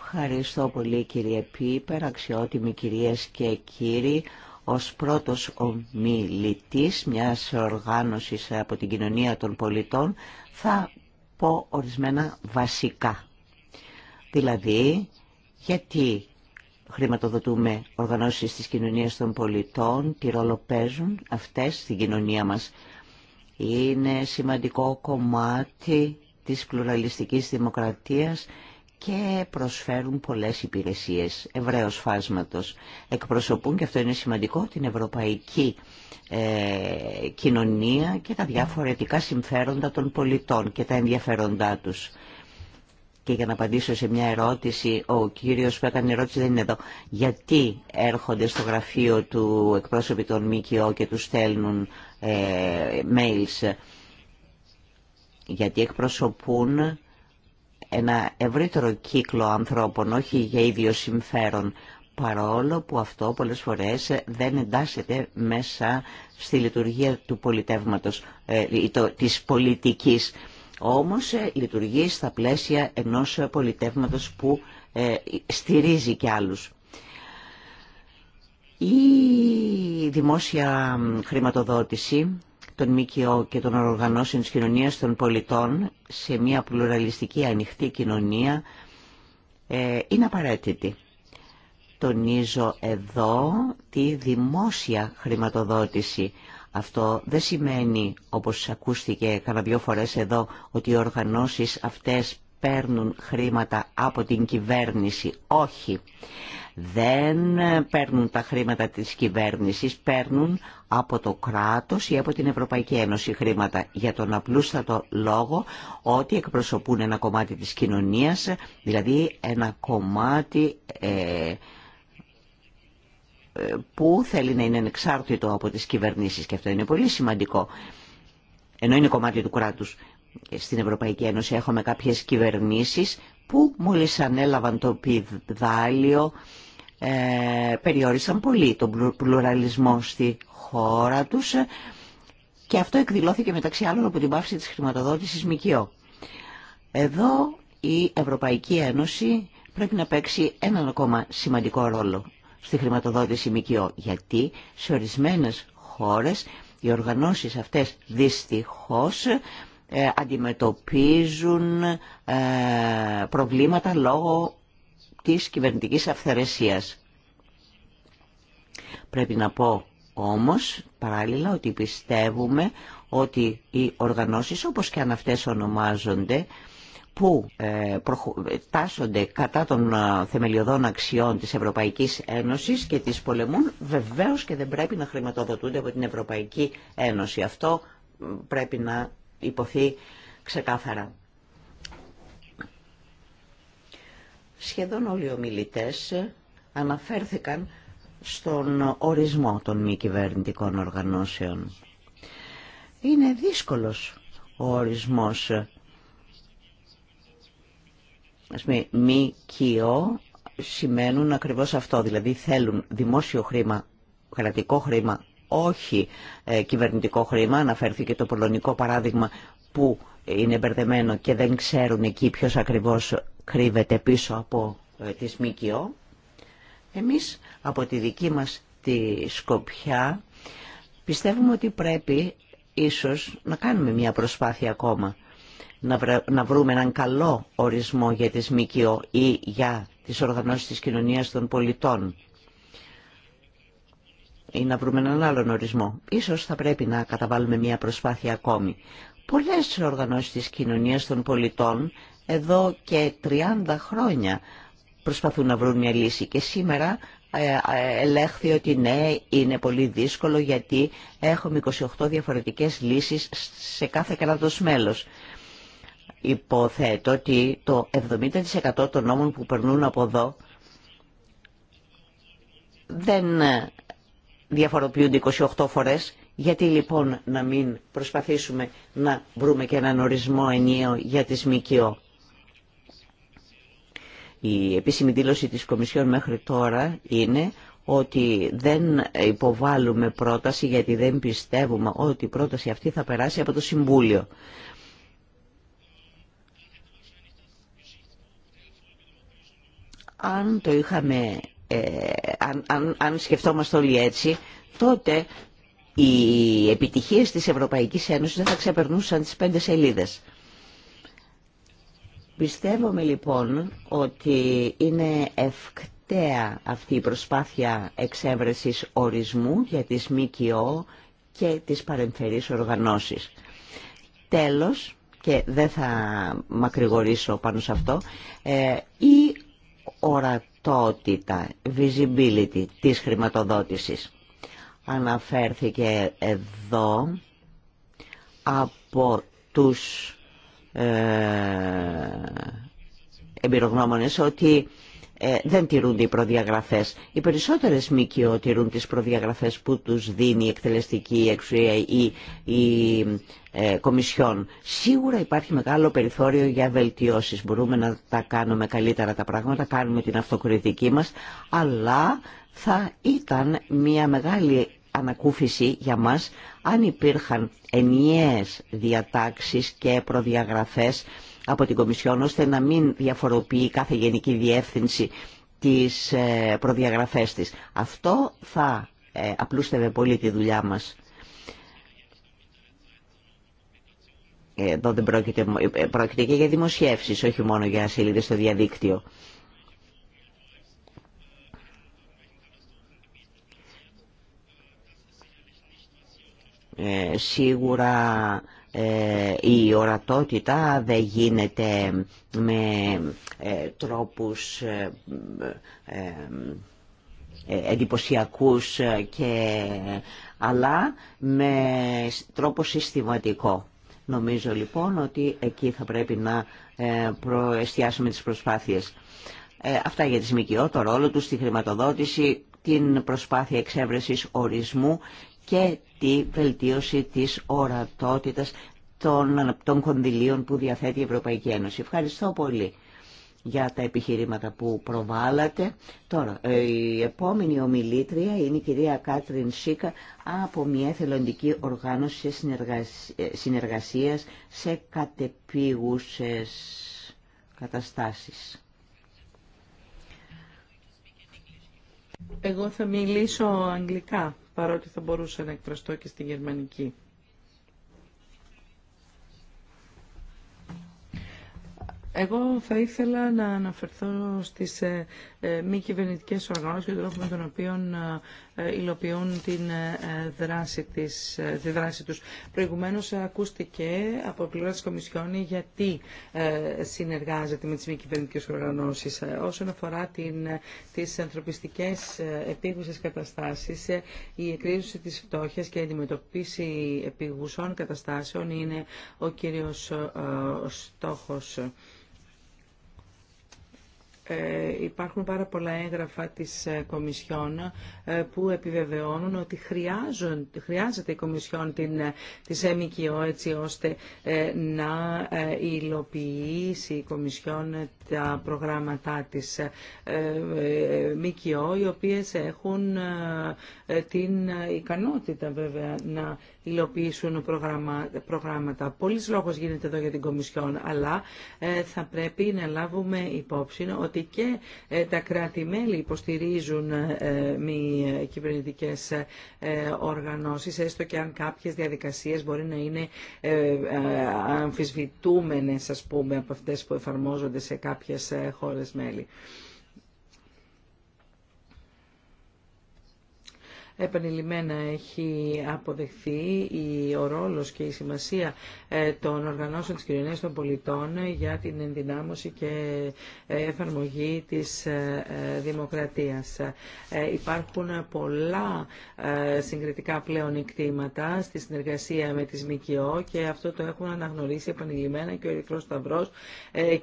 Ευχαριστώ πολύ κύριε Πίπερ, αξιότιμοι κυρίες και κύριοι. Ως πρώτος ομιλητής μιας οργάνωσης από την κοινωνία των πολιτών θα πω ορισμένα βασικά. Δηλαδή, γιατί χρηματοδοτούμε οργανώσεις της κοινωνίας των πολιτών, τι ρόλο παίζουν αυτές στην κοινωνία μας είναι σημαντικό κομμάτι της πλουραλιστικής δημοκρατίας και προσφέρουν πολλές υπηρεσίες ευραίως φάσματος. Εκπροσωπούν, και αυτό είναι σημαντικό, την ευρωπαϊκή ε, κοινωνία και τα διαφορετικά συμφέροντα των πολιτών και τα ενδιαφέροντά τους. Και για να απαντήσω σε μια ερώτηση, ο κύριος που έκανε ερώτηση δεν είναι εδώ. Γιατί έρχονται στο γραφείο του εκπρόσωποι των ΜΚΟ και τους στέλνουν ε, mails γιατί εκπροσωπούν ένα ευρύτερο κύκλο ανθρώπων, όχι για ίδιο συμφέρον, παρόλο που αυτό πολλές φορές δεν εντάσσεται μέσα στη λειτουργία του πολιτεύματος ε, ή το, της πολιτικής. Όμως ε, λειτουργεί στα πλαίσια ενός πολιτεύματος που στηρίζει και άλλους. Η η δημόσια χρηματοδότηση των ΜΚΟ και των οργανώσεων της κοινωνίας των πολιτών σε μια πλουραλιστική ανοιχτή κοινωνία ε, είναι απαραίτητη. Τονίζω εδώ τη δημόσια χρηματοδότηση. Αυτό δεν σημαίνει, όπως ακούστηκε κανένα δυο φορές εδώ, ότι οι οργανώσεις αυτές παίρνουν χρήματα από την κυβέρνηση. Όχι. Δεν παίρνουν τα χρήματα της κυβέρνησης, παίρνουν από το κράτος ή από την Ευρωπαϊκή Ένωση χρήματα για τον απλούστατο λόγο ότι εκπροσωπούν ένα κομμάτι της κοινωνίας, δηλαδή ένα κομμάτι ε, ε, που θέλει να είναι εξάρτητο από τις κυβερνήσεις και αυτό είναι πολύ σημαντικό, ενώ είναι κομμάτι του κράτους στην Ευρωπαϊκή Ένωση έχουμε κάποιες κυβερνήσεις που μόλις ανέλαβαν το πιδάλιο ε, περιόρισαν πολύ τον πλουραλισμό στη χώρα τους ε, και αυτό εκδηλώθηκε μεταξύ άλλων από την πάυση της χρηματοδότησης ΜΚΙΟ. Εδώ η Ευρωπαϊκή Ένωση πρέπει να παίξει έναν ακόμα σημαντικό ρόλο στη χρηματοδότηση ΜΚΙΟ γιατί σε ορισμένες χώρες οι οργανώσεις αυτές δυστυχώς ε, αντιμετωπίζουν ε, προβλήματα λόγω της κυβερνητικής αυθαιρεσίας. Πρέπει να πω όμως παράλληλα ότι πιστεύουμε ότι οι οργανώσεις όπως και αν αυτές ονομάζονται που ε, τάσσονται κατά των θεμελιωδών αξιών της Ευρωπαϊκής Ένωσης και της πολεμούν βεβαίως και δεν πρέπει να χρηματοδοτούνται από την Ευρωπαϊκή Ένωση. Αυτό πρέπει να υποθεί ξεκάθαρα. Σχεδόν όλοι οι ομιλητές αναφέρθηκαν στον ορισμό των μη κυβερνητικών οργανώσεων. Είναι δύσκολος ο ορισμός ας πούμε, μη κοιό σημαίνουν ακριβώς αυτό, δηλαδή θέλουν δημόσιο χρήμα, κρατικό χρήμα όχι ε, κυβερνητικό χρήμα, αναφέρθηκε το πολωνικό παράδειγμα που είναι μπερδεμένο και δεν ξέρουν εκεί ποιος ακριβώς κρύβεται πίσω από ε, τις ΣΜΚΙΟ. Εμείς από τη δική μας τη Σκοπιά πιστεύουμε ότι πρέπει ίσως να κάνουμε μια προσπάθεια ακόμα να βρούμε έναν καλό ορισμό για τις ΜΚΟ ή για τις οργανώσεις της κοινωνίας των πολιτών ή να βρούμε έναν άλλον ορισμό. Ίσως θα πρέπει να καταβάλουμε μια προσπάθεια ακόμη. Πολλές οργανώσεις της κοινωνίας των πολιτών εδώ και 30 χρόνια προσπαθούν να βρουν μια λύση και σήμερα ε, ε, ελέγχθη ότι ναι, είναι πολύ δύσκολο γιατί έχουμε 28 διαφορετικές λύσεις σε κάθε κράτος μέλος. Υποθέτω ότι το 70% των νόμων που περνούν από εδώ δεν διαφοροποιούνται 28 φορές. Γιατί λοιπόν να μην προσπαθήσουμε να βρούμε και έναν ορισμό ενίο για τις ΜΚΟ. Η επίσημη δήλωση της Κομισιόν μέχρι τώρα είναι ότι δεν υποβάλλουμε πρόταση γιατί δεν πιστεύουμε ότι η πρόταση αυτή θα περάσει από το Συμβούλιο. Αν το είχαμε αν, αν, αν σκεφτόμαστε όλοι έτσι, τότε οι επιτυχίες της Ευρωπαϊκής Ένωσης δεν θα ξεπερνούσαν τις πέντε σελίδες. Πιστεύομαι λοιπόν ότι είναι ευκταία αυτή η προσπάθεια εξέβρεσης ορισμού για τις ΜΚΟ και τις παρεμφερείς οργανώσεις. Τέλος, και δεν θα μακρηγορήσω πάνω σε αυτό, ε, η ορατότητα, visibility της χρηματοδότησης. Αναφέρθηκε εδώ από τους ε, εμπειρογνώμονες ότι ε, δεν τηρούνται οι προδιαγραφές. Οι περισσότερες ΜΚΟ τηρούν τις προδιαγραφές που τους δίνει η εκτελεστική εξουσία ή η ε, Κομισιόν. Σίγουρα υπάρχει μεγάλο περιθώριο για βελτιώσεις. Μπορούμε να τα κάνουμε καλύτερα τα πράγματα, κάνουμε την αυτοκριτική μας, αλλά θα ήταν μια μεγάλη ανακούφιση για μας αν υπήρχαν ενιαίες διατάξεις και προδιαγραφές από την Κομισιόν ώστε να μην διαφοροποιεί κάθε γενική διεύθυνση τις ε, προδιαγραφές της. Αυτό θα ε, απλούστευε πολύ τη δουλειά μας. Εδώ δεν πρόκειται, ε, πρόκειται και για δημοσιεύσεις, όχι μόνο για σελίδες στο διαδίκτυο. Ε, σίγουρα ε, η ορατότητα δεν γίνεται με ε, τρόπους ε, εντυπωσιακούς και αλλά με τρόπο συστηματικό. Νομίζω λοιπόν ότι εκεί θα πρέπει να προεστιάσουμε τις προσπάθειες. Αυτά για τις ΜΚΟ, το ρόλο τους, τη χρηματοδότηση, την προσπάθεια εξέβρεσης ορισμού και τη βελτίωση της ορατότητας των, των κονδυλίων που διαθέτει η Ευρωπαϊκή Ένωση. Ευχαριστώ πολύ για τα επιχειρήματα που προβάλλατε. Τώρα, ε, η επόμενη ομιλήτρια είναι η κυρία Κάτριν Σίκα από μια εθελοντική οργάνωση συνεργασίας σε κατεπίγουσες καταστάσεις. Εγώ θα μιλήσω αγγλικά παρότι θα μπορούσα να εκφραστώ και στη γερμανική. Εγώ θα ήθελα να αναφερθώ στις ε, ε, μη κυβερνητικέ οργανώσεις και τον τρόπο με τον οποίο ε, υλοποιούν την ε, δράση, της, ε, τη δράση τους. Προηγουμένως ακούστηκε από πλευρά της Κομισιόνη γιατί ε, συνεργάζεται με τις μη κυβερνητικές οργανώσεις. Όσον αφορά την, τις ανθρωπιστικές επίγουσες καταστάσεις, η εκρίζωση της φτώχεια και η αντιμετωπίση επίγουσων καταστάσεων είναι ο κύριος στόχος. Ε, υπάρχουν πάρα πολλά έγγραφα της ε, Κομισιόν ε, που επιβεβαιώνουν ότι χρειάζον, χρειάζεται η Κομισιόν την, της εμικιό έτσι ώστε να υλοποιήσει η Κομισιόν τα προγράμματά της ΜΚΟ οι οποίες έχουν την ικανότητα βέβαια να υλοποιήσουν προγράμματα. Πολλοί λόγος γίνεται εδώ για την Κομισιόν, αλλά ε, θα πρέπει να λάβουμε υπόψη ότι και ε, τα κράτη-μέλη υποστηρίζουν ε, μη κυβερνητικές οργανώσεις, έστω και αν κάποιες διαδικασίες μπορεί να είναι αμφισβητούμενε, α πούμε, από αυτές που εφαρμόζονται σε κάποιες χώρες μέλη. επανειλημμένα έχει αποδεχθεί ο ρόλος και η σημασία ε, των οργανώσεων της κοινωνίας των πολιτών για την ενδυνάμωση και ε, εφαρμογή της ε, δημοκρατίας. Υπάρχουν πολλά συγκριτικά πλέον εκτήματα στη συνεργασία με τις ΜΚΟ και αυτό το έχουν αναγνωρίσει επανειλημμένα και ο Ερυθρός Σταυρός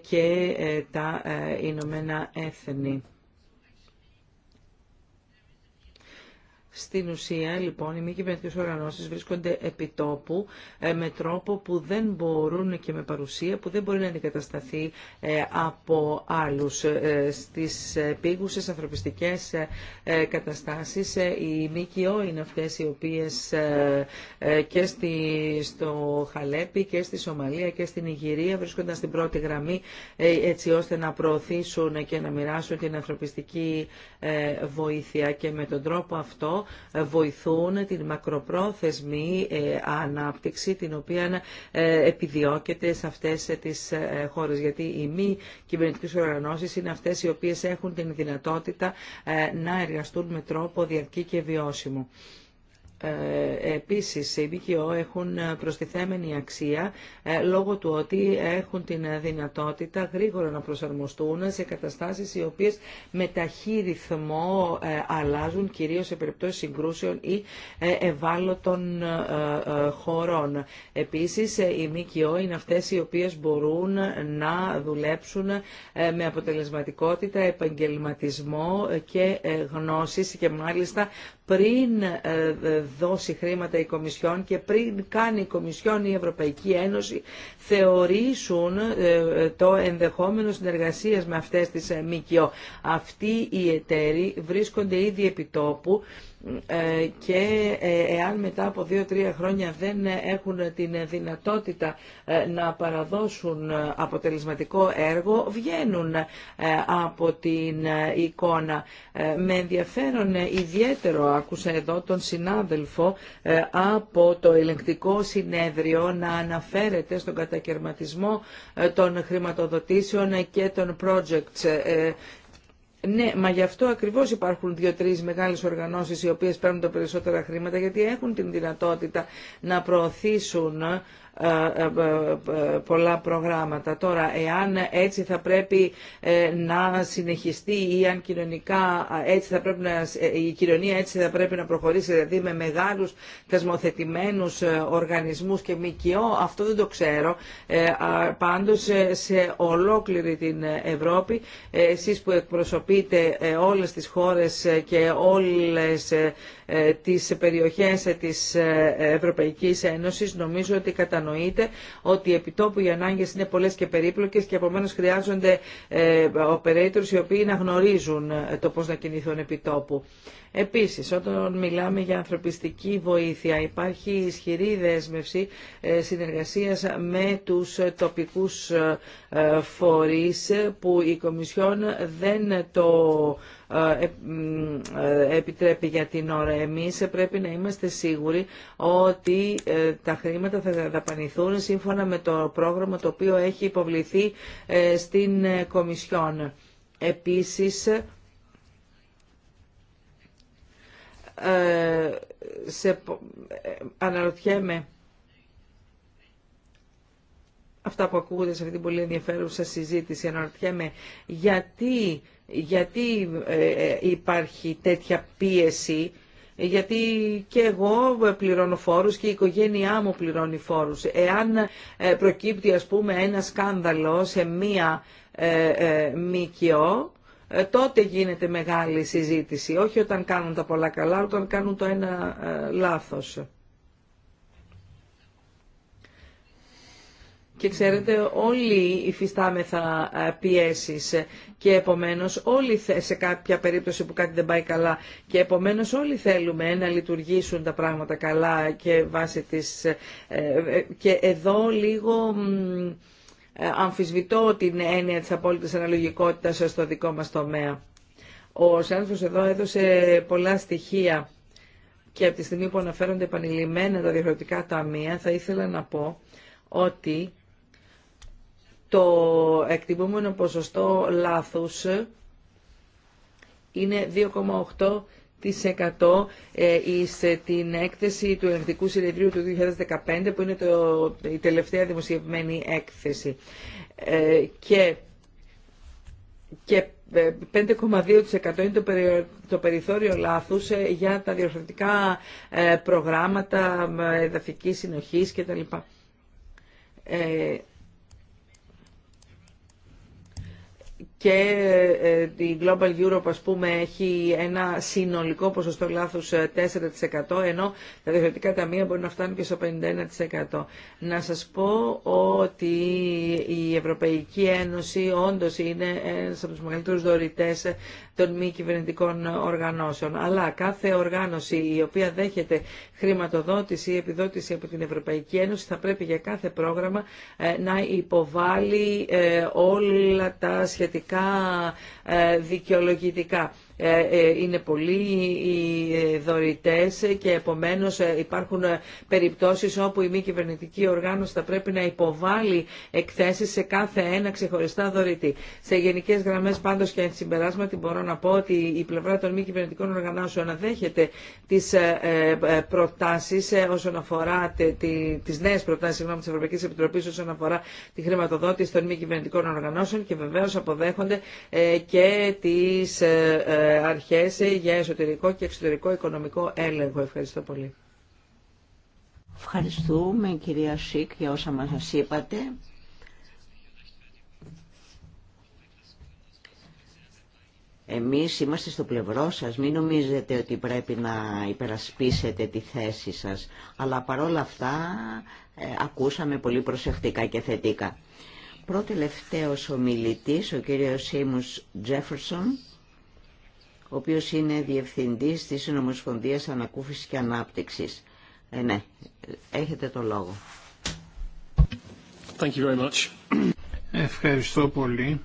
και τα Ηνωμένα Έθνη. Στην ουσία, λοιπόν, οι μη κυβερνητικέ οργανώσει βρίσκονται επί τόπου ε, με τρόπο που δεν μπορούν και με παρουσία που δεν μπορεί να αντικατασταθεί ε, από άλλου. Ε, Στι πήγουσε ανθρωπιστικέ καταστάσει, οι ΜΚΟ είναι αυτέ οι οποίε και στη, στο Χαλέπι και στη Σομαλία και στην Ιγυρία βρίσκονταν στην πρώτη γραμμή έτσι ώστε να προωθήσουν και να μοιράσουν την ανθρωπιστική βοήθεια και με τον τρόπο αυτό βοηθούν την μακροπρόθεσμη ε, ανάπτυξη την οποία ε, επιδιώκεται σε αυτές τις ε, χώρες. Γιατί οι μη κυβερνητικές οργανώσεις είναι αυτές οι οποίες έχουν την δυνατότητα να εργαστούν με τρόπο διαρκή και βιώσιμο. Ε, επίσης, οι ΜΚΟ έχουν προστιθέμενη αξία ε, λόγω του ότι έχουν την δυνατότητα γρήγορα να προσαρμοστούν σε καταστάσεις οι οποίες με ταχύ ρυθμό ε, αλλάζουν κυρίως σε περιπτώσεις συγκρούσεων ή ευάλωτων χωρών. Επίσης, οι ΜΚΟ είναι αυτές οι οποίες μπορούν να δουλέψουν με αποτελεσματικότητα, επαγγελματισμό και γνώσεις και μάλιστα πριν ε, δώσει χρήματα η Κομισιόν και πριν κάνει η Κομισιόν η Ευρωπαϊκή Ένωση θεωρήσουν ε, ε, το ενδεχόμενο συνεργασίας με αυτές τις ΜΚΟ. Αυτοί οι εταίροι βρίσκονται ήδη επιτόπου ε, και ε, εάν μετά από δύο-τρία χρόνια δεν έχουν την δυνατότητα ε, να παραδώσουν αποτελεσματικό έργο, βγαίνουν από την εικόνα. Με ενδιαφέρον ιδιαίτερο άκουσα εδώ τον συνάδελφο από το ελεγκτικό συνέδριο να αναφέρεται στον κατακαιρματισμό των χρηματοδοτήσεων και των projects. Ναι, μα γι' αυτο ακριβω ακριβώς υπάρχουν δύο-τρει μεγάλε οργανώσει, οι οποίε παίρνουν τα περισσότερα χρήματα γιατί έχουν την δυνατότητα να προωθήσουν ε, ε, ε, πολλά προγράμματα. Τώρα, εάν έτσι θα πρέπει να συνεχιστεί ή αν κοινωνικά έτσι θα πρέπει να, η κοινωνία έτσι θα πρέπει να προχωρήσει, δηλαδή με μεγάλους θεσμοθετημένους οργανισμούς και μικιό, αυτό δεν το ξέρω. Πάντως, σε ολόκληρη την Ευρώπη, εσείς που εκπροσωπείτε όλες τις χώρες και όλες ε, τις περιοχές ε, της ε, Ευρωπαϊκής Ένωσης νομίζω ότι κατανοείται ότι επιτόπου οι ανάγκες είναι πολλές και περίπλοκες και επομένως χρειάζονται operators οι οποίοι να γνωρίζουν το πώς να κινηθούν επιτόπου. Επίσης, όταν μιλάμε για ανθρωπιστική βοήθεια, υπάρχει ισχυρή δέσμευση ε, συνεργασίας με τους τοπικούς ε, ε, φορείς που η Κομισιόν δεν το επιτρέπει για την ώρα. Εμείς πρέπει να είμαστε σίγουροι ότι τα χρήματα θα δαπανηθούν σύμφωνα με το πρόγραμμα το οποίο έχει υποβληθεί στην Κομισιόν. Επίσης, ε, σε, ε, αναρωτιέμαι αυτά που ακούγονται σε αυτή την πολύ ενδιαφέρουσα συζήτηση, αναρωτιέμαι γιατί, γιατί ε, ε, υπάρχει τέτοια πίεση γιατί και εγώ πληρώνω φόρους και η οικογένειά μου πληρώνει φόρους. Εάν ε, προκύπτει ας πούμε ένα σκάνδαλο σε μία ε, ε, τότε γίνεται μεγάλη συζήτηση. Όχι όταν κάνουν τα πολλά καλά, όταν κάνουν το ένα ε, λάθος. Και ξέρετε, όλοι υφιστάμεθα ε, πιέσεις και επομένως όλοι σε κάποια περίπτωση που κάτι δεν πάει καλά και επομένως όλοι θέλουμε να λειτουργήσουν τα πράγματα καλά και βάσει της... Και εδώ λίγο ε, αμφισβητώ την έννοια της απόλυτης αναλογικότητας στο δικό μας τομέα. Ο Σάνθος εδώ έδωσε πολλά στοιχεία και από τη στιγμή που αναφέρονται επανειλημμένα τα διαφορετικά ταμεία θα ήθελα να πω ότι το εκτιμούμενο ποσοστό λάθους είναι 2,8 100% ε, ε, την έκθεση του Ελεκτικού Συνεδρίου του 2015 που είναι το, η τελευταία δημοσιευμένη έκθεση. Ε, και και 5,2% ε, είναι το, περι, το περιθώριο λάθους για τα διορθωτικά προγράμματα εδαφικής συνοχής κτλ. Ε, και ε, η Global Europe ας πούμε έχει ένα συνολικό ποσοστό λάθους 4% ε, ενώ τα διευθυντικά ταμεία μπορεί να φτάνουν και στο 51%. Να σας πω ότι η Ευρωπαϊκή Ένωση όντως είναι ένας από τους μεγαλύτερους δωρητές των μη κυβερνητικών οργανώσεων. Αλλά κάθε οργάνωση η οποία δέχεται χρηματοδότηση ή επιδότηση από την Ευρωπαϊκή Ένωση θα πρέπει για κάθε πρόγραμμα ε, να υποβάλει όλα τα σχετικά ε, δικαιολογητικά. Ε, ε, είναι πολλοί οι ε, δωρητές και επομένως υπάρχουν περιπτώσεις όπου η μη κυβερνητική οργάνωση θα πρέπει να υποβάλει εκθέσεις σε κάθε ένα ξεχωριστά δωρητή. Σε γενικές γραμμές πάντως και συμπεράσματι μπορώ να πω ότι η πλευρά των μη κυβερνητικών οργανώσεων δέχεται τις προτάσεις όσον αφορά τις νέες προτάσεις συγγνώμη, της Ευρωπαϊκής Επιτροπής όσον αφορά τη χρηματοδότηση των μη κυβερνητικών οργανώσεων και βεβαίως αποδέχονται και τις αρχές για εσωτερικό και εξωτερικό οικονομικό έλεγχο. Ευχαριστώ πολύ. Ευχαριστούμε κυρία Σίκ για όσα μας σας είπατε. Εμείς είμαστε στο πλευρό σας, μην νομίζετε ότι πρέπει να υπερασπίσετε τη θέση σας, αλλά παρόλα αυτά ε, ακούσαμε πολύ προσεκτικά και θετικά. Πρώτο ο ομιλητής, ο κύριος Σίμους Τζέφερσον, ο οποίος είναι διευθυντής της Ομοσπονδίας Ανακούφισης και Ανάπτυξης. Ε, ναι, έχετε το λόγο. Thank you Ευχαριστώ πολύ.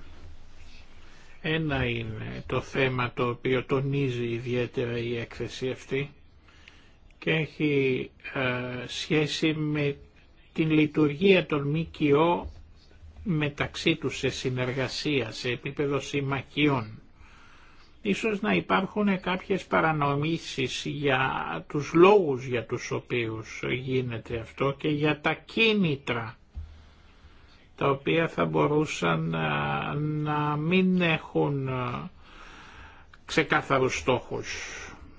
Ένα είναι το θέμα το οποίο τονίζει ιδιαίτερα η έκθεση αυτή και έχει ε, σχέση με την λειτουργία των ΜΚΟ μεταξύ τους σε συνεργασία, σε επίπεδο συμμαχιών. Ίσως να υπάρχουν κάποιες παρανομήσεις για τους λόγους για τους οποίους γίνεται αυτό και για τα κίνητρα τα οποία θα μπορούσαν ε, να μην έχουν ε, ξεκάθαρους στόχους.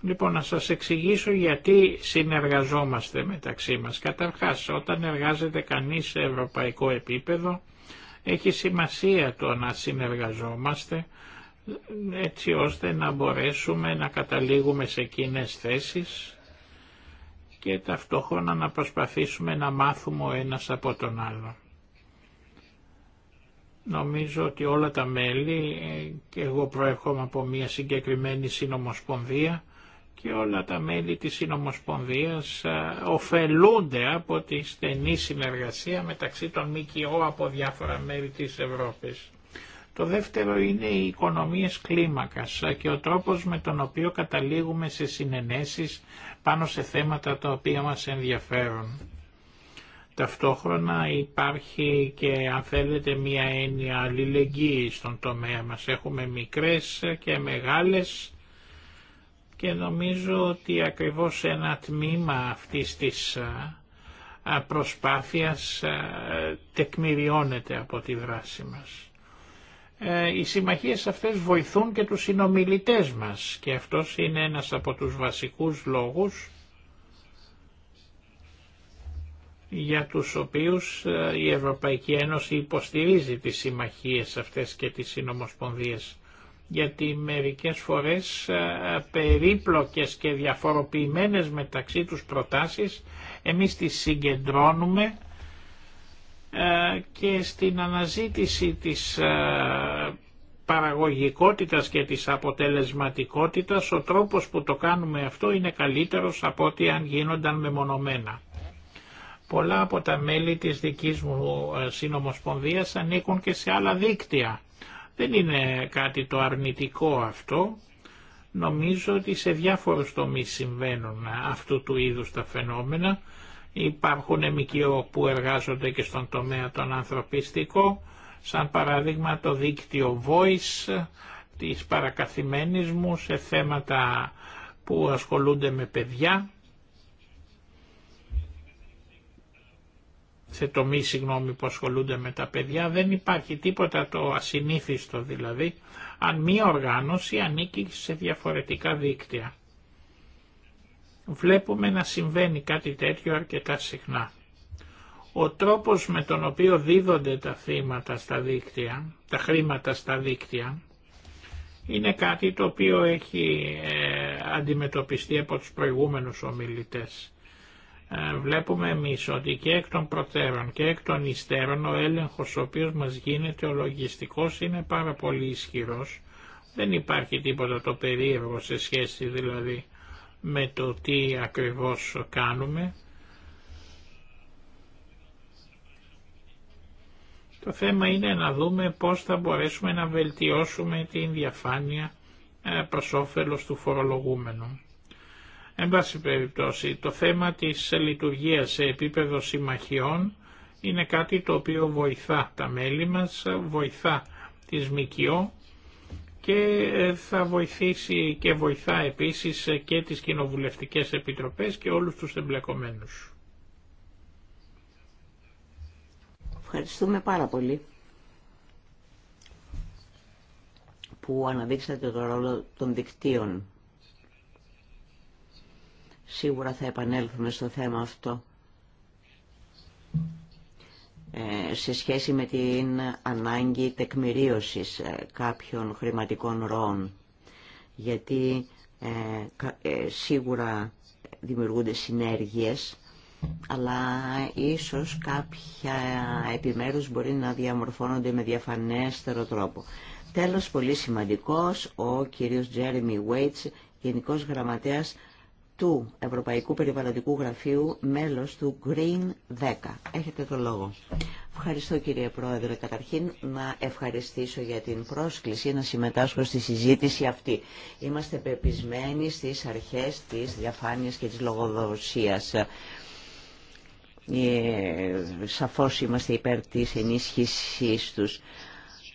Λοιπόν, να σας εξηγήσω γιατί συνεργαζόμαστε μεταξύ μας. Καταρχάς, όταν εργάζεται κανείς σε ευρωπαϊκό επίπεδο, έχει σημασία το να συνεργαζόμαστε, έτσι ώστε να μπορέσουμε να καταλήγουμε σε εκείνες θέσεις και ταυτόχρονα να προσπαθήσουμε να μάθουμε ο ένας από τον άλλο. Νομίζω ότι όλα τα μέλη, και εγώ προέρχομαι από μια συγκεκριμένη συνομοσπονδία, και όλα τα μέλη της συνομοσπονδίας ωφελούνται από τη στενή συνεργασία μεταξύ των ΜΚΟ από διάφορα μέρη της Ευρώπης. Το δεύτερο είναι οι οικονομίες κλίμακας και ο τρόπος με τον οποίο καταλήγουμε σε συνενέσεις πάνω σε θέματα τα οποία μας ενδιαφέρουν. Ταυτόχρονα υπάρχει και αν θέλετε μία έννοια αλληλεγγύη στον τομέα μας. Έχουμε μικρές και μεγάλες και νομίζω ότι ακριβώς ένα τμήμα αυτής της προσπάθειας τεκμηριώνεται από τη δράση μας. Ε, οι συμμαχίες αυτές βοηθούν και τους συνομιλητές μας και αυτός είναι ένας από τους βασικούς λόγους για τους οποίους ε, η Ευρωπαϊκή Ένωση υποστηρίζει τις συμμαχίες αυτές και τις συνομοσπονδίες. Γιατί μερικές φορές ε, περίπλοκες και διαφοροποιημένες μεταξύ τους προτάσεις εμείς τις συγκεντρώνουμε ε, και στην αναζήτηση της ε, παραγωγικότητας και της αποτελεσματικότητας ο τρόπος που το κάνουμε αυτό είναι καλύτερος από ό,τι αν γίνονταν μεμονωμένα. Πολλά από τα μέλη της δικής μου ε, συνομοσπονδίας ανήκουν και σε άλλα δίκτυα. Δεν είναι κάτι το αρνητικό αυτό. Νομίζω ότι σε διάφορους τομείς συμβαίνουν αυτού του είδους τα φαινόμενα Υπάρχουν ΜΚΟ που εργάζονται και στον τομέα τον ανθρωπιστικό, σαν παραδείγμα το δίκτυο Voice της παρακαθημένης μου σε θέματα που ασχολούνται με παιδιά, σε τομεί συγγνώμη που ασχολούνται με τα παιδιά, δεν υπάρχει τίποτα το ασυνήθιστο δηλαδή, αν μία οργάνωση ανήκει σε διαφορετικά δίκτυα βλέπουμε να συμβαίνει κάτι τέτοιο αρκετά συχνά. Ο τρόπος με τον οποίο δίδονται τα θύματα στα δίκτυα, τα χρήματα στα δίκτυα, είναι κάτι το οποίο έχει ε, αντιμετωπιστεί από τους προηγούμενους ομιλητές. Ε, βλέπουμε εμείς ότι και εκ των προτέρων και εκ των υστέρων ο έλεγχος ο οποίος μας γίνεται ο λογιστικός είναι πάρα πολύ ισχυρός. Δεν υπάρχει τίποτα το περίεργο σε σχέση δηλαδή με το τι ακριβώς κάνουμε. Το θέμα είναι να δούμε πώς θα μπορέσουμε να βελτιώσουμε την διαφάνεια ε, προς όφελος του φορολογούμενου. Εν πάση περιπτώσει, το θέμα της λειτουργίας σε επίπεδο συμμαχιών είναι κάτι το οποίο βοηθά τα μέλη μας, βοηθά τις ΜΚΟ και ε, θα βοηθήσει και βοηθά επίσης ε, και τις κοινοβουλευτικές επιτροπές και όλους τους εμπλεκομένους. Ευχαριστούμε πάρα πολύ που αναδείξατε το ρόλο των δικτύων. Σίγουρα θα επανέλθουμε στο θέμα αυτό. Ε, σε σχέση με την ανάγκη τεκμηρίωσης ε, κάποιων χρηματικών ροών. Γιατί ε, σίγουρα δημιουργούνται συνέργειες, αλλά ίσως κάποια επιμέρους μπορεί να διαμορφώνονται με διαφανέστερο τρόπο. Τέλος, πολύ σημαντικός, ο κύριος Τζέρεμι Βέιτς, Γενικός Γραμματέας του Ευρωπαϊκού Περιβαλλοντικού Γραφείου, μέλος του Green 10. Έχετε το λόγο. Ευχαριστώ κύριε Πρόεδρε. Καταρχήν να ευχαριστήσω για την πρόσκληση να συμμετάσχω στη συζήτηση αυτή. Είμαστε πεπισμένοι στις αρχές της διαφάνειας και της λογοδοσίας. Ε, σαφώς είμαστε υπέρ της ενίσχυσής τους.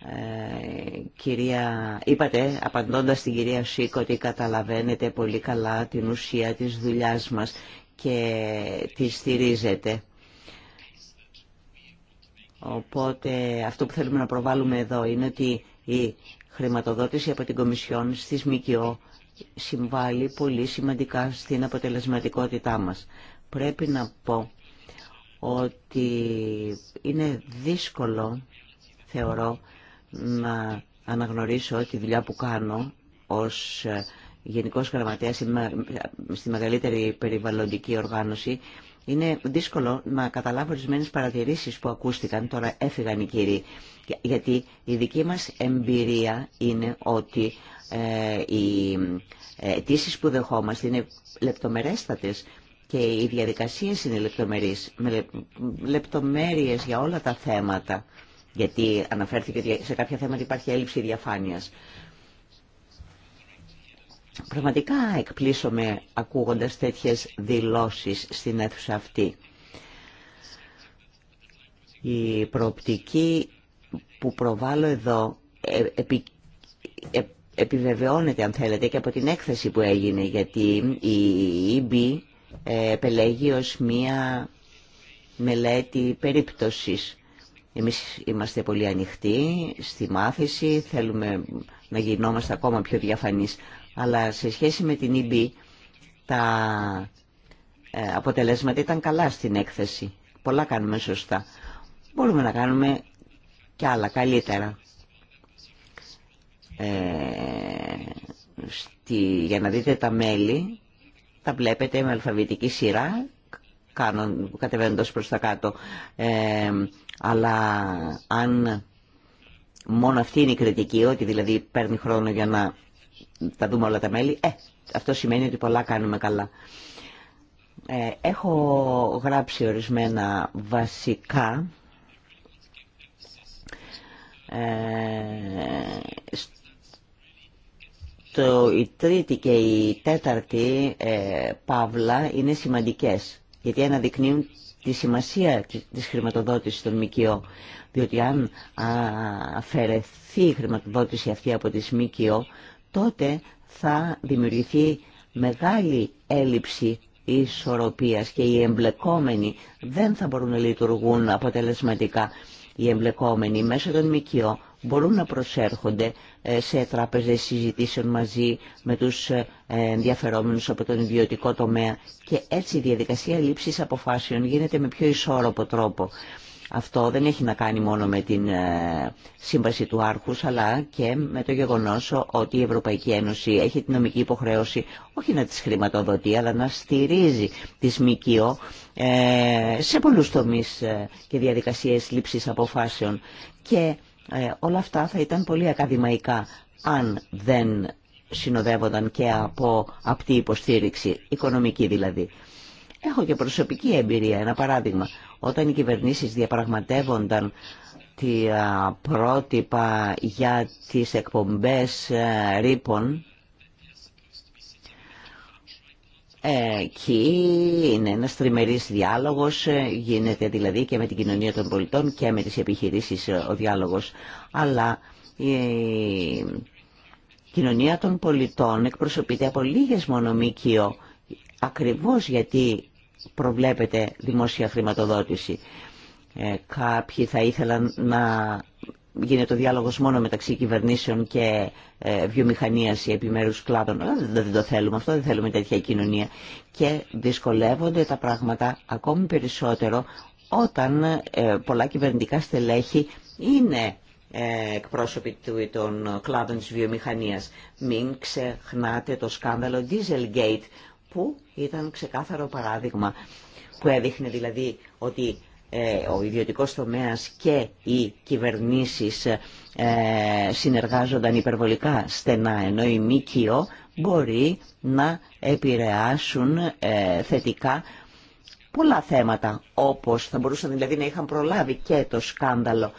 Ε, κυρία, είπατε, απαντώντας στην κυρία Σίκο, ότι καταλαβαίνετε πολύ καλά την ουσία της δουλειάς μας και τη στηρίζετε. Οπότε αυτό που θέλουμε να προβάλλουμε εδώ είναι ότι η χρηματοδότηση από την Κομισιόν στις ΜΚΟ συμβάλλει πολύ σημαντικά στην αποτελεσματικότητά μας. Πρέπει να πω ότι είναι δύσκολο, θεωρώ, να αναγνωρίσω τη δουλειά που κάνω ως ε, γενικός γραμματέας στη μεγαλύτερη περιβαλλοντική οργάνωση. Είναι δύσκολο να καταλάβω ορισμένε παρατηρήσει που ακούστηκαν, τώρα έφυγαν οι κύριοι, γιατί η δική μας εμπειρία είναι ότι ε, οι ε, αιτήσει που δεχόμαστε είναι λεπτομερέστατες και οι διαδικασίες είναι λεπτομερείς, με λεπτομέρειες για όλα τα θέματα γιατί αναφέρθηκε ότι σε κάποια θέματα υπάρχει έλλειψη διαφάνειας. Πραγματικά εκπλήσωμαι ακούγοντας τέτοιες δηλώσεις στην αίθουσα αυτή. Η προοπτική που προβάλλω εδώ ε, ε, επιβεβαιώνεται αν θέλετε και από την έκθεση που έγινε γιατί η EB ε, επελέγει ως μία μελέτη περίπτωσης εμείς είμαστε πολύ ανοιχτοί στη μάθηση, θέλουμε να γινόμαστε ακόμα πιο διαφανείς. Αλλά σε σχέση με την EB, τα ε, αποτελέσματα ήταν καλά στην έκθεση. Πολλά κάνουμε σωστά. Μπορούμε να κάνουμε και άλλα καλύτερα. Ε, στη, για να δείτε τα μέλη, τα βλέπετε με αλφαβητική σειρά κατεβαίνω κατεβαίνοντας προς τα κάτω. Ε, αλλά αν μόνο αυτή είναι η κριτική, ότι δηλαδή παίρνει χρόνο για να τα δούμε όλα τα μέλη, ε, αυτό σημαίνει ότι πολλά κάνουμε καλά. Ε, έχω γράψει ορισμένα βασικά ε, το, η τρίτη και η τέταρτη παύλα είναι σημαντικές γιατί αναδεικνύουν τη σημασία της χρηματοδότησης των ΜΚΟ. Διότι αν αφαιρεθεί η χρηματοδότηση αυτή από τις ΜΚΟ, τότε θα δημιουργηθεί μεγάλη έλλειψη ισορροπίας και οι εμπλεκόμενοι δεν θα μπορούν να λειτουργούν αποτελεσματικά. Οι εμπλεκόμενοι μέσω των ΜΚΟ μπορούν να προσέρχονται ε, σε τράπεζες συζητήσεων μαζί με τους ε, ενδιαφερόμενους από τον ιδιωτικό τομέα και έτσι η διαδικασία λήψης αποφάσεων γίνεται με πιο ισόρροπο τρόπο. Αυτό δεν έχει να κάνει μόνο με την ε, σύμβαση του Άρχους, αλλά και με το γεγονός ότι η Ευρωπαϊκή Ένωση έχει την νομική υποχρέωση όχι να τις χρηματοδοτεί, αλλά να στηρίζει τις ΜΚΟ σε πολλούς τομείς και διαδικασίες λήψης αποφάσεων. Και ε, όλα αυτά θα ήταν πολύ ακαδημαϊκά αν δεν συνοδεύονταν και από απτή υποστήριξη, οικονομική δηλαδή. Έχω και προσωπική εμπειρία, ένα παράδειγμα. Όταν οι κυβερνήσεις διαπραγματεύονταν τη πρότυπα για τις εκπομπές ε, ρήπων Εκεί είναι ένας τριμερής διάλογος, ε, γίνεται δηλαδή και με την κοινωνία των πολιτών και με τις επιχειρήσεις ε, ο διάλογος, αλλά η κοινωνία των πολιτών εκπροσωπείται από λίγες μονομίκιο, ακριβώς γιατί προβλέπεται δημόσια χρηματοδότηση. Ε, κάποιοι θα ήθελαν να γίνεται ο διάλογος μόνο μεταξύ κυβερνήσεων και ε, βιομηχανίας ή επιμέρους κλάδων. Ε, δεν το θέλουμε αυτό, δεν θέλουμε τέτοια κοινωνία. Και δυσκολεύονται τα πράγματα ακόμη περισσότερο όταν ε, πολλά κυβερνητικά στελέχη είναι εκπρόσωποι των κλάδων της βιομηχανίας. Μην ξεχνάτε το σκάνδαλο Dieselgate που ήταν ξεκάθαρο παράδειγμα που έδειχνε δηλαδή ότι ε, ο ιδιωτικός τομέας και οι κυβερνήσεις ε, συνεργάζονταν υπερβολικά στενά, ενώ η ΜΚΟ μπορεί να επηρεάσουν ε, θετικά πολλά θέματα, όπως θα μπορούσαν δηλαδή να είχαν προλάβει και το σκάνδαλο,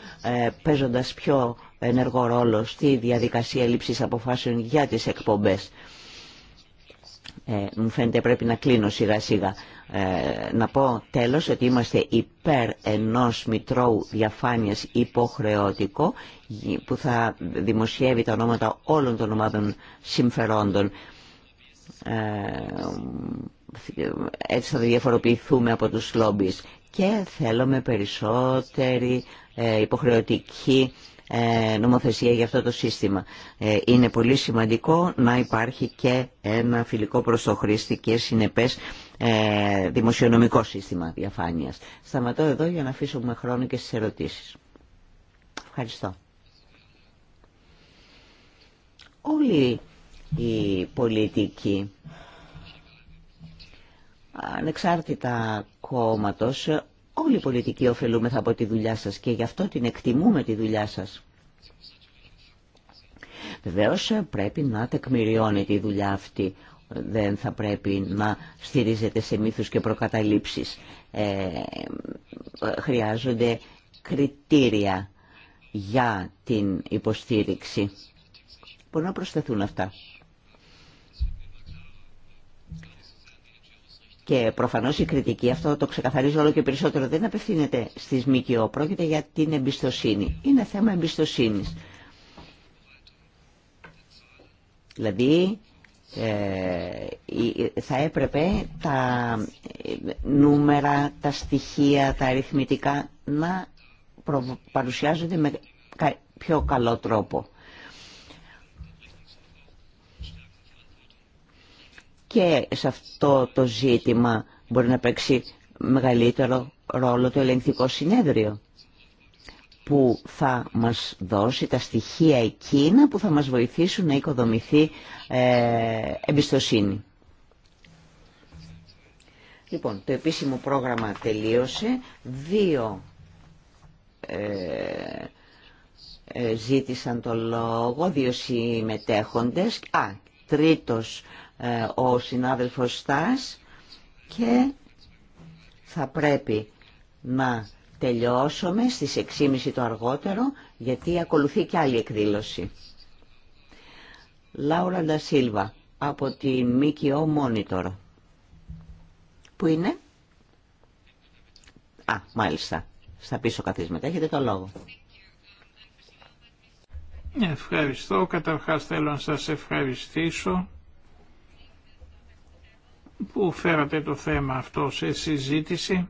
παίζοντας πιο ενεργό ρόλο στη διαδικασία λήψης αποφάσεων για τις εκπομπές. Ε, μου φαίνεται πρέπει να κλείνω σιγά σιγά. Ε, να πω τέλος ότι είμαστε υπέρ ενός μητρώου διαφάνειας υποχρεωτικό που θα δημοσιεύει τα ονόματα όλων των ομάδων συμφερόντων. Ε, έτσι θα διαφοροποιηθούμε από τους λόμπις. Και θέλουμε περισσότερη ε, υποχρεωτική ε, νομοθεσία για αυτό το σύστημα. Ε, είναι πολύ σημαντικό να υπάρχει και ένα φιλικό προς το χρήστη και συνεπές ε, δημοσιονομικό σύστημα διαφάνειας. Σταματώ εδώ για να αφήσουμε χρόνο και στις ερωτήσεις. Ευχαριστώ. Όλοι οι πολιτικοί ανεξάρτητα κόμματος Όλοι οι πολιτικοί ωφελούμεθα από τη δουλειά σας και γι' αυτό την εκτιμούμε τη δουλειά σας. Βεβαίως ε, πρέπει να τεκμηριώνεται η δουλειά αυτή. Δεν θα πρέπει να στηρίζεται σε μύθους και προκαταλήψεις. Ε, χρειάζονται κριτήρια για την υποστήριξη. Μπορούν να προσθεθούν αυτά. Και προφανώς η κριτική, αυτό το ξεκαθαρίζω όλο και περισσότερο, δεν απευθύνεται στις ΜΚΟ, πρόκειται για την εμπιστοσύνη. Είναι θέμα εμπιστοσύνης. Δηλαδή, ε, θα έπρεπε τα νούμερα, τα στοιχεία, τα αριθμητικά να παρουσιάζονται με πιο καλό τρόπο. και σε αυτό το ζήτημα μπορεί να παίξει μεγαλύτερο ρόλο το ελεγκτικό συνέδριο που θα μας δώσει τα στοιχεία εκείνα που θα μας βοηθήσουν να οικοδομηθεί ε, εμπιστοσύνη. Λοιπόν, το επίσημο πρόγραμμα τελείωσε. Δύο ε, ε ζήτησαν το λόγο, δύο συμμετέχοντες. Α, τρίτος ε, ο συνάδελφος Στάς και θα πρέπει να τελειώσουμε στις 6.30 το αργότερο γιατί ακολουθεί και άλλη εκδήλωση. Λάουρα Ντασίλβα από τη ΜΚΟ Monitor. Πού είναι? Α, μάλιστα. Στα πίσω καθίσματα. Έχετε το λόγο. Ευχαριστώ. Καταρχάς θέλω να σας ευχαριστήσω που φέρατε το θέμα αυτό σε συζήτηση.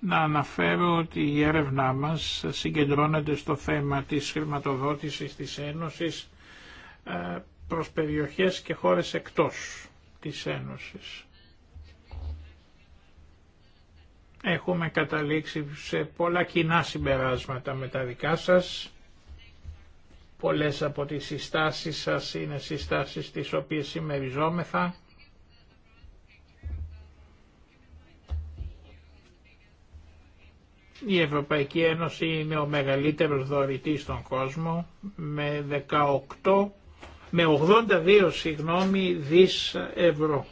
Να αναφέρω ότι η έρευνά μας συγκεντρώνεται στο θέμα της χρηματοδότησης της Ένωσης ε, προς περιοχές και χώρες εκτός της Ένωσης. Έχουμε καταλήξει σε πολλά κοινά συμπεράσματα με τα δικά σας Πολλές από τις συστάσεις σας είναι συστάσεις τις οποίες συμμεριζόμεθα. Η Ευρωπαϊκή Ένωση είναι ο μεγαλύτερος δωρητής στον κόσμο με 18 με 82 συγγνώμη δις ευρώ.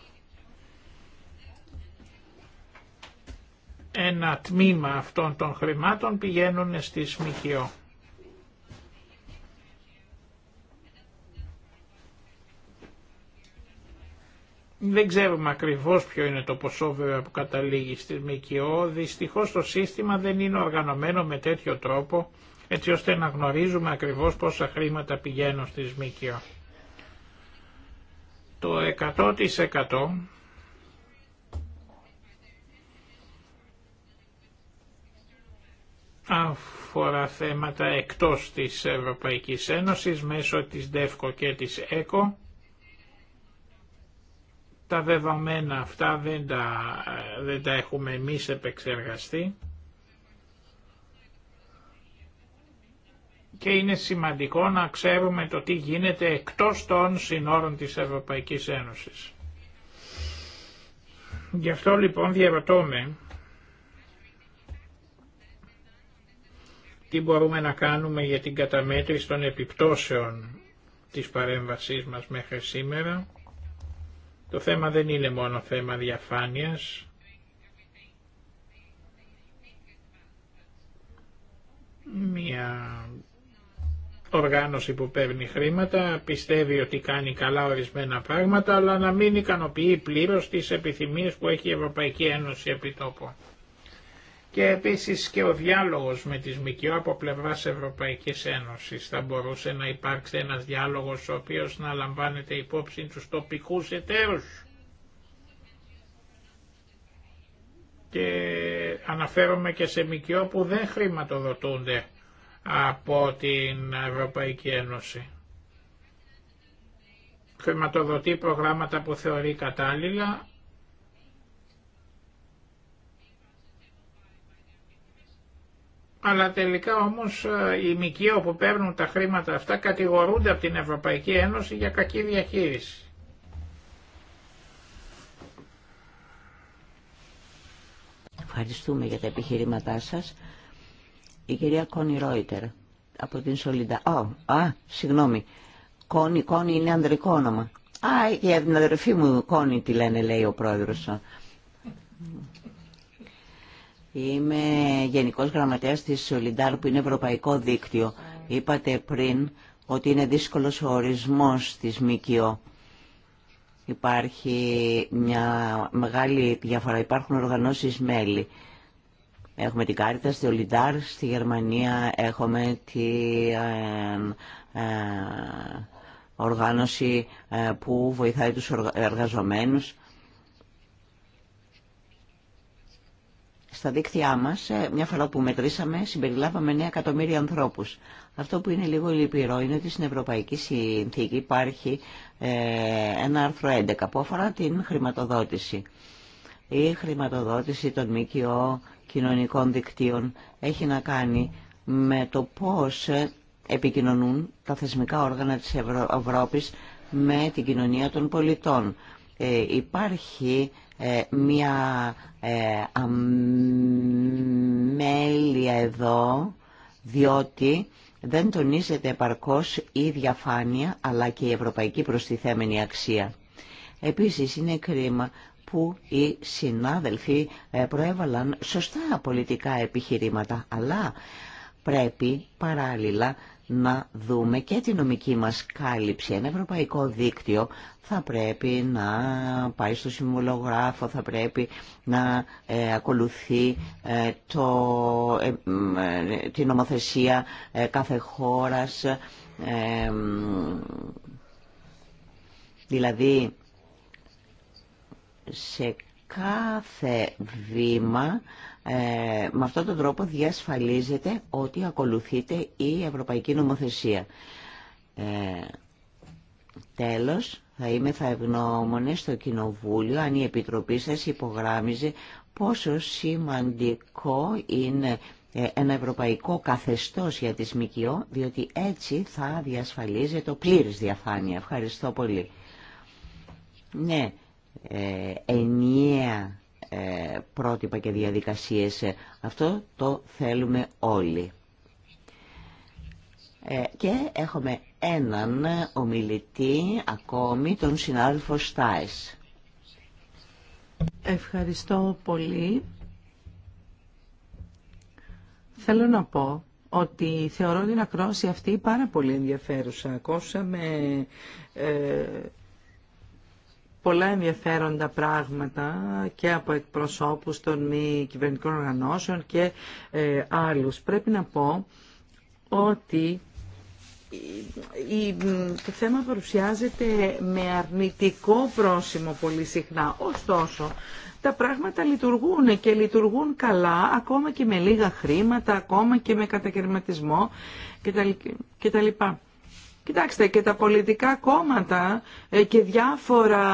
Ένα τμήμα αυτών των χρημάτων πηγαίνουν στις Σμικιώ. Δεν ξέρουμε ακριβώς ποιο είναι το ποσό βέβαια που καταλήγει στη ΜΚΟ. Δυστυχώς το σύστημα δεν είναι οργανωμένο με τέτοιο τρόπο έτσι ώστε να γνωρίζουμε ακριβώς πόσα χρήματα πηγαίνουν στη ΜΚΟ. Το 100% αφορά θέματα εκτός της Ευρωπαϊκής Ένωσης μέσω της ΔΕΦΚΟ και της ΕΚΟ τα δεδομένα αυτά δεν τα, δεν έχουμε εμείς επεξεργαστεί και είναι σημαντικό να ξέρουμε το τι γίνεται εκτός των συνόρων της Ευρωπαϊκής Ένωσης. Γι' αυτό λοιπόν διαρωτώμε τι μπορούμε να κάνουμε για την καταμέτρηση των επιπτώσεων της παρέμβασής μας μέχρι σήμερα το θέμα δεν είναι μόνο θέμα διαφάνειας. Μια οργάνωση που παίρνει χρήματα πιστεύει ότι κάνει καλά ορισμένα πράγματα αλλά να μην ικανοποιεί πλήρως τις επιθυμίες που έχει η Ευρωπαϊκή Ένωση επί τόπου και επίσης και ο διάλογος με τις ΜΚΟ από πλευράς Ευρωπαϊκής Ένωσης. Θα μπορούσε να υπάρξει ένας διάλογος ο οποίος να λαμβάνεται υπόψη τους τοπικούς εταίρους. Και αναφέρομαι και σε ΜΚΟ που δεν χρηματοδοτούνται από την Ευρωπαϊκή Ένωση. Χρηματοδοτεί προγράμματα που θεωρεί κατάλληλα, αλλά τελικά όμως ε, οι μοικείο που παίρνουν τα χρήματα αυτά κατηγορούνται από την Ευρωπαϊκή Ένωση για κακή διαχείριση. Ευχαριστούμε για τα επιχειρήματά σας. Η κυρία Κόνι Ρόιτερ από την Σολίντα. Oh, α, συγγνώμη. Κόνι, Κόνι είναι ανδρικό όνομα. Α, για την αδερφή μου Κόνι τη λένε, λέει ο πρόεδρος. Είμαι Γενικός Γραμματέας της Solidar που είναι Ευρωπαϊκό Δίκτυο. Είπατε πριν ότι είναι δύσκολος ο ορισμός της ΜΚΟ. Υπάρχει μια μεγάλη διαφορά. Υπάρχουν οργανώσεις μέλη. Έχουμε την Κάρτα στη Ολιντάρ, στη Γερμανία έχουμε την ε, ε, οργάνωση ε, που βοηθάει τους εργαζομένους. στα δίκτυά μας, ε, μια φορά που μετρήσαμε, συμπεριλάβαμε 9 εκατομμύρια ανθρώπους. Αυτό που είναι λίγο λυπηρό είναι ότι στην Ευρωπαϊκή Συνθήκη υπάρχει ε, ένα άρθρο 11 που αφορά την χρηματοδότηση. Η χρηματοδότηση των ΜΚΟ κοινωνικών δικτύων έχει να κάνει με το πώς επικοινωνούν τα θεσμικά όργανα της Ευρω... Ευρώπης με την κοινωνία των πολιτών. Ε, υπάρχει ε, μια ε, αμέλεια εδώ, διότι δεν τονίζεται επαρκώς η διαφάνεια αλλά και η ευρωπαϊκή προστιθέμενη αξία. Επίσης είναι κρίμα που οι συνάδελφοι ε, προέβαλαν σωστά πολιτικά επιχειρήματα, αλλά πρέπει παράλληλα να δούμε και τη νομική μας κάλυψη. Ένα ευρωπαϊκό δίκτυο θα πρέπει να πάει στο συμβολογράφο, θα πρέπει να ε, ακολουθεί ε, το, ε, την νομοθεσία κάθε χώρας. Δηλαδή, σε κάθε βήμα ε, με αυτόν τον τρόπο διασφαλίζεται ότι ακολουθείται η Ευρωπαϊκή Νομοθεσία. Ε, τέλος, θα είμαι θα ευγνώμονε στο Κοινοβούλιο αν η Επιτροπή σας υπογράμμιζε πόσο σημαντικό είναι ε, ένα ευρωπαϊκό καθεστώς για τις ΜΚΟ, διότι έτσι θα διασφαλίζεται το πλήρης διαφάνεια. Ευχαριστώ πολύ. Ναι, ε, ενιαία ε, πρότυπα και διαδικασίες. Αυτό το θέλουμε όλοι. Ε, και έχουμε έναν ομιλητή ακόμη, τον συνάδελφο Στάις. Ευχαριστώ πολύ. Θέλω να πω ότι θεωρώ την ακρόαση αυτή πάρα πολύ ενδιαφέρουσα. Ακούσαμε ε, πολλά ενδιαφέροντα πράγματα και από εκπροσώπους των μη κυβερνητικών οργανώσεων και ε, άλλους. Πρέπει να πω ότι το θέμα παρουσιάζεται με αρνητικό πρόσημο πολύ συχνά. Ωστόσο, τα πράγματα λειτουργούν και λειτουργούν καλά, ακόμα και με λίγα χρήματα, ακόμα και με κατακαιρματισμό κτλ. Κοιτάξτε, και τα πολιτικά κόμματα ε, και διάφορα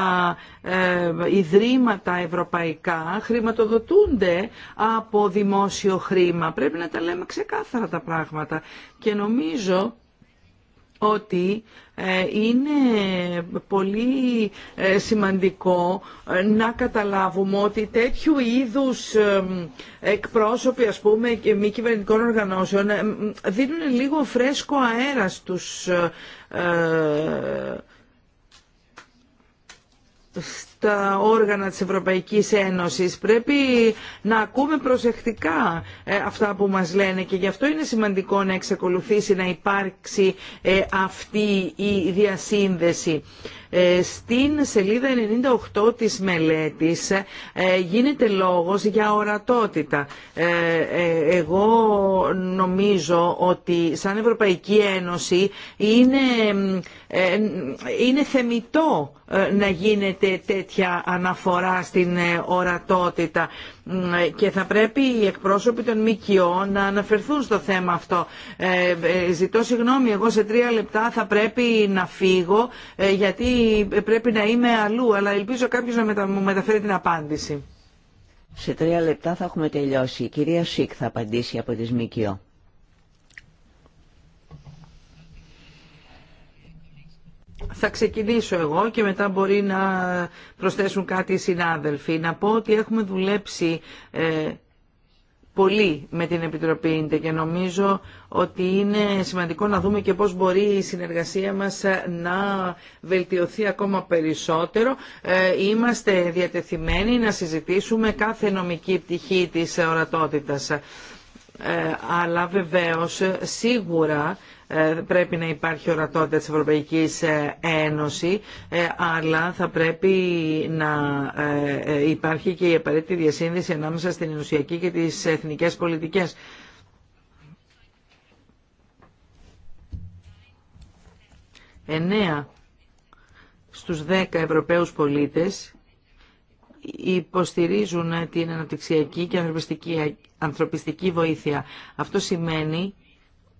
ε, ιδρύματα ευρωπαϊκά χρηματοδοτούνται από δημόσιο χρήμα. Πρέπει να τα λέμε ξεκάθαρα τα πράγματα. Και νομίζω ότι ε, είναι πολύ ε, σημαντικό ε, να καταλάβουμε ότι τέτοιου είδους εκπρόσωποι ας πούμε και μη κυβερνητικών οργανώσεων δίνουν λίγο φρέσκο αέρα στους τα όργανα της Ευρωπαϊκής Ένωσης. Πρέπει να ακούμε προσεκτικά ε, αυτά που μας λένε και γι' αυτό είναι σημαντικό να εξακολουθήσει να υπάρξει ε, αυτή η διασύνδεση. Ε, στην σελίδα 98 της μελέτης ε, γίνεται λόγος για ορατότητα. Ε, εγώ νομίζω ότι σαν Ευρωπαϊκή Ένωση είναι, είναι θεμητό να γίνεται τέτοια αναφορά στην ορατότητα ναι, και θα πρέπει οι εκπρόσωποι των ΜΚΟ να αναφερθούν στο θέμα αυτό. Ε, ε, ζητώ συγγνώμη, εγώ σε τρία λεπτά θα πρέπει να φύγω ε, γιατί πρέπει να είμαι αλλού, αλλά ελπίζω κάποιο να μου μεταφέρει την απάντηση. Σε τρία λεπτά θα έχουμε τελειώσει. Η κυρία Σίκ θα απαντήσει από τις ΜΚΟ. Θα ξεκινήσω εγώ και μετά μπορεί να προσθέσουν κάτι οι συνάδελφοι. Να πω ότι έχουμε δουλέψει ε, πολύ με την Επιτροπή Ίντε και νομίζω ότι είναι σημαντικό να δούμε και πώς μπορεί η συνεργασία μας ε, να βελτιωθεί ακόμα περισσότερο. Ε, είμαστε διατεθειμένοι να συζητήσουμε κάθε νομική πτυχή της ορατότητας. Αλλά βεβαίως σίγουρα ε, πρέπει να υπάρχει ορατότητα της Ευρωπαϊκής ε, Ένωση, ε, αλλά θα πρέπει να υπάρχει και η απαραίτητη διασύνδεση ανάμεσα στην ενωσιακή και τις εθνικές πολιτικές. Εννέα στους 10 Ευρωπαίους πολίτες υποστηρίζουν την αναπτυξιακή και ανθρωπιστική, ανθρωπιστική βοήθεια. Αυτό σημαίνει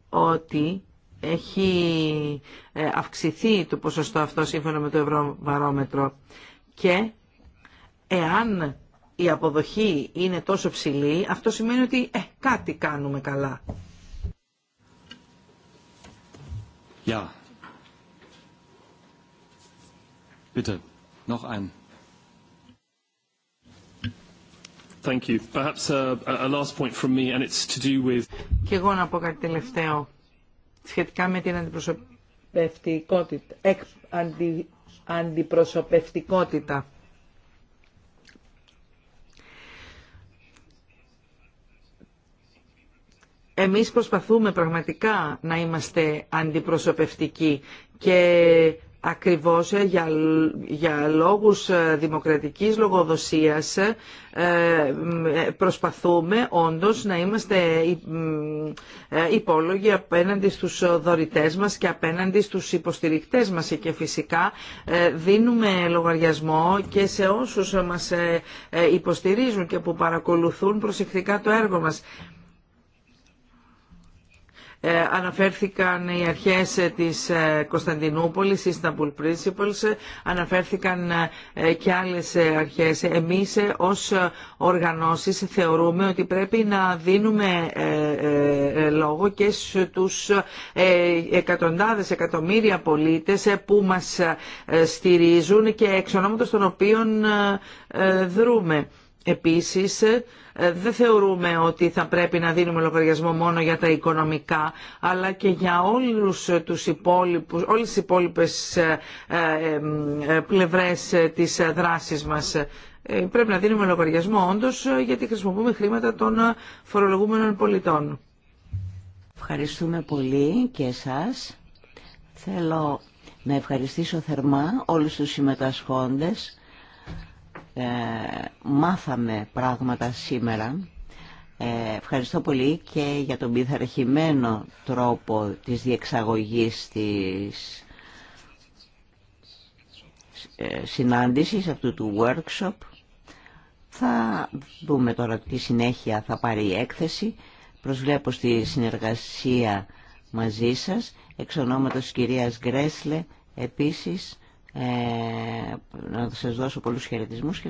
ότι έχει ε, αυξηθεί το ποσοστό αυτό σύμφωνα με το ευρωβαρόμετρο και εάν η αποδοχή είναι τόσο ψηλή, αυτό σημαίνει ότι ε, κάτι κάνουμε καλά. Ja. Bitte, noch ein. Thank you. Perhaps uh, a, a last point from me, and it's to do with. Και εγώ να πω κάτι τελευταίο σχετικά με την αντιπροσωπευτικότητα, εκ, αντι, αντιπροσωπευτικότητα. Εμείς προσπαθούμε πραγματικά να είμαστε αντιπροσωπευτικοί και ακριβώς ε, για, για λόγους ε, δημοκρατικής λογοδοσίας ε, προσπαθούμε όντως να είμαστε υπόλογοι απέναντι στους δωρητές μας και απέναντι στους υποστηρικτές μας και φυσικά δίνουμε λογαριασμό και σε όσους μας υποστηρίζουν και που παρακολουθούν προσεκτικά το έργο μας. Ε, αναφέρθηκαν οι αρχές ε, της ε, Κωνσταντινούπολης, Istanbul Principles, αναφέρθηκαν και άλλες αρχές. Εμείς ως οργανώσεις θεωρούμε ότι πρέπει να δίνουμε λόγο και στους εκατοντάδες εκατομμύρια πολίτες που μας στηρίζουν και εξ ονόματος των οποίων δρούμε. Επίσης, ε, δεν θεωρούμε ότι θα πρέπει να δίνουμε λογαριασμό μόνο για τα οικονομικά, αλλά και για όλους τους υπόλοιπους, όλες τις υπόλοιπες ε, ε, πλευρές της δράσης μας. Πρέπει να δίνουμε λογαριασμό όντως, γιατί χρησιμοποιούμε χρήματα των φορολογούμενων πολιτών. Ευχαριστούμε πολύ και εσάς. Θέλω να ευχαριστήσω θερμά όλους τους συμμετασχόντες ε, μάθαμε πράγματα σήμερα. Ε, ευχαριστώ πολύ και για τον πειθαρχημένο τρόπο της διεξαγωγής της ε, συνάντησης αυτού του workshop. Θα δούμε τώρα τι συνέχεια θα πάρει η έκθεση. Προσβλέπω στη συνεργασία μαζί σας. Εξ ονόματος κυρίας Γκρέσλε επίσης ε, να σας δώσω πολλούς χαιρετισμούς.